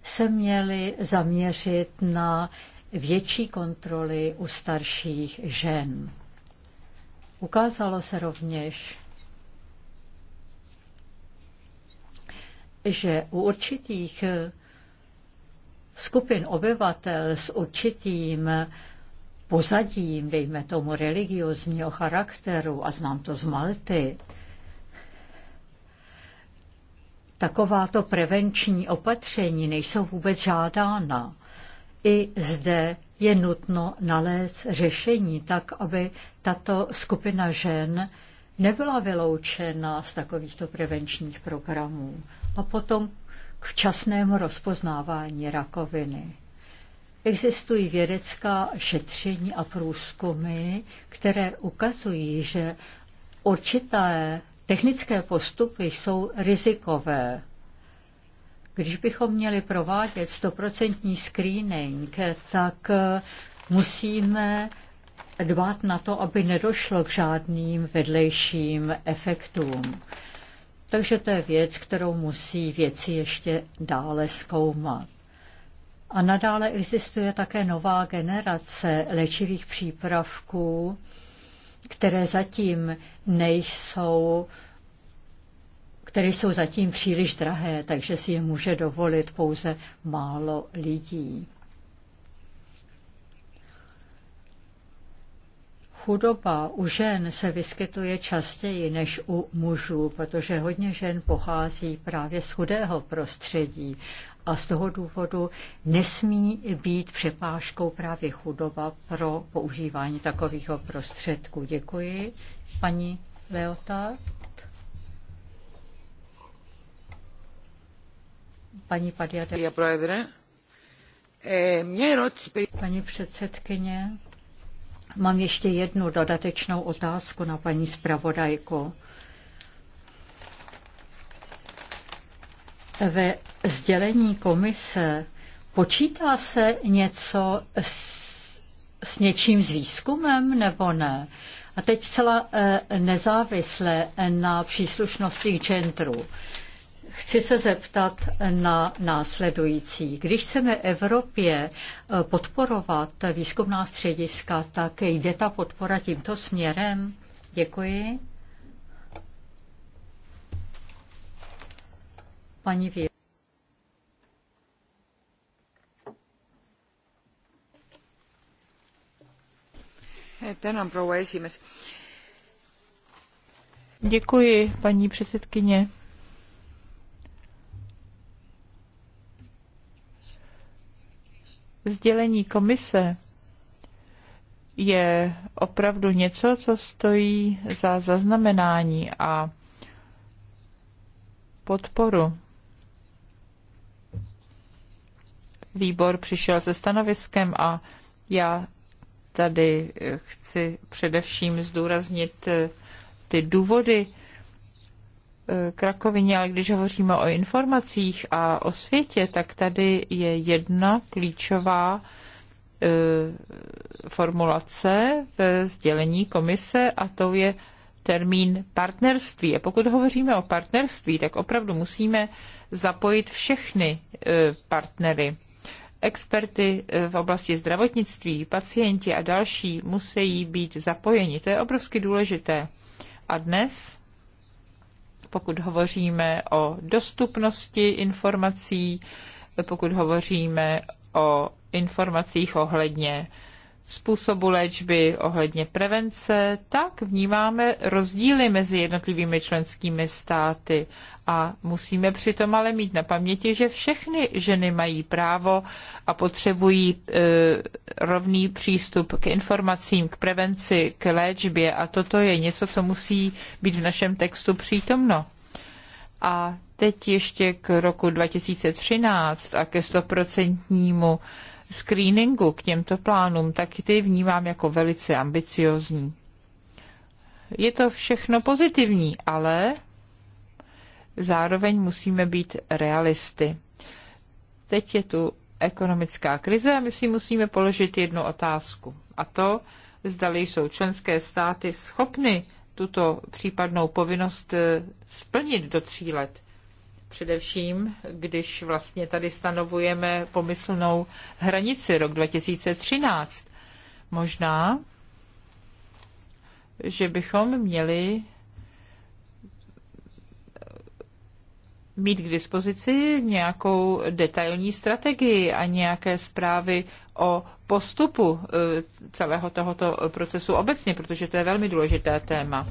se měly zaměřit na větší kontroly u starších žen. Ukázalo se rovněž, že u určitých eh, skupin obyvatel s určitým pozadím, dejme tomu religiozního charakteru, a znám to z Malty, takováto prevenční opatření nejsou vůbec žádána. I zde je nutno nalézt řešení tak, aby tato skupina žen nebyla vyloučena z takovýchto prevenčních programů. A potom k včasnému rozpoznávání rakoviny. Existují vědecká šetření a průzkumy, které ukazují, že určité Technické postupy jsou rizikové. Když bychom měli provádět stoprocentní screening, tak eh, musíme dbát na to, aby nedošlo k žádným vedlejším efektům. Takže to je věc, kterou musí věci ještě dále zkoumat. A nadále existuje také nová generace léčivých přípravků, které zatím nejsou které jsou zatím příliš drahé, takže si je může dovolit pouze málo lidí. Chudoba u žen se vyskytuje častěji než u mužů, protože hodně žen pochází právě z chudého prostředí a z toho důvodu nesmí být přepážkou právě chudoba pro používání takových prostředků. Děkuji. Paní Leotard? Paní Padiade. Eh, paní předsedkyně, mám ještě jednu dodatečnou otázku na paní zpravodajku. Ve sdělení komise počítá se něco s, s něčím s výzkumem nebo ne? A teď celá eh, nezávisle na příslušnosti gendru. Chci se zeptat na následující. Když chceme Evropě eh, podporovat výzkumná střediska, tak jde ta podpora tímto směrem? Děkuji. paní Děkuji, paní předsedkyně. Sdělení komise je opravdu něco, co stojí za zaznamenání a podporu. výbor přišel se stanoviskem a já tady eh, chci především zdůraznit eh, ty důvody eh, Krakovině, ale když hovoříme o informacích a o světě, tak tady je jedna klíčová formulace v sdělení komise a to je termín partnerství. A pokud hovoříme o partnerství, tak opravdu musíme zapojit všechny partnery experty eh, v oblasti zdravotnictví, pacienti a další musí být zapojeni. To je obrovsky důležité. A dnes, pokud hovoříme o dostupnosti informací, eh, pokud hovoříme o informacích ohledně způsobu léčby, ohledně prevence, tak vnímáme rozdíly mezi jednotlivými členskými státy. A musíme přitom ale mít na paměti, že všechny ženy mají právo a potřebují e, rovný přístup k informacím, k prevenci, k léčbě. A toto je něco, co musí být v našem textu přítomno. A teď ještě k roku 2013 a ke stoprocentnímu screeningu k těmto plánům, tak ty vnímám jako velice ambiciozní. Je to všechno pozitivní, ale zároveň musíme být realisty. Teď je tu ekonomická krize a my si musíme položit jednu otázku. A to, zdali jsou členské státy schopny tuto případnou povinnost eh, splnit do tří let. Především, když vlastně tady stanovujeme pomyslnou hranici rok 2013. Možná, že bychom měli mít k dispozici nějakou detailní strategii a nějaké zprávy o postupu eh, celého tohoto procesu obecně, protože to je velmi důležité téma.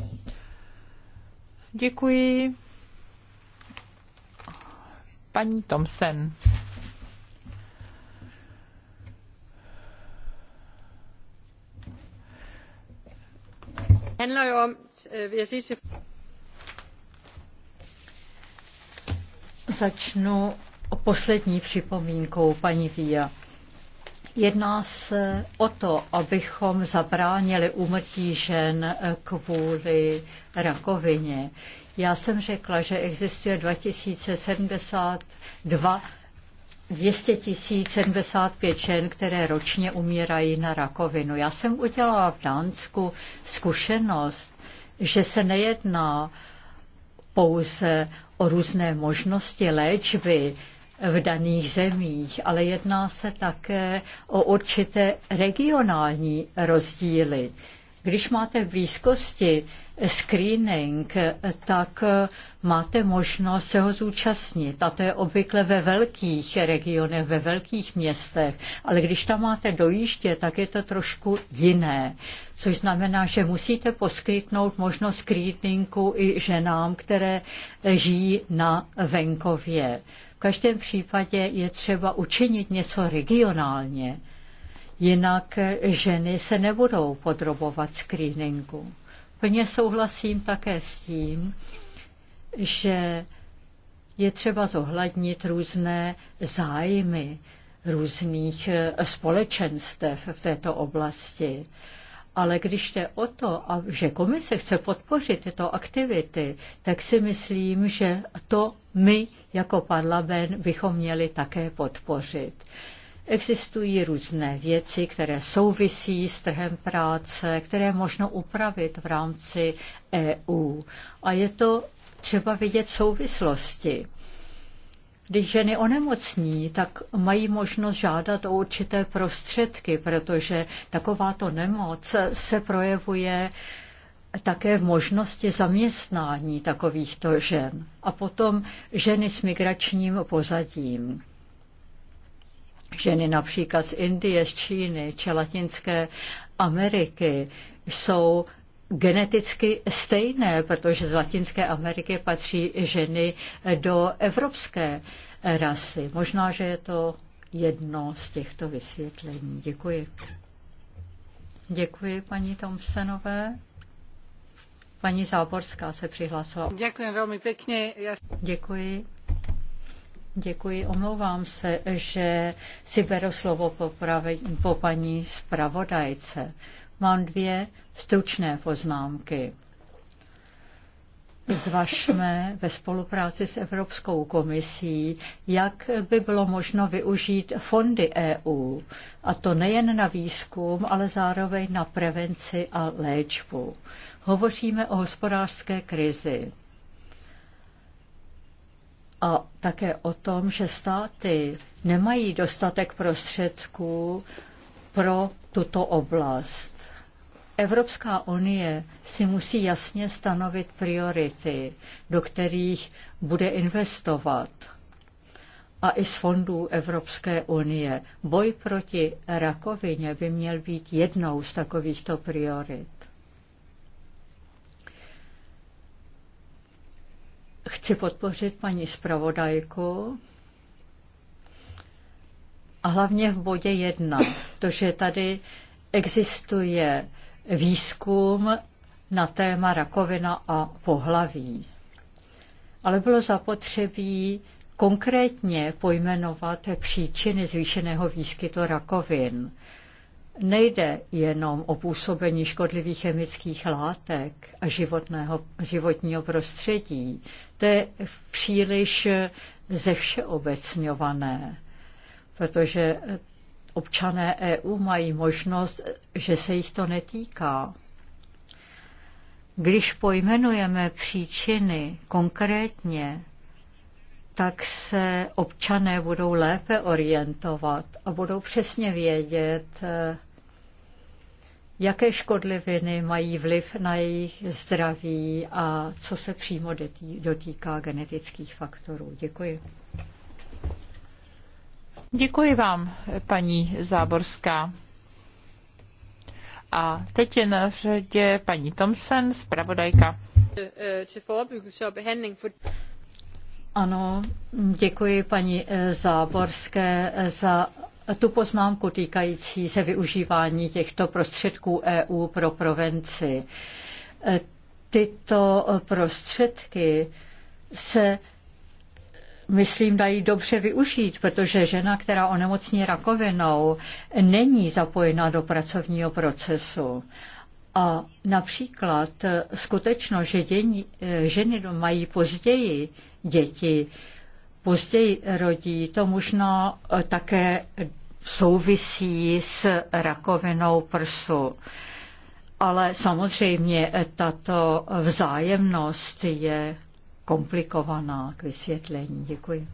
Děkuji. Paní Thompson. handler jo om, øh, vil jeg sige til... Začnu poslední připomínkou, paní Via. Jedná se o to, abychom zabránili úmrtí žen kvůli rakovině. Já jsem řekla, že existuje 2072 200 075 žen, které ročně umírají na rakovinu. Já jsem udělala v Dánsku zkušenost, že se nejedná pouze o různé možnosti léčby v daných zemích, ale jedná se také o určité regionální rozdíly. Když máte v blízkosti screening, tak eh, máte možnost se ho zúčastnit. A to je obvykle ve velkých regionech, ve velkých městech. Ale když tam máte dojíždě, tak je to trošku jiné. Což znamená, že musíte poskytnout možnost screeningu i ženám, které žijí na venkově. V každém případě je třeba učinit něco regionálně. Jinak ženy se nebudou podrobovat screeningu. Plně souhlasím také s tím, že je třeba zohlednit různé zájmy různých společenstev v této oblasti. Ale když jde o to, že komise chce podpořit tyto aktivity, tak si myslím, že to my jako parlament bychom měli také podpořit. Existují různé věci, které souvisí s trhem práce, které možno upravit v rámci EU. A je to třeba vidět souvislosti. Když ženy onemocní, tak mají možnost žádat o určité prostředky, protože takováto nemoc se projevuje také v možnosti zaměstnání takovýchto žen. A potom ženy s migračním pozadím. Ženy například z Indie, z Číny či Latinské Ameriky jsou geneticky stejné, protože z Latinské Ameriky patří ženy do evropské rasy. Možná, že je to jedno z těchto vysvětlení. Děkuji. Děkuji paní Tomsenové. Paní Záborská se přihlásila. Děkuji velmi pěkně. Já... Děkuji. Děkuji, omlouvám se, že si beru slovo po, pravi, po paní zpravodajce. Mám dvě stručné poznámky. Zvažme ve spolupráci s Evropskou komisí, jak by bylo možno využít fondy EU, a to nejen na výzkum, ale zároveň na prevenci a léčbu. Hovoříme o hospodářské krizi a také o tom, že státy nemají dostatek prostředků pro tuto oblast. Evropská unie si musí jasně stanovit priority, do kterých bude investovat. A i z fondů Evropské unie. Boj proti rakovině by měl být jednou z takovýchto priorit. chci podpořit paní zpravodajku a hlavně v bodě jedna, to, že tady existuje výzkum na téma rakovina a pohlaví. Ale bylo zapotřebí konkrétně pojmenovat příčiny zvýšeného výskytu rakovin nejde jenom o působení škodlivých chemických látek a životného, životního prostředí. To je příliš zevšeobecňované, protože občané EU mají možnost, že se jich to netýká. Když pojmenujeme příčiny konkrétně, tak se občané budou lépe orientovat a budou přesně vědět, eh, jaké škodliviny mají vliv na jejich zdraví a co se přímo dotýká genetických faktorů. Děkuji. Děkuji vám, paní Záborská. A teď je na řadě paní Thompson, zpravodajka. Eh, eh, ano, děkuji paní eh, Záborské eh, za tu poznámku týkající se využívání těchto prostředků EU pro provenci. Eh, tyto prostředky se myslím, dají dobře využít, protože žena, která onemocní rakovinou, není zapojena do pracovního procesu. A například skutečno, že dění, ženy mají později děti později rodí, to možná eh, také souvisí s rakovinou prsu. Ale samozřejmě eh, tato vzájemnost je komplikovaná k vysvětlení. Děkuji.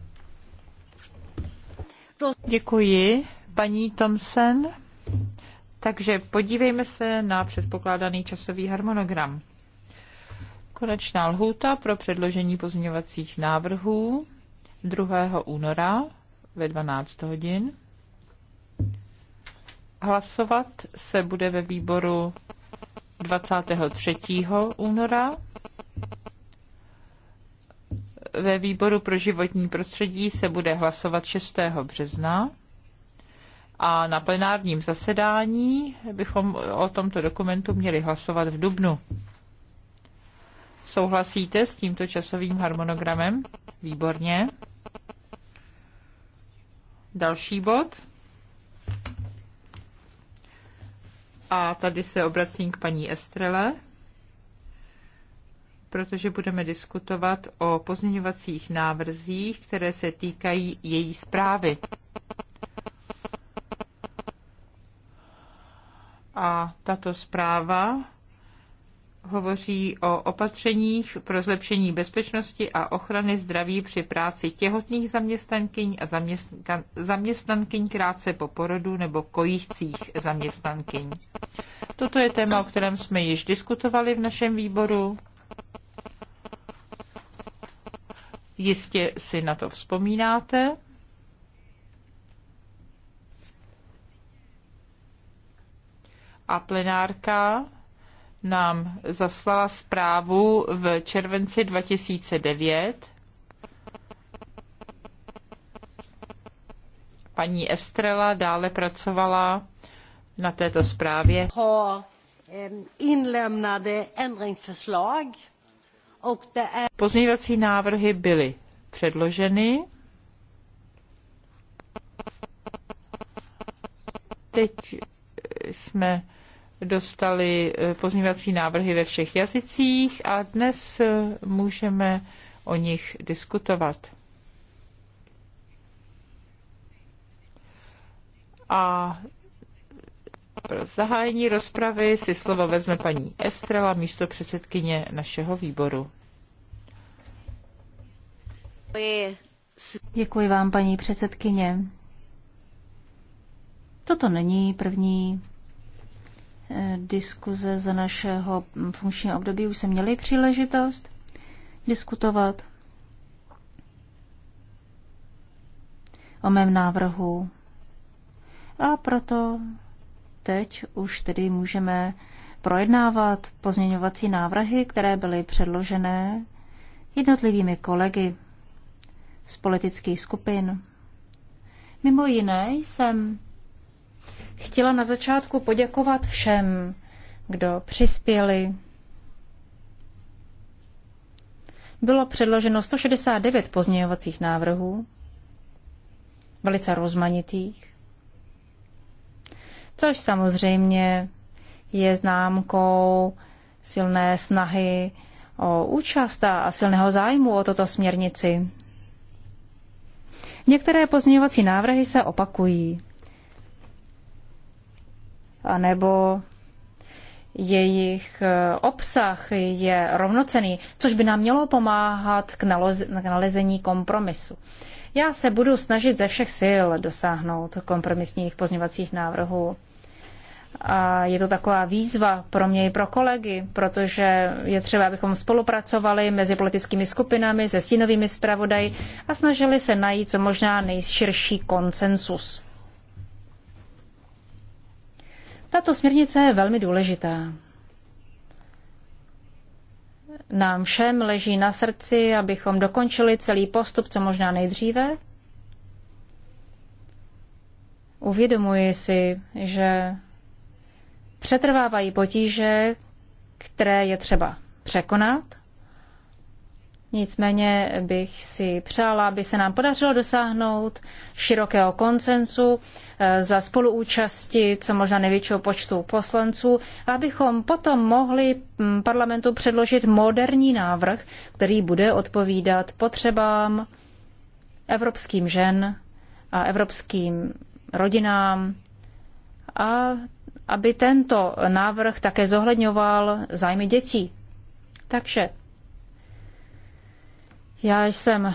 Děkuji, paní Thompson. Takže podívejme se na předpokládaný časový harmonogram. Konečná lhůta pro předložení pozměňovacích návrhů 2. února ve 12 hodin. Hlasovat se bude ve výboru 23. února. Ve výboru pro životní prostředí se bude hlasovat 6. března. A na plenárním zasedání bychom o tomto dokumentu měli hlasovat v Dubnu. Souhlasíte s tímto časovým harmonogramem? Výborně. Další bod. A tady se obracím k paní Estrele, protože budeme diskutovat o pozměňovacích návrzích, které se týkají její zprávy. A tato zpráva hovoří o opatřeních pro zlepšení bezpečnosti a ochrany zdraví při práci těhotných zaměstnankyň a zaměstnankyň, krátce po porodu nebo kojících zaměstnankyň. Toto je téma, o kterém jsme již diskutovali v našem výboru. Jistě si na to vzpomínáte. A plenárka nám zaslala zprávu v červenci 2009. Paní Estrela dále pracovala na této zprávě. Pozměňovací návrhy byly předloženy. Teď eh, jsme dostali eh, pozměňovací návrhy ve všech jazycích a dnes eh, můžeme o nich diskutovat. A pro zahájení rozpravy si slovo vezme paní Estrela, místo předsedkyně našeho výboru. Děkuji vám, paní předsedkyně. Toto není první diskuze za našeho funkčního období už se měli příležitost diskutovat o mém návrhu. A proto teď už tedy můžeme projednávat pozměňovací návrhy, které byly předložené jednotlivými kolegy z politických skupin. Mimo jiné jsem chtěla na začátku poděkovat všem, kdo přispěli. Bylo předloženo 169 pozměňovacích návrhů, velice rozmanitých, což samozřejmě je známkou silné snahy o účast a silného zájmu o toto směrnici. Některé pozměňovací návrhy se opakují anebo jejich eh, obsah je rovnocený, což by nám mělo pomáhat k nalezení kompromisu. Já se budu snažit ze všech sil dosáhnout kompromisních pozněvacích návrhů. A je to taková výzva pro mě i pro kolegy, protože je třeba, abychom spolupracovali mezi politickými skupinami, se stínovými zpravodaji a snažili se najít co možná nejširší konsensus. Tato směrnice je velmi důležitá. Nám všem leží na srdci, abychom dokončili celý postup co možná nejdříve. Uvědomuji si, že přetrvávají potíže, které je třeba překonat. Nicméně bych si přála, aby se nám podařilo dosáhnout širokého konsensu eh, za spoluúčasti co možná největšího počtu poslanců, abychom potom mohli mm, parlamentu předložit moderní návrh, který bude odpovídat potřebám evropským žen a evropským rodinám a aby tento návrh také zohledňoval zájmy dětí. Takže já jsem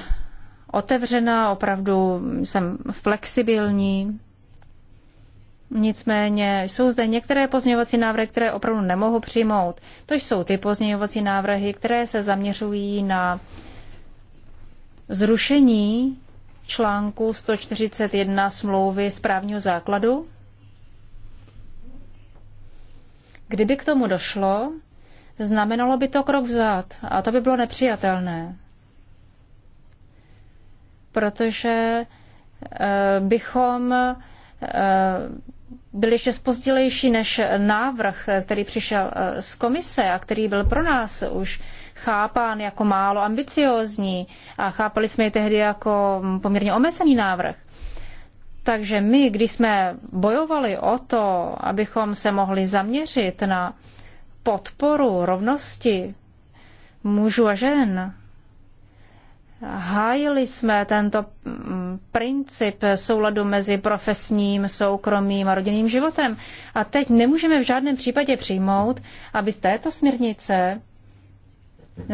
otevřená, opravdu jsem flexibilní. Nicméně jsou zde některé pozměňovací návrhy, které opravdu nemohu přijmout. To jsou ty pozměňovací návrhy, které se zaměřují na zrušení článku 141 smlouvy správního základu. Kdyby k tomu došlo, znamenalo by to krok vzad a to by bylo nepřijatelné protože eh, bychom eh, byli ještě spozdělejší než návrh, který přišel eh, z komise a který byl pro nás už chápán jako málo ambiciózní a chápali jsme ji tehdy jako poměrně omezený návrh. Takže my, když jsme bojovali o to, abychom se mohli zaměřit na podporu rovnosti mužů a žen, Hájili jsme tento mm, princip souladu mezi profesním, soukromým a rodinným životem. A teď nemůžeme v žádném případě přijmout, aby z této směrnice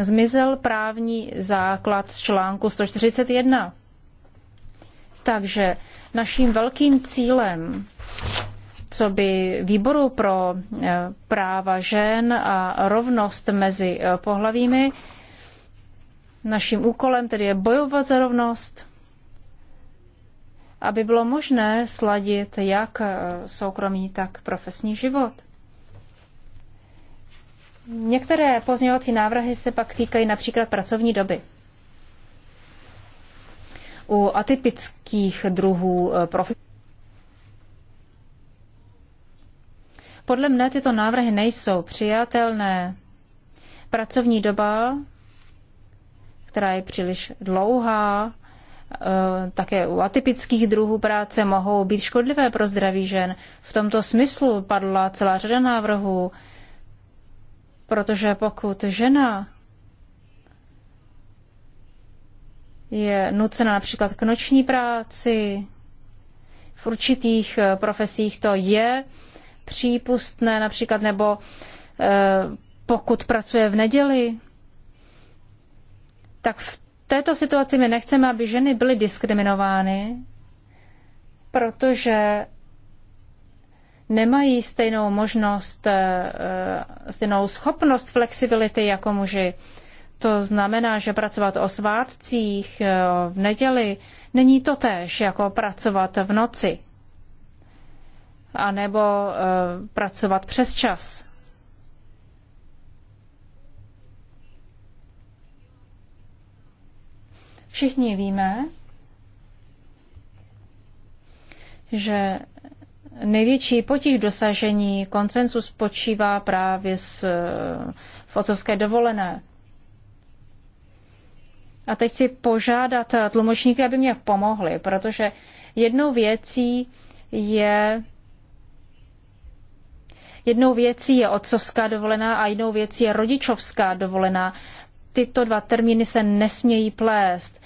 zmizel právní základ z článku 141. Takže naším velkým cílem co by výboru pro eh, práva žen a rovnost mezi eh, pohlavími Naším úkolem tedy je bojovat za rovnost, aby bylo možné sladit jak eh, soukromý, tak profesní život. Některé pozměňovací návrhy se pak týkají například pracovní doby. U atypických druhů eh, profilů. Podle mne tyto návrhy nejsou přijatelné. Pracovní doba která je příliš dlouhá, eh, také u atypických druhů práce mohou být škodlivé pro zdraví žen. V tomto smyslu padla celá řada návrhů, protože pokud žena je nucena například k noční práci, v určitých eh, profesích to je přípustné například, nebo eh, pokud pracuje v neděli, tak v této situaci my nechceme, aby ženy byly diskriminovány, protože nemají stejnou možnost, eh, eh, stejnou schopnost flexibility jako muži. To znamená, že pracovat o svátcích eh, v neděli není to tež, jako pracovat v noci, a nebo pracovat přes čas. Všichni víme, že největší potíž dosažení koncensu spočívá právě s, eh, v otcovské dovolené. A teď si požádat tlumočníky, aby mě pomohli, protože jednou věcí je Jednou věcí je otcovská dovolená a jinou věcí je rodičovská dovolená tyto dva termíny se nesmějí plést.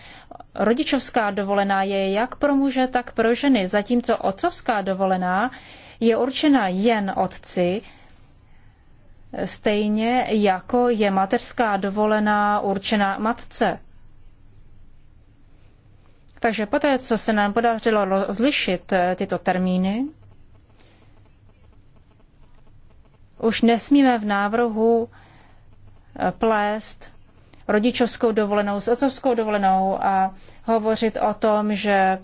Rodičovská dovolená je jak pro muže, tak pro ženy, zatímco otcovská dovolená je určena jen otci, stejně jako je mateřská dovolená určená matce. Takže poté, co se nám podařilo rozlišit eh, tyto termíny, už nesmíme v návrhu eh, plést rodičovskou dovolenou s otcovskou dovolenou a hovořit o tom, že e,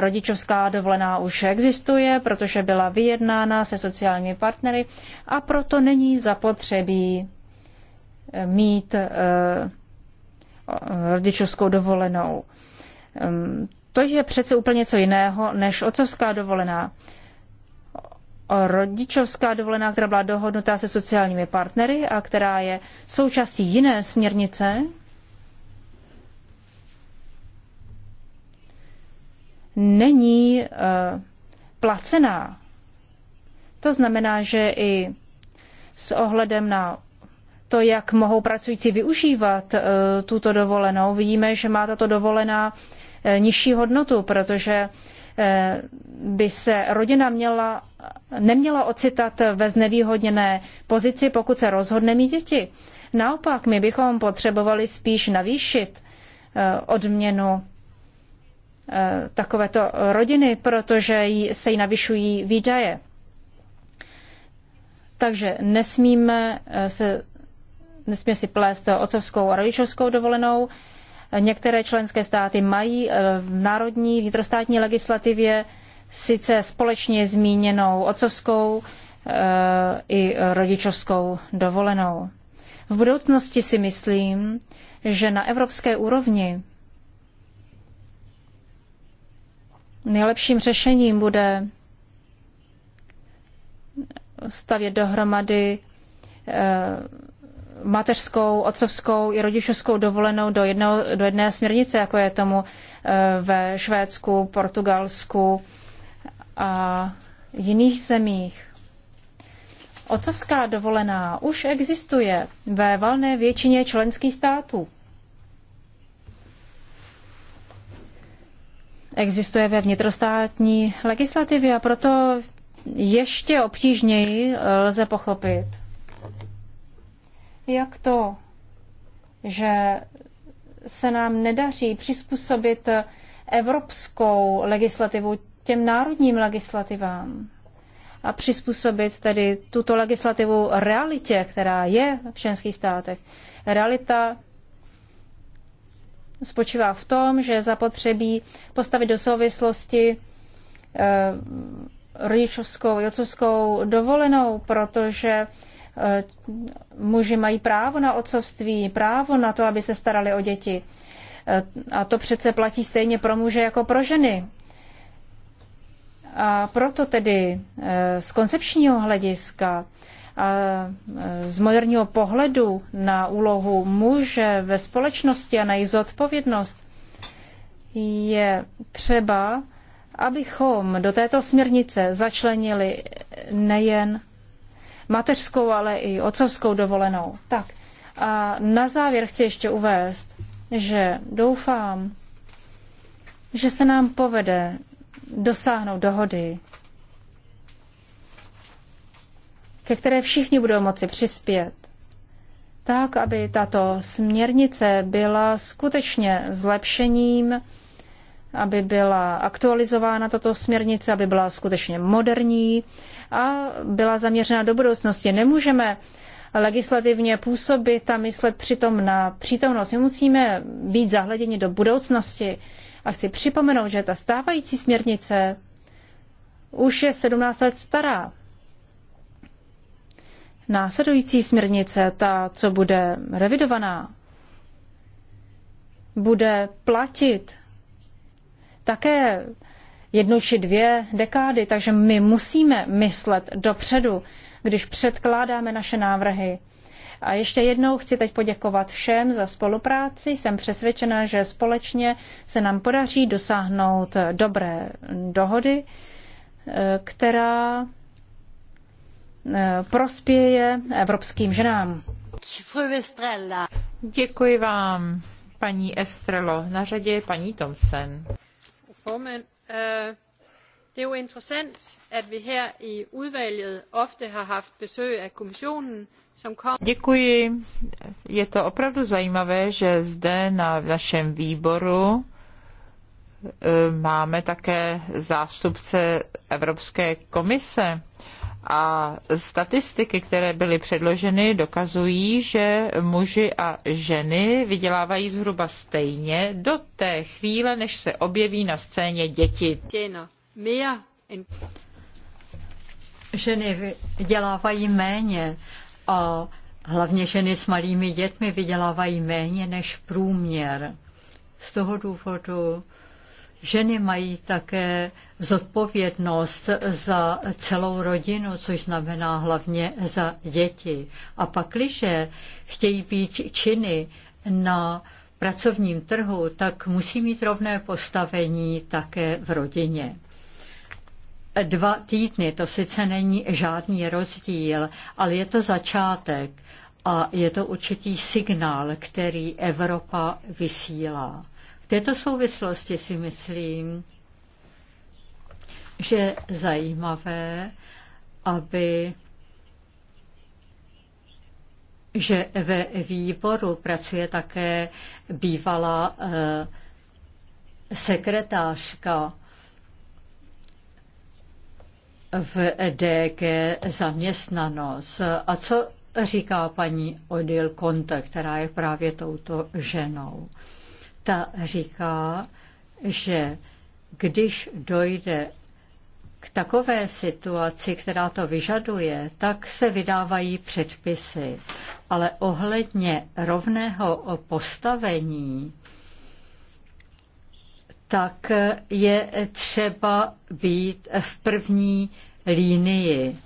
rodičovská dovolená už existuje, protože byla vyjednána se sociálními partnery a proto není zapotřebí e, mít e, rodičovskou dovolenou. To je přece úplně něco jiného než otcovská dovolená rodičovská dovolená, která byla dohodnutá se sociálními partnery a která je součástí jiné směrnice, není uh, placená. To znamená, že i s ohledem na to, jak mohou pracující využívat uh, tuto dovolenou, vidíme, že má tato dovolená uh, nižší hodnotu, protože uh, by se rodina měla, neměla ocitat ve znevýhodněné pozici, pokud se rozhodne mít děti. Naopak, my bychom potřebovali spíš navýšit eh, odměnu eh, takovéto rodiny, protože se jí navyšují výdaje. Takže nesmíme, eh, se, nesmíme si plést otcovskou a rodičovskou dovolenou, Některé členské státy mají eh, v národní vnitrostátní legislativě sice společně zmíněnou otcovskou eh, i rodičovskou dovolenou. V budoucnosti si myslím, že na evropské úrovni nejlepším řešením bude stavět dohromady eh, mateřskou, otcovskou i rodičovskou dovolenou do, jedno, do jedné směrnice, jako je tomu e, ve Švédsku, Portugalsku a jiných zemích. Otcovská dovolená už existuje ve valné většině členských států. Existuje ve vnitrostátní legislativě a proto ještě obtížněji lze pochopit, jak to, že se nám nedaří přizpůsobit evropskou legislativu těm národním legislativám a přizpůsobit tedy tuto legislativu realitě, která je v členských státech. Realita spočívá v tom, že zapotřebí postavit do souvislosti eh, rodičovskou i dovolenou, protože Eh, muži mají právo na otcovství, právo na to, aby se starali o děti. Eh, a to přece platí stejně pro muže jako pro ženy. A proto tedy eh, z koncepčního hlediska a z moderního pohledu na úlohu muže ve společnosti a na její zodpovědnost je třeba, abychom do této směrnice začlenili nejen mateřskou, ale i otcovskou dovolenou. Tak a na závěr chci ještě uvést, že doufám, že se nám povede dosáhnout dohody, ke které všichni budou moci přispět, tak, aby tato směrnice byla skutečně zlepšením aby byla aktualizována tato směrnice, aby byla skutečně moderní a byla zaměřena do budoucnosti. Nemůžeme legislativně působit a myslet přitom na přítomnost. My musíme být zahleděni do budoucnosti. A chci připomenout, že ta stávající směrnice už je 17 let stará. Následující směrnice, ta, co bude revidovaná, bude platit také jednu či dvě dekády, takže my musíme myslet dopředu, když předkládáme naše návrhy. A ještě jednou chci teď poděkovat všem za spolupráci. Jsem přesvědčena, že společně se nám podaří dosáhnout dobré dohody, eh, která eh, prospěje evropským ženám. Děkuji vám, paní Estrelo. Na řadě je paní Thompson formand. Øh, det er jo interessant, at vi her i udvalget ofte har haft besøg af kommissionen, som kom... Děkuji. Je to opravdu zajímavé, že zde na našem výboru e, máme také zástupce Evropské komise. A statistiky, které byly předloženy, dokazují, že muži a ženy vydělávají zhruba stejně do té chvíle, než se objeví na scéně děti. Ženy vydělávají méně a hlavně ženy s malými dětmi vydělávají méně než průměr. Z toho důvodu Ženy mají také zodpovědnost za celou rodinu, což znamená hlavně za děti. A pak když chtějí být činy na pracovním trhu, tak musí mít rovné postavení také v rodině. Dva týdny, to sice není žádný rozdíl, ale je to začátek a je to určitý signál, který Evropa vysílá této souvislosti si myslím, že zajímavé, aby že ve výboru pracuje také bývalá eh, sekretářka v DG zaměstnanost. A co říká paní Odil Konte, která je právě touto ženou? Ta říká, že když dojde k takové situaci, která to vyžaduje, tak se vydávají předpisy. Ale ohledně rovného postavení, tak je třeba být v první línii.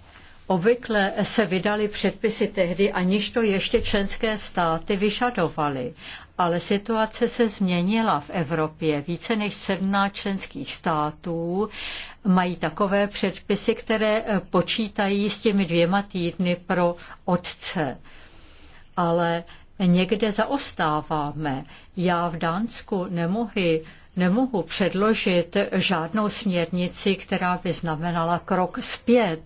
Obvykle se vydaly předpisy tehdy, aniž to ještě členské státy vyžadovaly. Ale situace se změnila v Evropě. Více než 17 členských států mají takové předpisy, které eh, počítají s těmi dvěma týdny pro otce. Ale někde zaostáváme. Já v Dánsku nemohu nemohu předložit žádnou směrnici, která by znamenala krok zpět.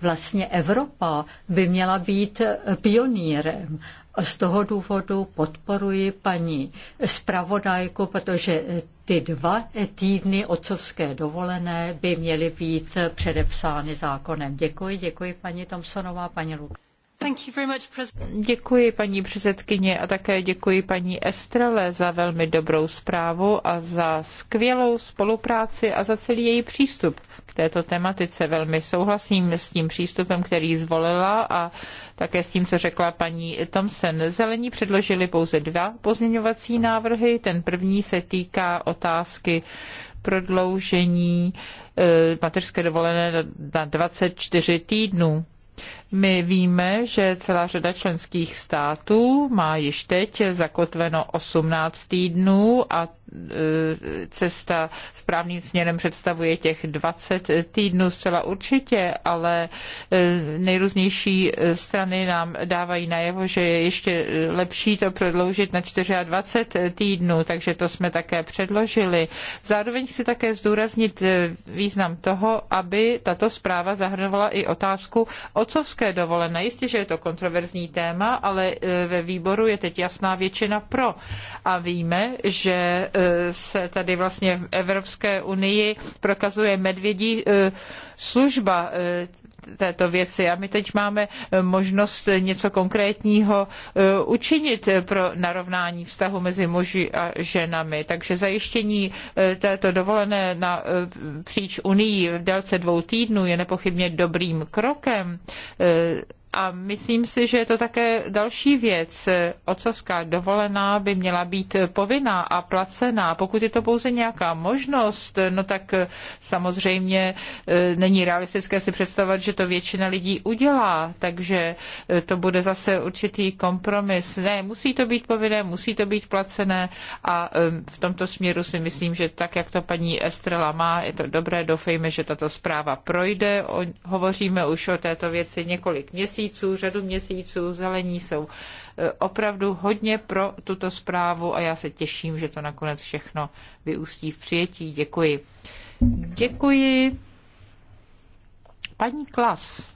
Vlastně Evropa by měla být pionýrem. Z toho důvodu podporuji paní zpravodajku, protože ty dva týdny otcovské dovolené by měly být předepsány zákonem. Děkuji, děkuji paní Tomsonová, paní Luka. Děkuji paní předsedkyně a také děkuji paní Estrele za velmi dobrou zprávu a za skvělou spolupráci a za celý její přístup k této tematice. Velmi souhlasím s tím přístupem, který zvolila a také s tím, co řekla paní Thomsen. Zelení předložili pouze dva pozměňovací návrhy. Ten první se týká otázky prodloužení eh, mateřské dovolené na 24 týdnů my víme, že celá řada členských států má již teď zakotveno 18 týdnů a E, cesta správným směrem představuje těch 20 týdnů zcela určitě, ale e, nejrůznější strany nám dávají najevo, že je ještě lepší to prodloužit na 24 týdnů, takže to jsme také předložili. Zároveň chci také zdůraznit e, význam toho, aby tato zpráva zahrnovala i otázku otcovské dovolené. Jistě, že je to kontroverzní téma, ale ve výboru je teď jasná většina pro. A víme, že Eh, se tady vlastně v Evropské unii prokazuje medvědí eh, služba eh, této věci. A my teď máme možnost něco konkrétního učinit pro narovnání vztahu mezi muži a ženami. Takže zajištění této dovolené na příč Unii v délce dvou týdnů je nepochybně dobrým krokem. A myslím si, že je to také další věc. Otcovská dovolená by měla být povinná a placená. Pokud je to pouze nějaká možnost, no tak samozřejmě e, není realistické si představovat, že to většina lidí udělá, takže e, to bude zase určitý kompromis. Ne, musí to být povinné, musí to být placené a e, v tomto směru si myslím, že tak, jak to paní Estrela má, je to dobré, doufejme, že tato zpráva projde. Hovoříme už o této věci několik měsíců měsíců, řadu měsíců. Zelení jsou eh, opravdu hodně pro tuto zprávu a já se těším, že to nakonec všechno vyústí v přijetí. Děkuji. Děkuji. Paní Klas.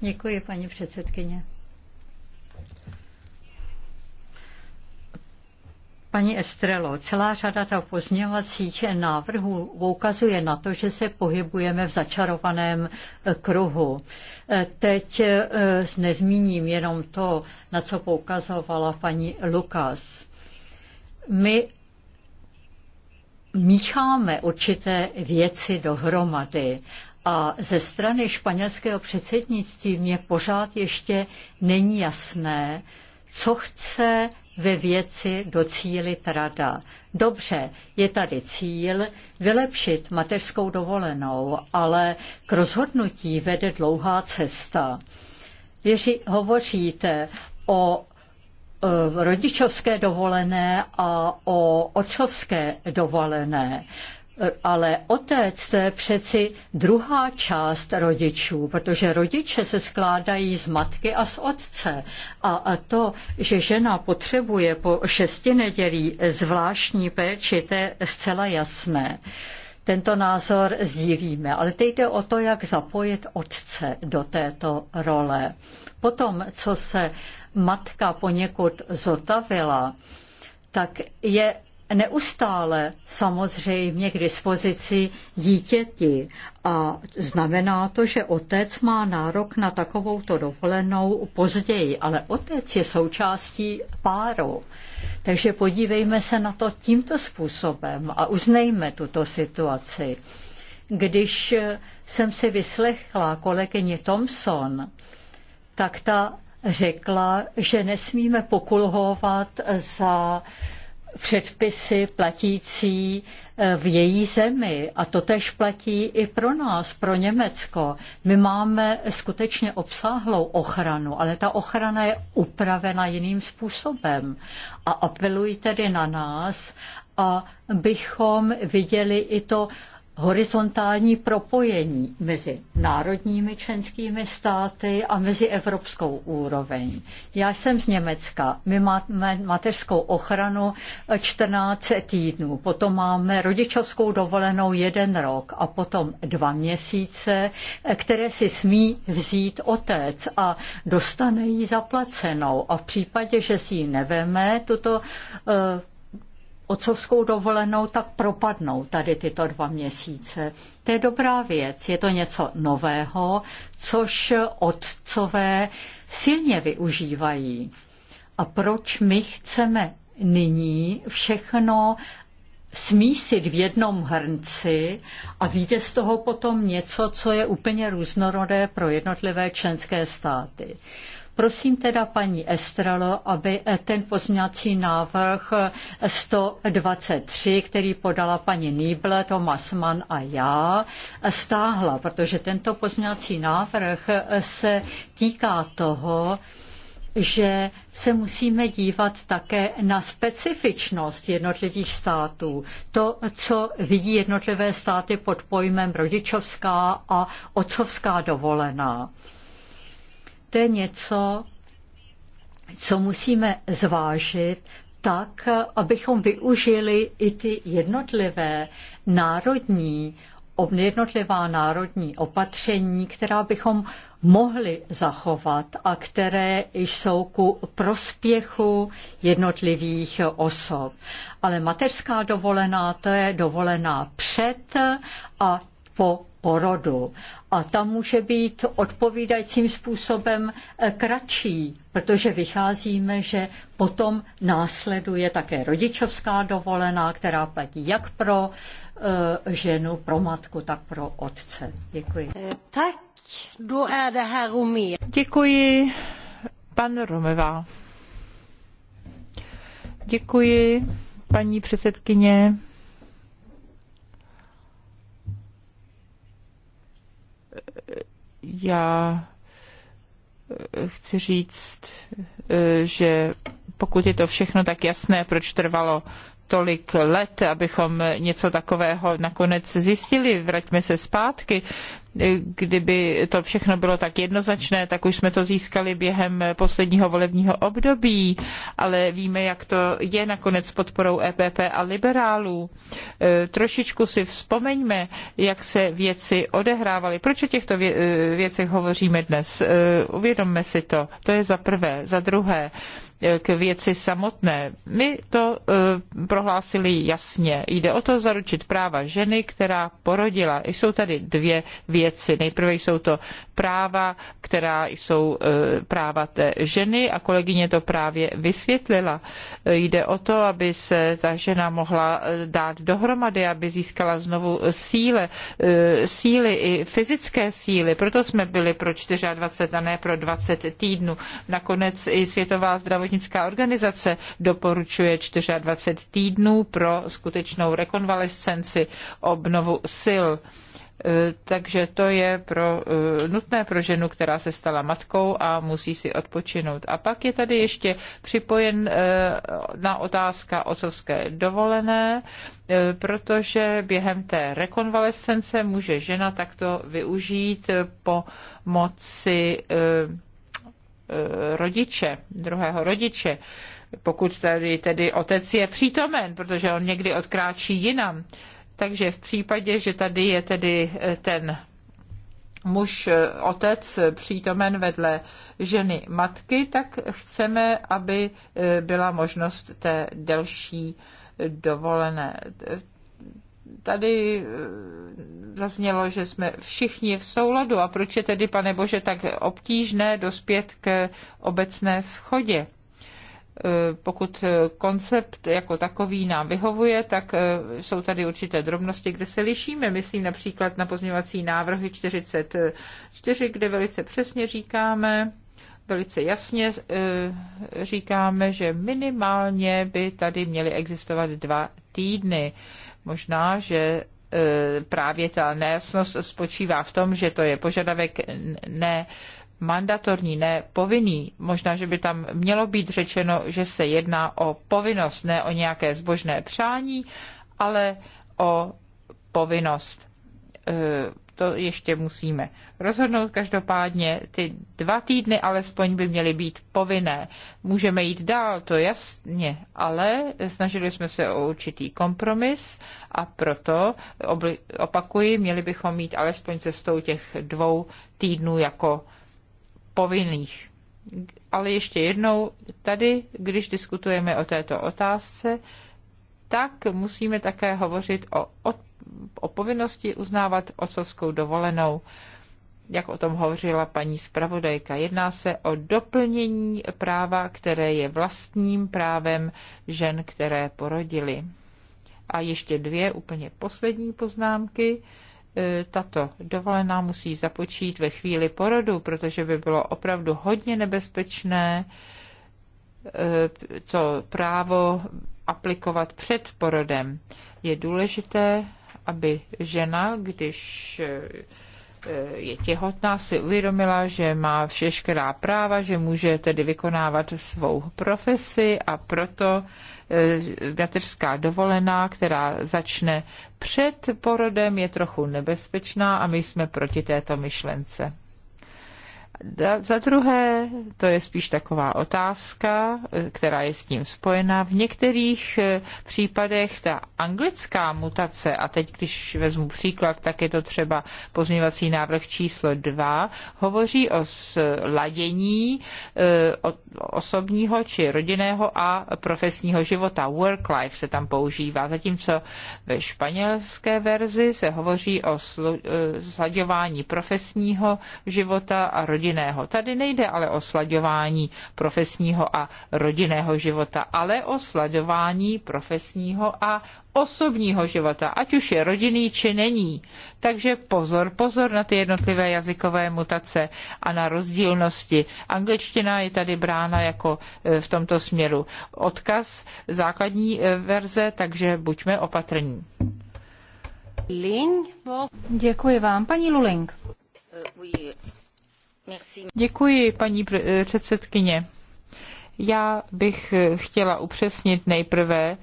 Děkuji, paní předsedkyně. Paní Estrelo, celá řada toho pozměňovacích návrhů ukazuje na to, že se pohybujeme v začarovaném eh, kruhu. Eh, teď eh, nezmíním jenom to, na co poukazovala paní Lukas. My mícháme určité věci dohromady a ze strany španělského předsednictví mě pořád ještě není jasné, co chce ve věci docílit rada. Dobře, je tady cíl vylepšit mateřskou dovolenou, ale k rozhodnutí vede dlouhá cesta. Když hovoříte o eh, rodičovské dovolené a o otcovské dovolené ale otec to je přeci druhá část rodičů, protože rodiče se skládají z matky a z otce. A to, že žena potřebuje po šesti nedělí zvláštní péči, to je zcela jasné. Tento názor sdílíme, ale teď jde o to, jak zapojit otce do této role. Potom, co se matka poněkud zotavila, tak je neustále samozřejmě k dispozici dítěti. A znamená to, že otec má nárok na takovouto dovolenou později, ale otec je součástí páru. Takže podívejme se na to tímto způsobem a uznejme tuto situaci. Když jsem si vyslechla kolegyně Thompson, tak ta řekla, že nesmíme pokulhovat za předpisy platící eh, v její zemi. A to tež platí i pro nás, pro Německo. My máme skutečně obsáhlou ochranu, ale ta ochrana je upravena jiným způsobem. A apeluji tedy na nás, abychom viděli i to horizontální propojení mezi národními členskými státy a mezi evropskou úroveň. Já jsem z Německa, my máme mateřskou ochranu 14 týdnů, potom máme rodičovskou dovolenou jeden rok a potom dva měsíce, které si smí vzít otec a dostane ji zaplacenou. A v případě, že si ji neveme, tuto eh, otcovskou dovolenou, tak propadnou tady tyto dva měsíce. To je dobrá věc, je to něco nového, což otcové silně využívají. A proč my chceme nyní všechno smísit v jednom hrnci a víte z toho potom něco, co je úplně různorodé pro jednotlivé členské státy. Prosím teda paní Estralo, aby eh, ten pozměňovací návrh 123, eh, který podala paní Nýble, Tomas Mann a já, eh, stáhla, protože tento pozměňovací návrh se týká toho, že se musíme dívat také na specifičnost jednotlivých států. To, co vidí jednotlivé státy pod pojmem rodičovská a otcovská dovolená to je něco, co musíme zvážit tak, abychom využili i ty jednotlivé národní, jednotlivá národní opatření, která bychom mohli zachovat a které jsou ku prospěchu jednotlivých osob. Ale mateřská dovolená to je dovolená před a po porodu. A ta může být odpovídajícím způsobem eh, kratší, protože vycházíme, že potom následuje také rodičovská dovolená, která platí jak pro eh, ženu, pro matku, tak pro otce. Děkuji. Eh, tak, do er Děkuji, pan Romeva. Děkuji, paní předsedkyně. Já eh, chci říct, eh, že pokud je to všechno tak jasné, proč trvalo tolik let, abychom něco takového nakonec zjistili. Vraťme se zpátky. Kdyby to všechno bylo tak jednoznačné, tak už jsme to získali během posledního volebního období, ale víme, jak to je nakonec podporou EPP a liberálů. E, trošičku si vzpomeňme, jak se věci odehrávaly. Proč o těchto e, věcech hovoříme dnes? E, uvědomme si to. To je za prvé. Za druhé, k věci samotné. My to eh, prohlásili jasně. Jde o to zaručit práva ženy, která porodila. Jsou tady dvě věci. Nejprve jsou to práva, která jsou eh, práva té ženy a kolegyně to právě vysvětlila. Eh, jde o to, aby se ta žena mohla dát dohromady, aby získala znovu síle, síly i fyzické síly. Proto jsme byli pro 24 a ne pro 20 týdnů. Nakonec i Světová zdravotní zdravotnická organizace doporučuje 24 týdnů pro skutečnou rekonvalescenci, obnovu sil. E, takže to je pro, e, nutné pro ženu, která se stala matkou a musí si odpočinout. A pak je tady ještě připojen e, na otázka otcovské dovolené, protože během té rekonvalescence může žena takto využít pomoci Eh, rodiče, druhého rodiče, pokud tady tedy otec je přítomen, protože on někdy odkráčí jinam. Takže v případě, že tady je tedy eh, ten muž, eh, otec přítomen vedle ženy matky, tak chceme, aby byla možnost té delší dovolené tady eh, zaznělo, že jsme všichni v souladu. A proč je tedy, pane Bože, tak obtížné dospět k obecné schodě? Eh, pokud koncept jako takový nám vyhovuje, tak eh, jsou tady určité drobnosti, kde se lišíme. Myslím například na pozměňovací návrhy 44, kde velice přesně říkáme, velice jasně říkáme, že minimálně by tady měly existovat dva týdny. Možná, že e, právě ta nejasnost spočívá v tom, že to je požadavek ne mandatorní, ne povinný. Možná, že by tam mělo být řečeno, že se jedná o povinnost, ne o nějaké zbožné přání, ale o povinnost e, to ještě musíme rozhodnout. Každopádně ty dva týdny alespoň by měly být povinné. Můžeme jít dál, to jasně, ale snažili jsme se o určitý kompromis a proto, opakuji, měli bychom mít alespoň cestou těch dvou týdnů jako povinných. Ale ještě jednou, tady, když diskutujeme o této otázce, tak musíme také hovořit o odpovědnosti o povinnosti uznávat otcovskou dovolenou. Jak o tom hovořila paní zpravodajka, jedná se o doplnění práva, které je vlastním právem žen, které porodili. A ještě dvě úplně poslední poznámky e, tato dovolená musí započít ve chvíli porodu, protože by bylo opravdu hodně nebezpečné to e, právo aplikovat před porodem. Je důležité, aby žena, když eh, eh, je těhotná, si uvědomila, že má všechna práva, že může tedy vykonávat svou profesi a proto eh, mateřská dovolená, která začne před porodem, je trochu nebezpečná a my jsme proti této myšlence. Za druhé, to je spíš taková otázka, eh, která je s tím spojena. V některých eh, případech ta anglická mutace, a teď když vezmu příklad, tak je to třeba pozměňovací návrh číslo 2, hovoří o sladění eh, osobního či rodinného a profesního života. Work-life se tam používá, zatímco ve španělské verzi se hovoří o sladěvání profesního života a rodinného rodinného. Tady nejde ale o slaďování profesního a rodinného života, ale o slaďování profesního a osobního života, ať už je rodinný či není. Takže pozor, pozor na ty jednotlivé jazykové mutace a na rozdílnosti. Angličtina je tady brána jako e, v tomto směru odkaz základní e, verze, takže buďme opatrní. Děkuji vám, paní Luling. E, Děkuji, paní eh, předsedkyně. Já bych eh, chtěla upřesnit nejprve,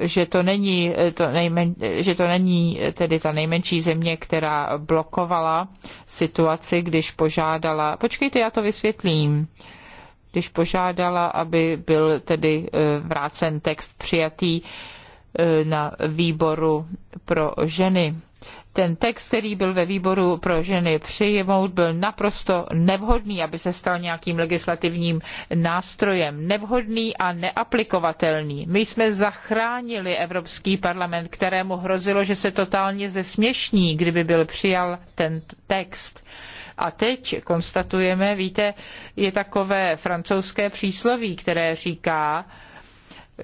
že to není, eh, to nejmen, že to není tedy ta nejmenší země, která blokovala situaci, když požádala, počkejte, já to vysvětlím, když požádala, aby byl tedy vrácen text přijatý na výboru pro ženy ten text, který byl ve výboru pro ženy přijmout, byl naprosto nevhodný, aby se stal nějakým legislativním nástrojem. Nevhodný a neaplikovatelný. My jsme zachránili Evropský parlament, kterému hrozilo, že se totálně zesměšní, kdyby byl přijal ten text. A teď konstatujeme, víte, je takové francouzské přísloví, které říká,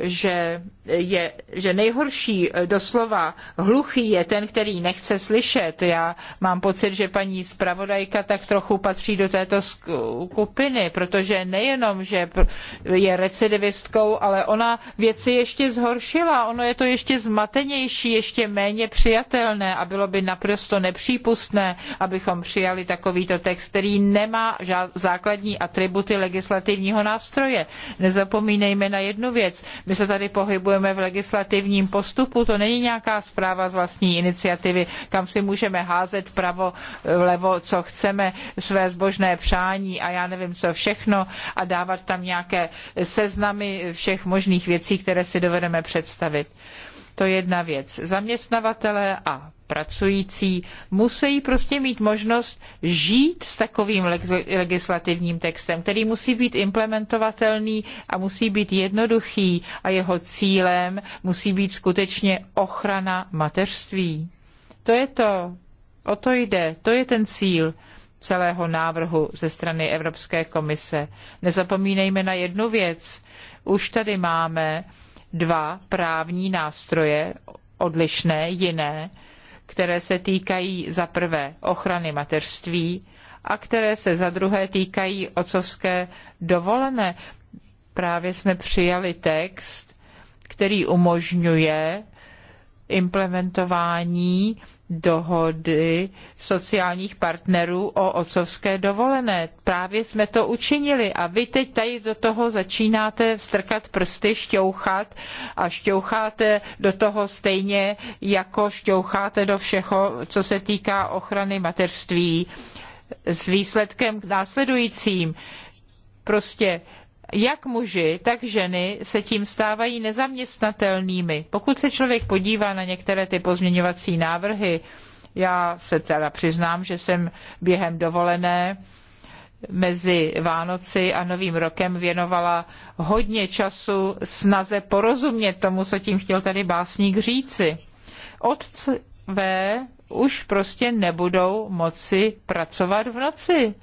že je, že nejhorší eh, doslova hluchý je ten, který nechce slyšet. Já mám pocit, že paní zpravodajka tak trochu patří do této skupiny, protože nejenom, že je recidivistkou, ale ona věci ještě zhoršila. Ono je to ještě zmatenější, ještě méně přijatelné a bylo by naprosto nepřípustné, abychom přijali takovýto text, který nemá základní atributy legislativního nástroje. Nezapomínejme na jednu věc. My se tady pohybujeme rozhodujeme v legislativním postupu. To není nějaká zpráva z vlastní iniciativy, kam si můžeme házet pravo, levo, co chceme, své zbožné přání a já nevím co všechno a dávat tam nějaké seznamy všech možných věcí, které si dovedeme představit. To je jedna věc. Zaměstnavatele a pracující musí prostě mít možnost žít s takovým legislativním textem, který musí být implementovatelný a musí být jednoduchý a jeho cílem musí být skutečně ochrana mateřství. To je to, o to jde, to je ten cíl celého návrhu ze strany Evropské komise. Nezapomínejme na jednu věc. Už tady máme dva právní nástroje, odlišné, jiné, které se týkají za prvé ochrany mateřství a které se za druhé týkají otcovské dovolené. Právě jsme přijali text, který umožňuje implementování dohody sociálních partnerů o otcovské dovolené. Právě jsme to učinili a vy teď tady do toho začínáte strkat prsty, šťouchat a šťoucháte do toho stejně, jako šťoucháte do všeho, co se týká ochrany mateřství s výsledkem následujícím. Prostě jak muži, tak ženy se tím stávají nezaměstnatelnými. Pokud se člověk podívá na některé ty pozměňovací návrhy, já se teda přiznám, že jsem během dovolené mezi Vánoci a Novým rokem věnovala hodně času snaze porozumět tomu, co tím chtěl tady básník říci. Otcové už prostě nebudou moci pracovat v noci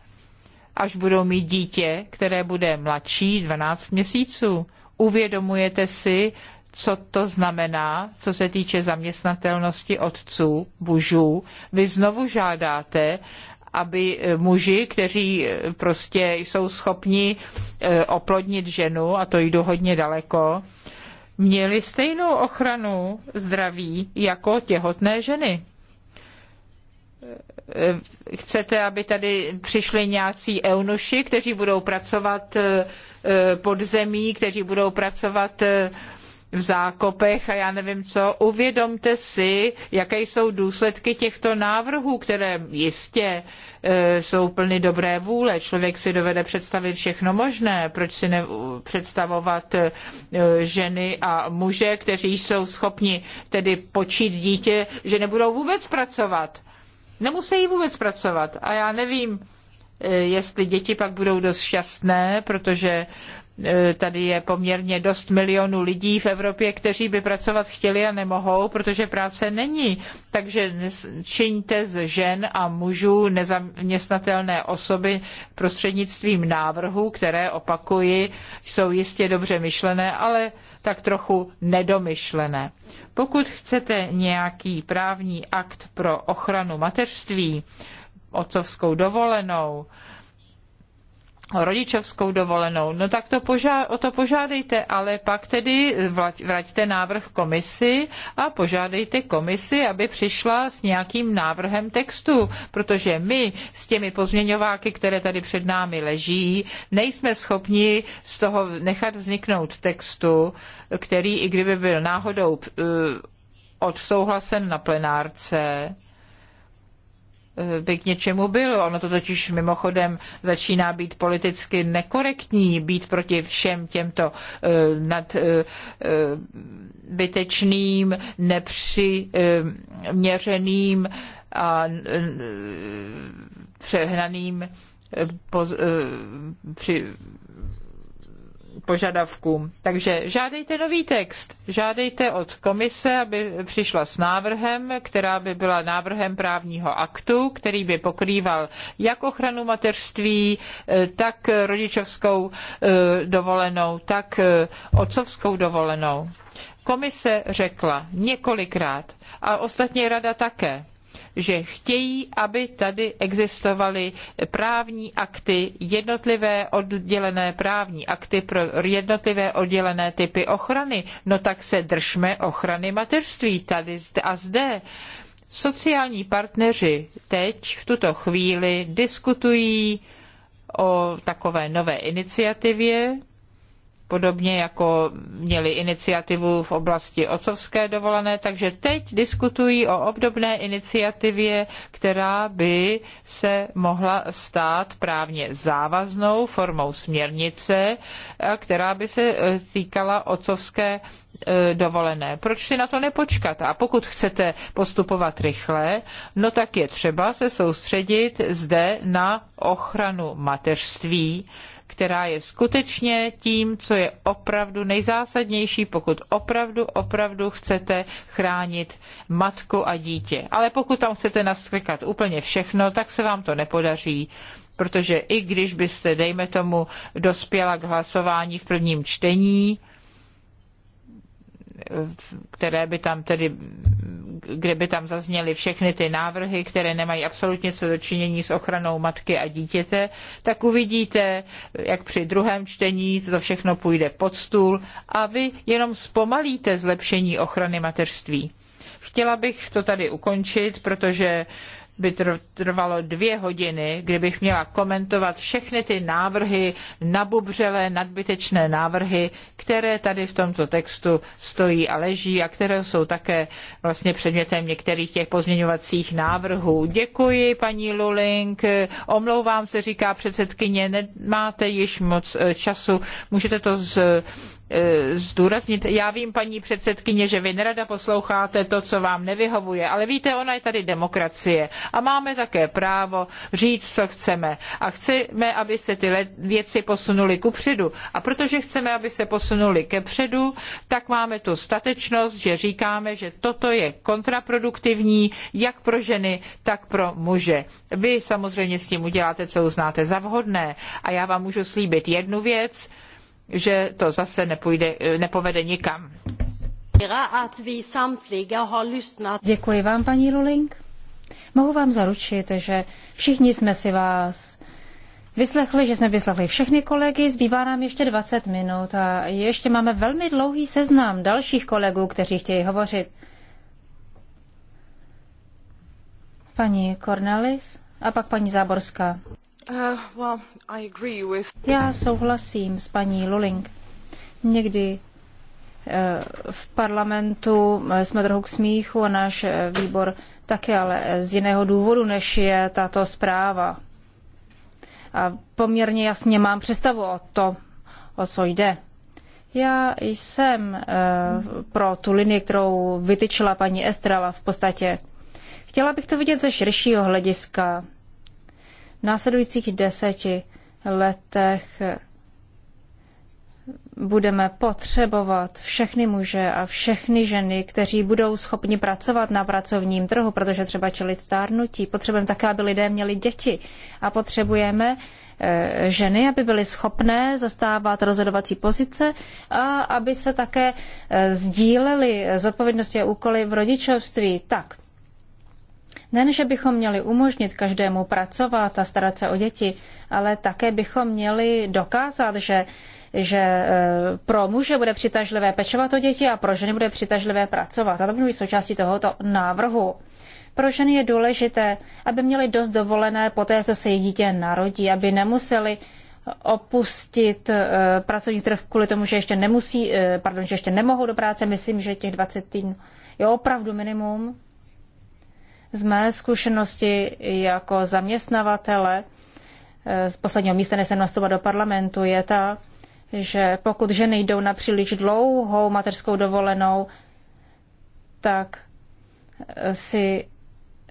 až budou mít dítě, které bude mladší 12 měsíců. Uvědomujete si, co to znamená, co se týče zaměstnatelnosti otců, mužů. Vy znovu žádáte, aby eh, muži, kteří eh, prostě jsou schopni eh, oplodnit ženu, a to jdu hodně daleko, měli stejnou ochranu zdraví jako těhotné ženy. Eh, chcete, aby tady přišli nějací eunuši, kteří budou pracovat eh, eh, pod zemí, kteří budou pracovat v zákopech a já nevím co. Uvědomte si, jaké jsou důsledky těchto návrhů, které jistě jsou plny dobré vůle. Člověk si dovede představit všechno možné. Proč si nepředstavovat ženy a muže, kteří jsou schopni tedy počít dítě, že nebudou vůbec pracovat? nemusí vůbec pracovat. A já nevím, eh, jestli děti pak budou dost šťastné, protože E, tady je poměrně dost milionů lidí v Evropě, kteří by pracovat chtěli a nemohou, protože práce není. Takže čiňte z žen a mužů nezaměstnatelné osoby prostřednictvím návrhů, které, opakuji, jsou jistě dobře myšlené, ale tak trochu nedomyšlené. Pokud chcete nějaký právní akt pro ochranu mateřství, otcovskou dovolenou, o rodičovskou dovolenou, no tak to požá, o to požádejte, ale pak tedy vraťte návrh komisi a požádejte komisi, aby přišla s nějakým návrhem textu, protože my s těmi pozměňováky, které tady před námi leží, nejsme schopni z toho nechat vzniknout textu, který, i kdyby byl náhodou eh, odsouhlasen na plenárce, by k něčemu byl. Ono to totiž mimochodem začíná být politicky nekorektní, být proti všem těmto eh, nadbytečným, eh, eh, nepřiměřeným a přehnaným poz, při požadavkům. Takže žádejte nový text, žádejte od komise, aby přišla s návrhem, která by byla návrhem právního aktu, který by pokrýval jak ochranu mateřství, eh, tak rodičovskou eh, dovolenou, tak eh, otcovskou dovolenou. Komise řekla několikrát a ostatně rada také že chtějí, aby tady existovaly právní akty, jednotlivé oddělené právní akty pro jednotlivé oddělené typy ochrany. No tak se držme ochrany mateřství tady a zde. Sociální partneři teď v tuto chvíli diskutují o takové nové iniciativě, podobně jako měli iniciativu v oblasti otcovské dovolené, takže teď diskutují o obdobné iniciativě, která by se mohla stát právně závaznou formou směrnice, která by se e, týkala otcovské e, dovolené. Proč si na to nepočkat? A pokud chcete postupovat rychle, no tak je třeba se soustředit zde na ochranu mateřství, která je skutečně tím, co je opravdu nejzásadnější, pokud opravdu, opravdu chcete chránit matku a dítě. Ale pokud tam chcete nastrkat úplně všechno, tak se vám to nepodaří protože i když byste, dejme tomu, dospěla k hlasování v prvním čtení, které by tam tedy, kde by tam zazněly všechny ty návrhy, které nemají absolutně co dočinění s ochranou matky a dítěte, tak uvidíte, jak při druhém čtení to všechno půjde pod stůl a vy jenom zpomalíte zlepšení ochrany mateřství. Chtěla bych to tady ukončit, protože by trvalo dvě hodiny, kdybych měla komentovat všechny ty návrhy, nabubřelé, nadbytečné návrhy, které tady v tomto textu stojí a leží a které jsou také vlastně předmětem některých těch pozměňovacích návrhů. Děkuji, paní Luling. Omlouvám se, říká předsedkyně, nemáte již moc eh, času. Můžete to z Eh, zdůraznit. Já vím, paní předsedkyně, že vy nerada posloucháte to, co vám nevyhovuje, ale víte, ona je tady demokracie a máme také právo říct, co chceme. A chceme, aby se ty věci posunuly kupředu. A protože chceme, aby se posunuly kepředu, tak máme tu statečnost, že říkáme, že toto je kontraproduktivní jak pro ženy, tak pro muže. Vy samozřejmě s tím uděláte, co uznáte za vhodné. A já vám můžu slíbit jednu věc, že to zase nepůjde, nepovede nikam. Děkuji vám, paní Luling. Mohu vám zaručit, že všichni jsme si vás vyslechli, že jsme vyslechli všechny kolegy, zbývá nám ještě 20 minut a ještě máme velmi dlouhý seznam dalších kolegů, kteří chtějí hovořit. Paní Cornelis a pak paní Záborská. Uh, Já souhlasím s paní Luling. Někdy uh, v parlamentu uh, jsme trochu k smíchu a náš výbor také, ale z jiného důvodu, než je tato zpráva. A poměrně jasně mám představu o to, o co jde. Já jsem pro tu linii, kterou vytyčila paní Estrela v podstatě. Chtěla bych to vidět ze širšího hlediska, následujících deseti letech budeme potřebovat všechny muže a všechny ženy, kteří budou schopni pracovat na pracovním trhu, protože třeba čelit stárnutí. Potřebujeme také, aby lidé měli děti a potřebujeme eh, ženy, aby byly schopné zastávat rozhodovací pozice a aby se také eh, sdílely zodpovědnosti a úkoly v rodičovství. Tak, Nen, že bychom měli umožnit každému pracovat a starat se o děti, ale také bychom měli dokázat, že, že e, pro muže bude přitažlivé pečovat o děti a pro ženy bude přitažlivé pracovat. A to bude součástí tohoto návrhu. Pro ženy je důležité, aby měly dost dovolené po té, co se jejich dítě narodí, aby nemuseli opustit e, pracovní trh kvůli tomu, že ještě nemusí, e, pardon, že ještě nemohou do práce. Myslím, že těch 20 týdnů je opravdu minimum. Z mé zkušenosti jako zaměstnavatele eh, z posledního místa, než jsem nastoupila do parlamentu, je ta, že pokud ženy jdou na příliš dlouhou mateřskou dovolenou, tak eh, si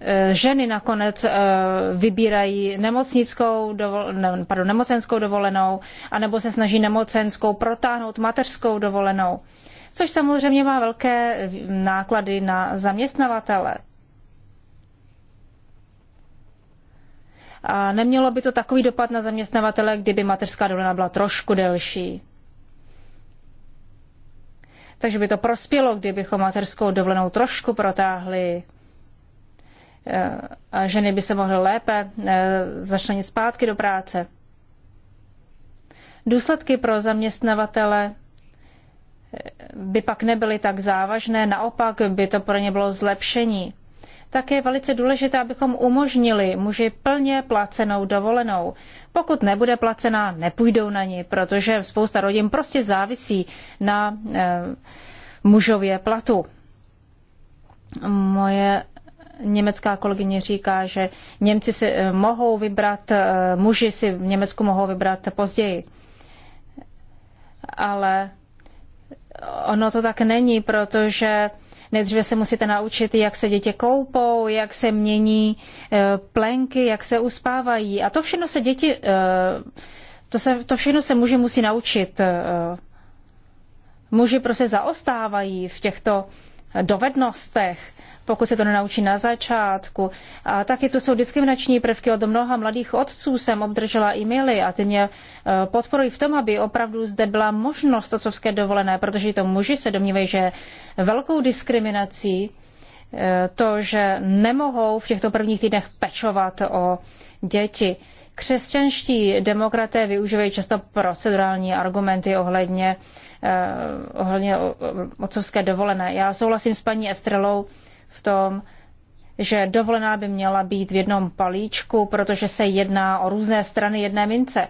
eh, ženy nakonec vybírají nemocnickou dovolenou, pardon, nemocenskou dovolenou, anebo se snaží nemocenskou protáhnout mateřskou dovolenou, což samozřejmě má velké náklady na zaměstnavatele. A nemělo by to takový dopad na zaměstnavatele, kdyby mateřská dovolená byla trošku delší. Takže by to prospělo, kdybychom mateřskou dovolenou trošku protáhli. Eh, a ženy by se mohly lépe eh, začlenit zpátky do práce. Důsledky pro zaměstnavatele eh, by pak nebyly tak závažné, naopak by to pro ně bylo zlepšení. Také je velice důležité, abychom umožnili muži plně placenou dovolenou. Pokud nebude placená, nepůjdou na ní, protože spousta rodin prostě závisí na e, mužově platu. Moje německá kolegyně říká, že Němci si eh, mohou vybrat, eh, muži si v Německu mohou vybrat později. Ale ono to tak není, protože Nejdříve se musíte naučit, jak se děti koupou, jak se mění eh, plenky, jak se uspávají. A to všechno se děti, eh, to, se, to všechno se muži musí naučit. Eh, muži prostě zaostávají v těchto dovednostech pokud se to nenaučí na začátku. A taky to jsou diskriminační prvky od mnoha mladých otců. Jsem obdržela e-maily a ty mě e, podporují v tom, aby opravdu zde byla možnost otcovské dovolené, protože to muži se domnívají, že velkou diskriminací e, to, že nemohou v těchto prvních týdnech pečovat o děti. Křesťanští demokraté využívají často procedurální argumenty ohledně, eh, ohledně otcovské dovolené. Já souhlasím s paní Estrelou v tom, že dovolená by měla být v jednom palíčku, protože se jedná o různé strany jedné mince.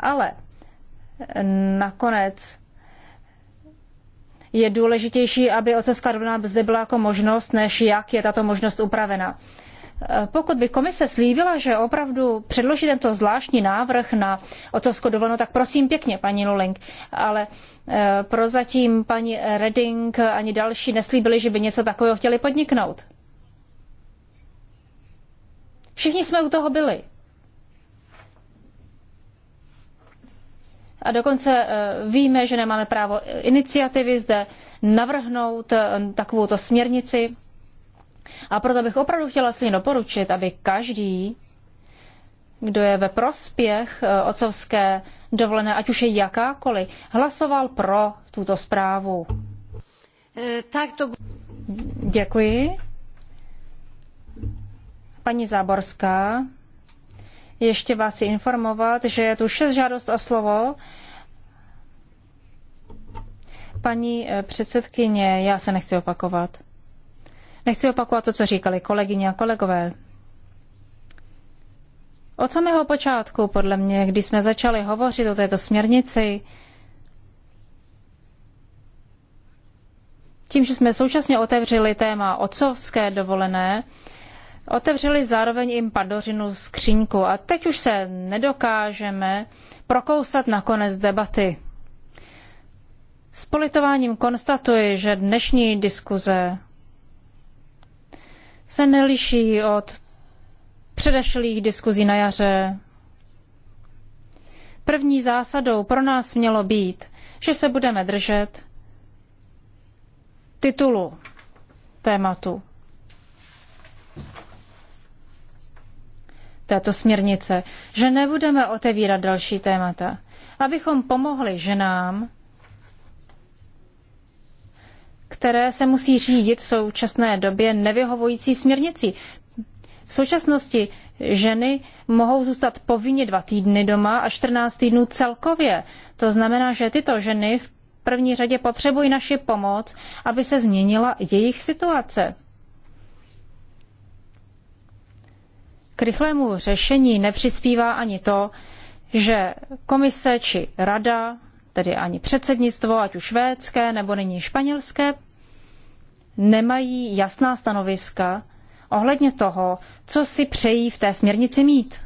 Ale eh, nakonec je důležitější, aby oceská dovolená zde byla jako možnost, než jak je tato možnost upravena. Eh, pokud by komise slíbila, že opravdu předloží tento zvláštní návrh na otcovskou dovolenou, tak prosím pěkně, paní Luling. Ale eh, prozatím paní Reding ani další neslíbili, že by něco takového chtěli podniknout. Všichni jsme u toho byli. A dokonce eh, víme, že nemáme právo iniciativy zde navrhnout takovouto směrnici. A proto bych opravdu chtěla si doporučit, aby každý, kdo je ve prospěch eh, otcovské dovolené, ať už je jakákoliv, hlasoval pro tuto zprávu. Eh, tak to... Děkuji. Paní Záborská, ještě vás chci informovat, že je tu šest žádost o slovo. Paní eh, předsedkyně, já se nechci opakovat. Nechci opakovat to, co říkali kolegyně a kolegové. Od samého počátku, podle mě, když jsme začali hovořit o této směrnici, tím, že jsme současně otevřeli téma otcovské dovolené, otevřeli zároveň jim padořinu skříňku a teď už se nedokážeme prokousat na konec debaty. S politováním konstatuji, že dnešní diskuze se neliší od předešlých diskuzí na jaře. První zásadou pro nás mělo být, že se budeme držet titulu tématu této směrnice, že nebudeme otevírat další témata, abychom pomohli ženám, které se musí řídit v současné době nevyhovující směrnicí. V současnosti ženy mohou zůstat povinně dva týdny doma a 14 týdnů celkově. To znamená, že tyto ženy v první řadě potřebují naši pomoc, aby se změnila jejich situace. K rychlému řešení nepřispívá ani to, že komise či rada, tedy ani předsednictvo, ať už švédské nebo nyní španělské, nemají jasná stanoviska ohledně toho, co si přejí v té směrnici mít.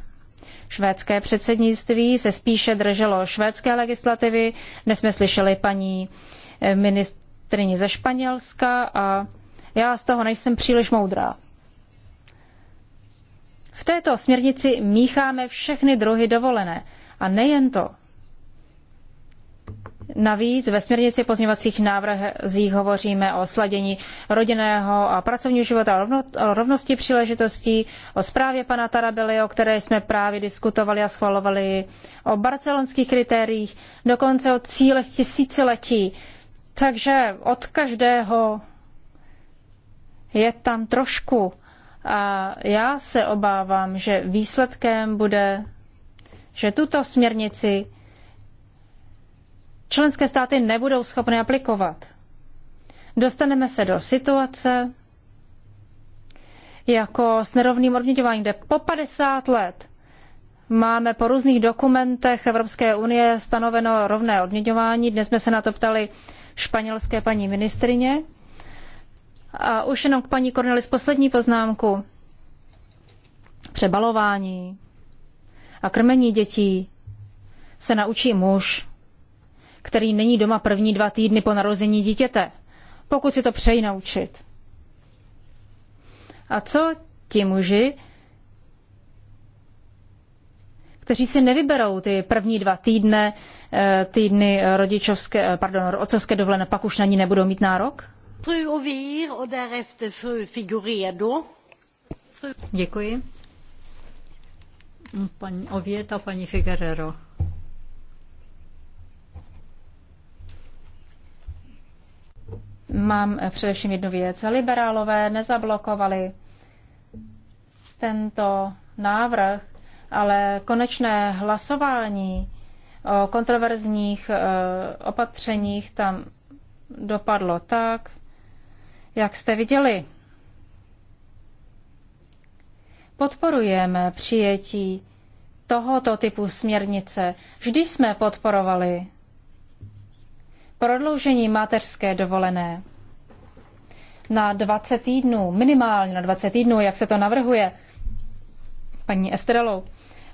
Švédské předsednictví se spíše drželo švédské legislativy, dnes jsme slyšeli paní eh, ministrině ze Španělska a já z toho nejsem příliš moudrá. V této směrnici mícháme všechny druhy dovolené. A nejen to. Navíc ve směrnici pozměvacích návrzích hovoříme o sladění rodinného a pracovního života, o rovnosti příležitostí, o zprávě pana Tarabely, o které jsme právě diskutovali a schvalovali, o barcelonských kritériích, dokonce o cílech tisíciletí. Takže od každého je tam trošku. A já se obávám, že výsledkem bude, že tuto směrnici členské státy nebudou schopny aplikovat. Dostaneme se do situace jako s nerovným odměňováním, kde po 50 let máme po různých dokumentech Evropské unie stanoveno rovné odměňování. Dnes jsme se na to ptali španělské paní ministrině. A už jenom k paní Cornelis poslední poznámku. Přebalování a krmení dětí se naučí muž který není doma první dva týdny po narození dítěte, pokud si to přejí naučit. A co ti muži, kteří si nevyberou ty první dva týdne, eh, týdny rodičovské, eh, pardon, otcovské dovolené, pak už na ní nebudou mít nárok? Děkuji. Paní Ověta, paní Figuerero. Mám eh, především jednu věc. Liberálové nezablokovali tento návrh, ale konečné hlasování o kontroverzních eh, opatřeních tam dopadlo tak, jak jste viděli. Podporujeme přijetí tohoto typu směrnice. Vždy jsme podporovali prodloužení mateřské dovolené na 20 týdnů, minimálně na 20 týdnů, jak se to navrhuje paní Estrelou,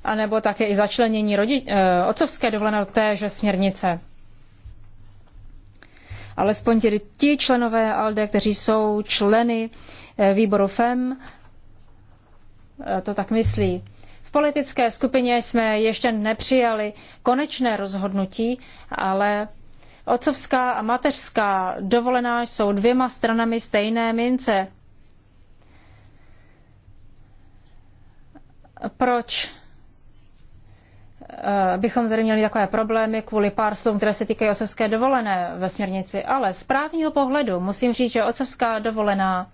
anebo také i začlenění rodi- eh, otcovské dovolené do téže směrnice. Alespoň tedy ti členové ALDE, kteří jsou členy eh, výboru FEM, eh, to tak myslí. V politické skupině jsme ještě nepřijali konečné rozhodnutí, ale Otcovská a mateřská dovolená jsou dvěma stranami stejné mince. Proč eh, bychom tady měli takové problémy kvůli pár slov, které se týkají otcovské dovolené ve směrnici. Ale z právního pohledu musím říct, že otcovská dovolená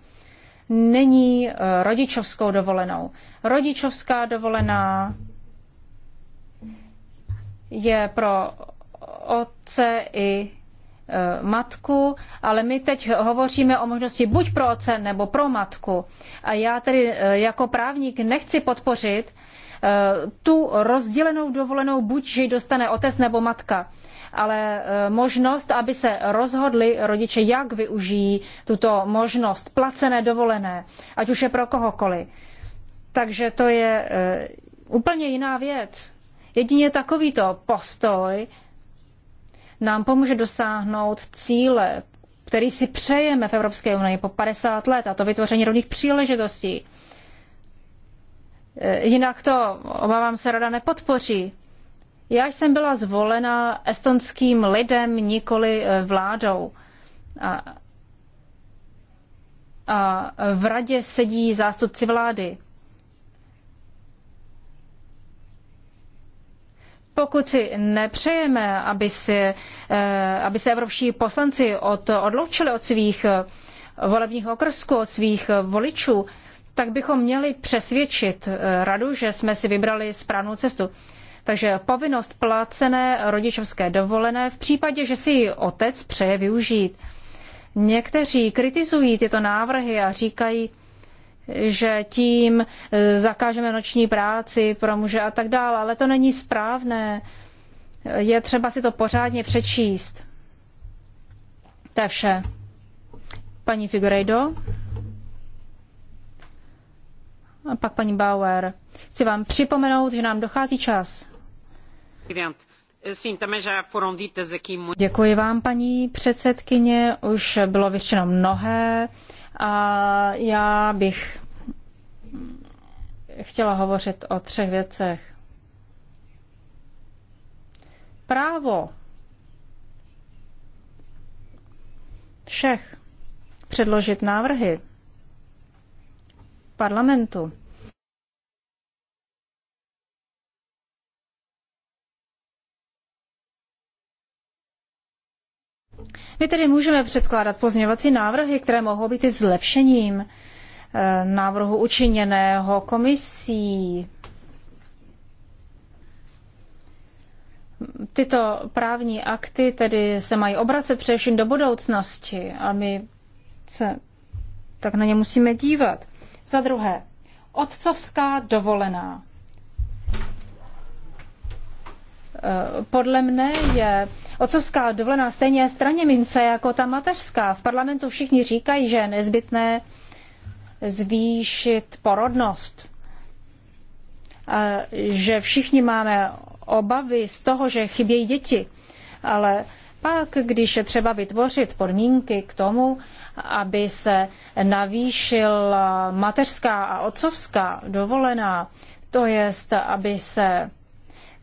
není eh, rodičovskou dovolenou. Rodičovská dovolená je pro otce i e, matku, ale my teď hovoříme o možnosti buď pro otce nebo pro matku. A já tedy e, jako právník nechci podpořit e, tu rozdělenou dovolenou, buď že ji dostane otec nebo matka, ale možnost, aby se rozhodli rodiče, jak využijí tuto možnost placené dovolené, ať už je pro kohokoliv. Takže to je úplně jiná věc. Jedině takovýto postoj nám pomůže dosáhnout cíle, který si přejeme v Evropské unii po 50 let, a to vytvoření rovných příležitostí. E, jinak to, obávám se, rada nepodpoří. Já jsem byla zvolena estonským lidem, nikoli e, vládou. A, a v radě sedí zástupci vlády. Pokud si nepřejeme, aby, si, eh, aby se evropští poslanci od, odloučili od svých eh, volebních okrsků, od svých eh, voličů, tak bychom měli přesvědčit radu, že jsme si vybrali správnou cestu. Takže povinnost placené rodičovské dovolené v případě, že si ji otec přeje využít. Někteří kritizují tyto návrhy a říkají, že tím e, zakážeme noční práci pro muže a tak dále, ale to není správné. Je třeba si to pořádně přečíst. To je vše. Paní Figurejdo. A pak paní Bauer. Chci vám připomenout, že nám dochází čas. Děkuji vám, paní předsedkyně. Už bylo vyřčeno mnohé. A já bych chtěla hovořit o třech věcech. Právo všech předložit návrhy parlamentu My tedy můžeme předkládat pozměňovací návrhy, které mohou být i zlepšením eh, návrhu učiněného komisí. Tyto právní akty tedy se mají obracet především do budoucnosti a my se tak na ně musíme dívat. Za druhé, otcovská dovolená. Eh, podle mne je otcovská dovolená stejně straně mince jako ta mateřská. V parlamentu všichni říkají, že je nezbytné zvýšit porodnost. A že všichni máme obavy z toho, že chybějí děti. Ale pak, když je třeba vytvořit podmínky k tomu, aby se navýšila mateřská a otcovská dovolená, to jest, aby se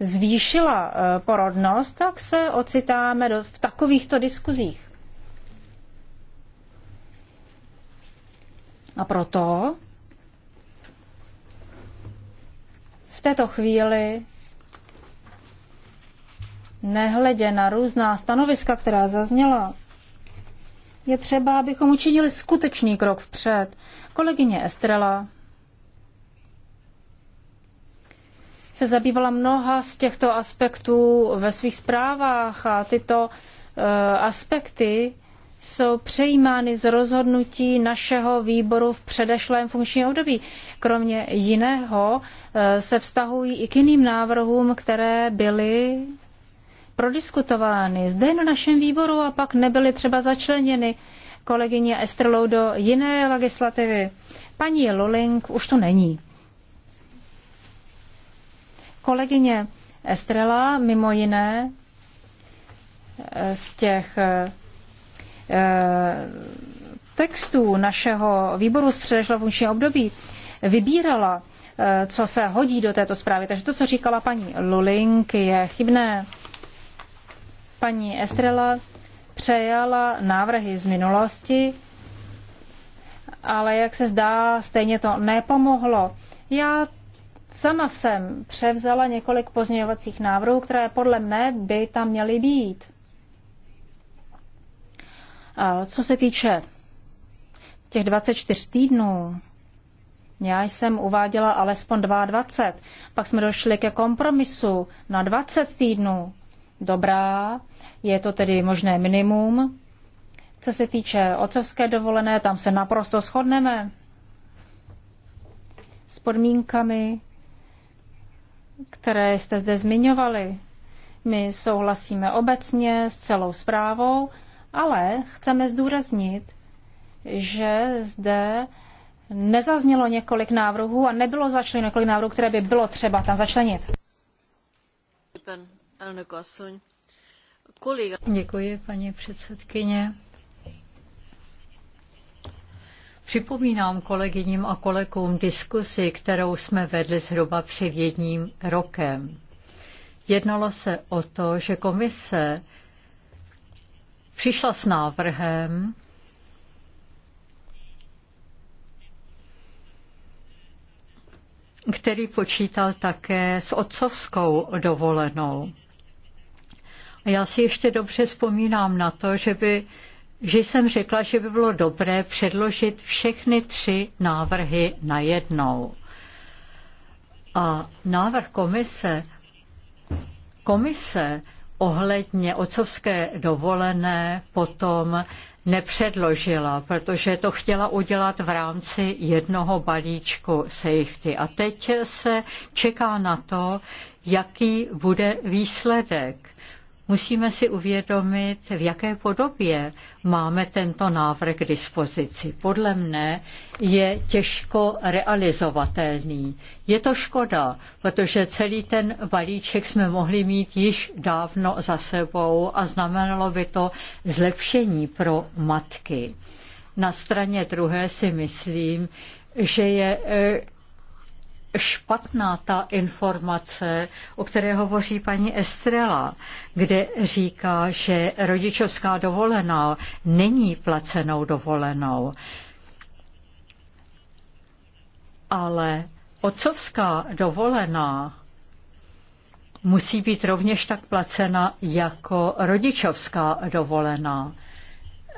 zvýšila eh, porodnost, tak se ocitáme v takovýchto diskuzích. A proto v této chvíli nehledě na různá stanoviska, která zazněla, je třeba, abychom učinili skutečný krok vpřed. Kolegyně Estrela se zabývala mnoha z těchto aspektů ve svých zprávách a tyto eh, aspekty jsou přejímány z rozhodnutí našeho výboru v předešlém funkčním období. Kromě jiného eh, se vztahují i k jiným návrhům, které byly prodiskutovány zde na našem výboru a pak nebyly třeba začleněny kolegyně Estrelou do jiné legislativy. Paní Luling už tu není. Kolegyně Estrela, mimo jiné, eh, z těch eh, eh, textů našeho výboru z předešlého funkčního období vybírala, co se hodí do této zprávy. Takže to, co říkala paní Lulink, je chybné. Paní Estrela přejala návrhy z minulosti, ale jak se zdá, stejně to nepomohlo. Já Sama jsem převzala několik pozměňovacích návrhů, které podle mne by tam měly být. A co se týče těch 24 týdnů, já jsem uváděla alespoň 22, pak jsme došli ke kompromisu na 20 týdnů. Dobrá, je to tedy možné minimum. Co se týče otcovské dovolené, tam se naprosto shodneme s podmínkami, které jste zde zmiňovali. My souhlasíme obecně s celou zprávou, ale chceme zdůraznit, že zde nezaznělo několik návrhů a nebylo začleněno několik návrhů, které by bylo třeba tam začlenit. Děkuji, paní předsedkyně. Připomínám kolegyním a kolegům diskusi, kterou jsme vedli zhruba před jedním rokem. Jednalo se o to, že komise přišla s návrhem, který počítal také s otcovskou dovolenou. A já si ještě dobře vzpomínám na to, že by že jsem řekla, že by bylo dobré předložit všechny tři návrhy najednou. A návrh komise, komise ohledně ocovské dovolené potom nepředložila, protože to chtěla udělat v rámci jednoho balíčku safety. A teď se čeká na to, jaký bude výsledek. Musíme si uvědomit, v jaké podobě máme tento návrh k dispozici. Podle mne je těžko realizovatelný. Je to škoda, protože celý ten balíček jsme mohli mít již dávno za sebou a znamenalo by to zlepšení pro matky. Na straně druhé si myslím, že je eh, špatná ta informace, o které hovoří paní Estrela, kde říká, že rodičovská dovolená není placenou dovolenou. Ale otcovská dovolená musí být rovněž tak placena jako rodičovská dovolená.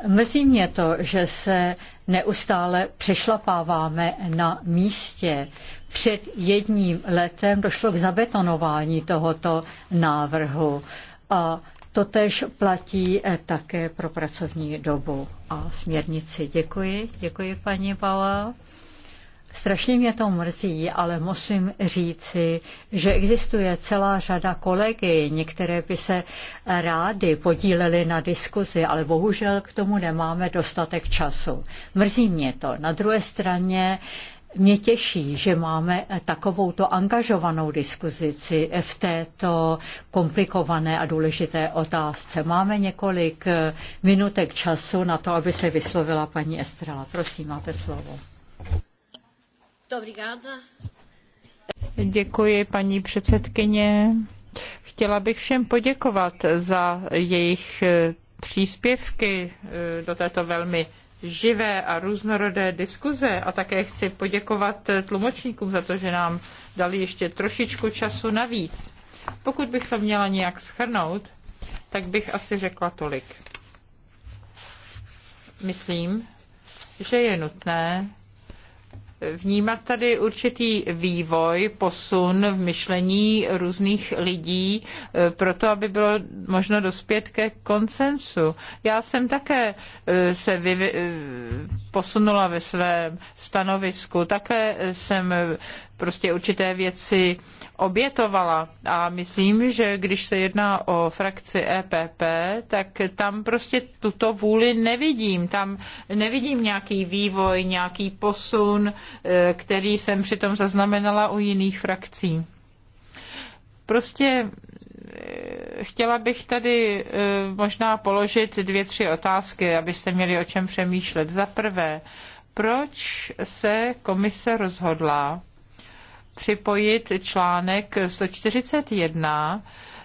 Mrzí mě to, že se neustále přešlapáváme na místě. Před jedním letem došlo k zabetonování tohoto návrhu a totež platí eh, také pro pracovní dobu a směrnici. Děkuji, děkuji paní Bauer. Strašně mě to mrzí, ale musím říci, že existuje celá řada kolegy, některé by se rády podílely na diskuzi, ale bohužel k tomu nemáme dostatek času. Mrzí mě to. Na druhé straně mě těší, že máme takovouto angažovanou diskuzici v této komplikované a důležité otázce. Máme několik minutek času na to, aby se vyslovila paní Estrela. Prosím, máte slovo. Děkuji, paní předsedkyně. Chtěla bych všem poděkovat za jejich eh, příspěvky eh, do této velmi živé a různorodé diskuze a také chci poděkovat eh, tlumočníkům za to, že nám dali ještě trošičku času navíc. Pokud bych to měla nějak schrnout, tak bych asi řekla tolik. Myslím, že je nutné vnímat tady určitý vývoj, posun v myšlení různých lidí, eh, proto aby bylo možno dospět ke konsensu. Já jsem také eh, se vy, eh, posunula ve svém stanovisku, také jsem prostě určité věci obětovala. A myslím, že když se jedná o frakci EPP, tak tam prostě tuto vůli nevidím. Tam nevidím nějaký vývoj, nějaký posun, eh, který jsem přitom zaznamenala u jiných frakcí. Prostě eh, chtěla bych tady eh, možná položit dvě, tři otázky, abyste měli o čem přemýšlet. Za prvé, proč se komise rozhodla připojit článek 141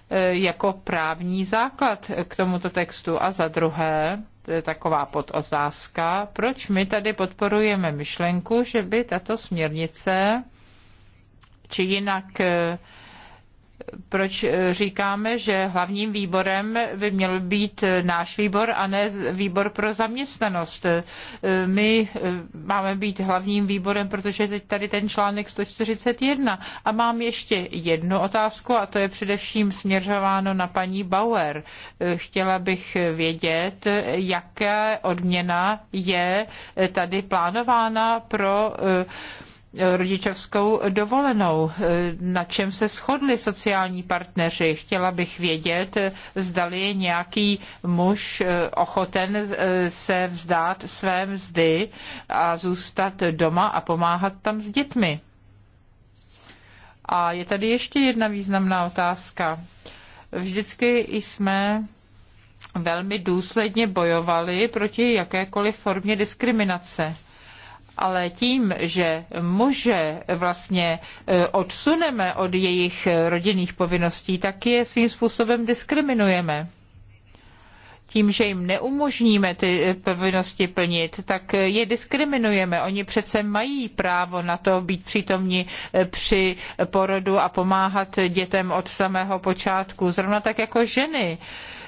eh, jako právní základ k tomuto textu a za druhé, to je taková podotázka, proč my tady podporujeme myšlenku, že by tato směrnice či jinak eh, proč eh, říkáme, že hlavním výborem by měl být eh, náš výbor a ne výbor pro zaměstnanost. Eh, my máme být hlavním výborem, protože teď tady ten článek 141. A mám ještě jednu otázku a to je především směřováno na paní Bauer. Chtěla bych vědět, jaká odměna je tady plánována pro uh, rodičovskou dovolenou. Na čem se shodli sociální partneři? Chtěla bych vědět, zdali je nějaký muž eh, ochoten eh, se vzdát své mzdy a zůstat doma a pomáhat tam s dětmi. A je tady ještě jedna významná otázka. Vždycky jsme velmi důsledně bojovali proti jakékoliv formě diskriminace ale tím, že muže vlastně e, odsuneme od jejich rodinných povinností, tak je svým způsobem diskriminujeme tím, že jim neumožníme ty e, povinnosti plnit, tak e, je diskriminujeme. Oni přece mají právo na to být přítomni při porodu a pomáhat dětem od samého počátku, zrovna tak jako ženy.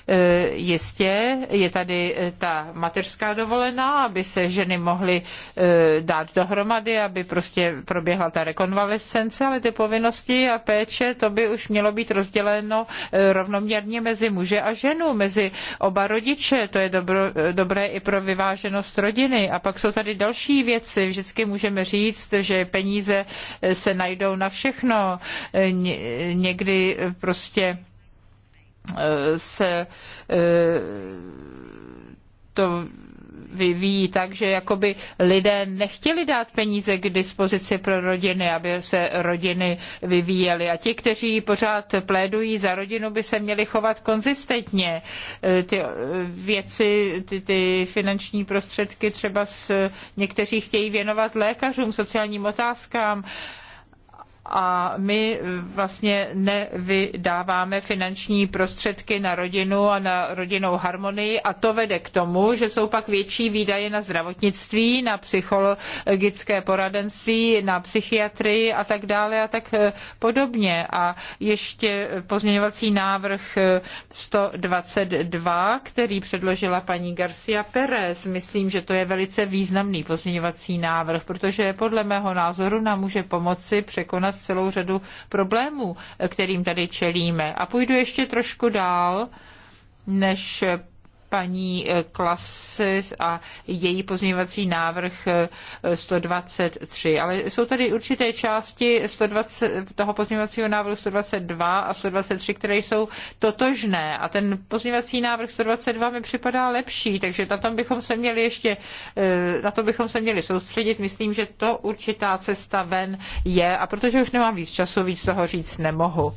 E, jistě je tady e, ta mateřská dovolená, aby se ženy mohly e, dát dohromady, aby prostě proběhla ta rekonvalescence, ale ty povinnosti a péče, to by už mělo být rozděleno rovnoměrně mezi muže a ženu, mezi oba rodiče. To je dobro, dobré i pro vyváženost rodiny. A pak jsou tady další věci. Vždycky můžeme říct, že peníze se najdou na všechno. Někdy prostě Eh, se eh, to vyvíjí tak, že jakoby lidé nechtěli dát peníze k dispozici pro rodiny, aby se rodiny vyvíjely. A ti, kteří pořád plédují za rodinu, by se měli chovat konzistentně. Eh, ty věci, ty, ty finanční prostředky třeba s, někteří chtějí věnovat lékařům, sociálním otázkám a my eh, vlastně nevydáváme finanční prostředky na rodinu a na rodinnou harmonii a to vede k tomu, že jsou pak větší výdaje na zdravotnictví, na psychologické poradenství, na psychiatrii a tak dále a tak eh, podobně. A ještě pozměňovací návrh 122, eh, který předložila paní Garcia Perez. Myslím, že to je velice významný pozměňovací návrh, protože podle mého názoru nám může pomoci překonat vyjmenovat celou řadu problémů, kterým tady čelíme. A půjdu ještě trošku dál, než paní eh, Klasy a její pozměňovací návrh 123. Eh, Ale jsou tady určité části 120, toho pozměňovacího návrhu 122 a 123, které jsou totožné. A ten pozměňovací návrh 122 mi připadá lepší, takže na tom bychom se měli ještě, eh, na to bychom se měli soustředit. Myslím, že to určitá cesta ven je. A protože už nemám víc času, víc toho říct nemohu.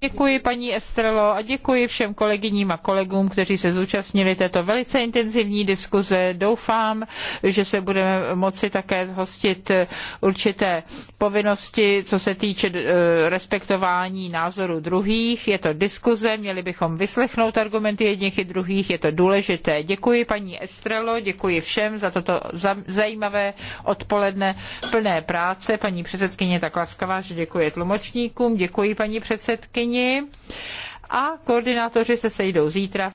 Děkuji paní Estrelo a děkuji všem kolegyním a kolegům, kteří se zúčastnili této velice intenzivní diskuze. Doufám, že se budeme moci také zhostit eh, určité povinnosti, co se týče eh, respektování názoru druhých. Je to diskuze, měli bychom vyslechnout argumenty jedních i druhých, je to důležité. Děkuji paní Estrelo, děkuji všem za toto zajímavé odpoledne plné práce. Paní předsedkyně tak laskavá, že děkuje tlumočníkům, děkuji paní předsedkyni a koordinátoři se sejdou zítra.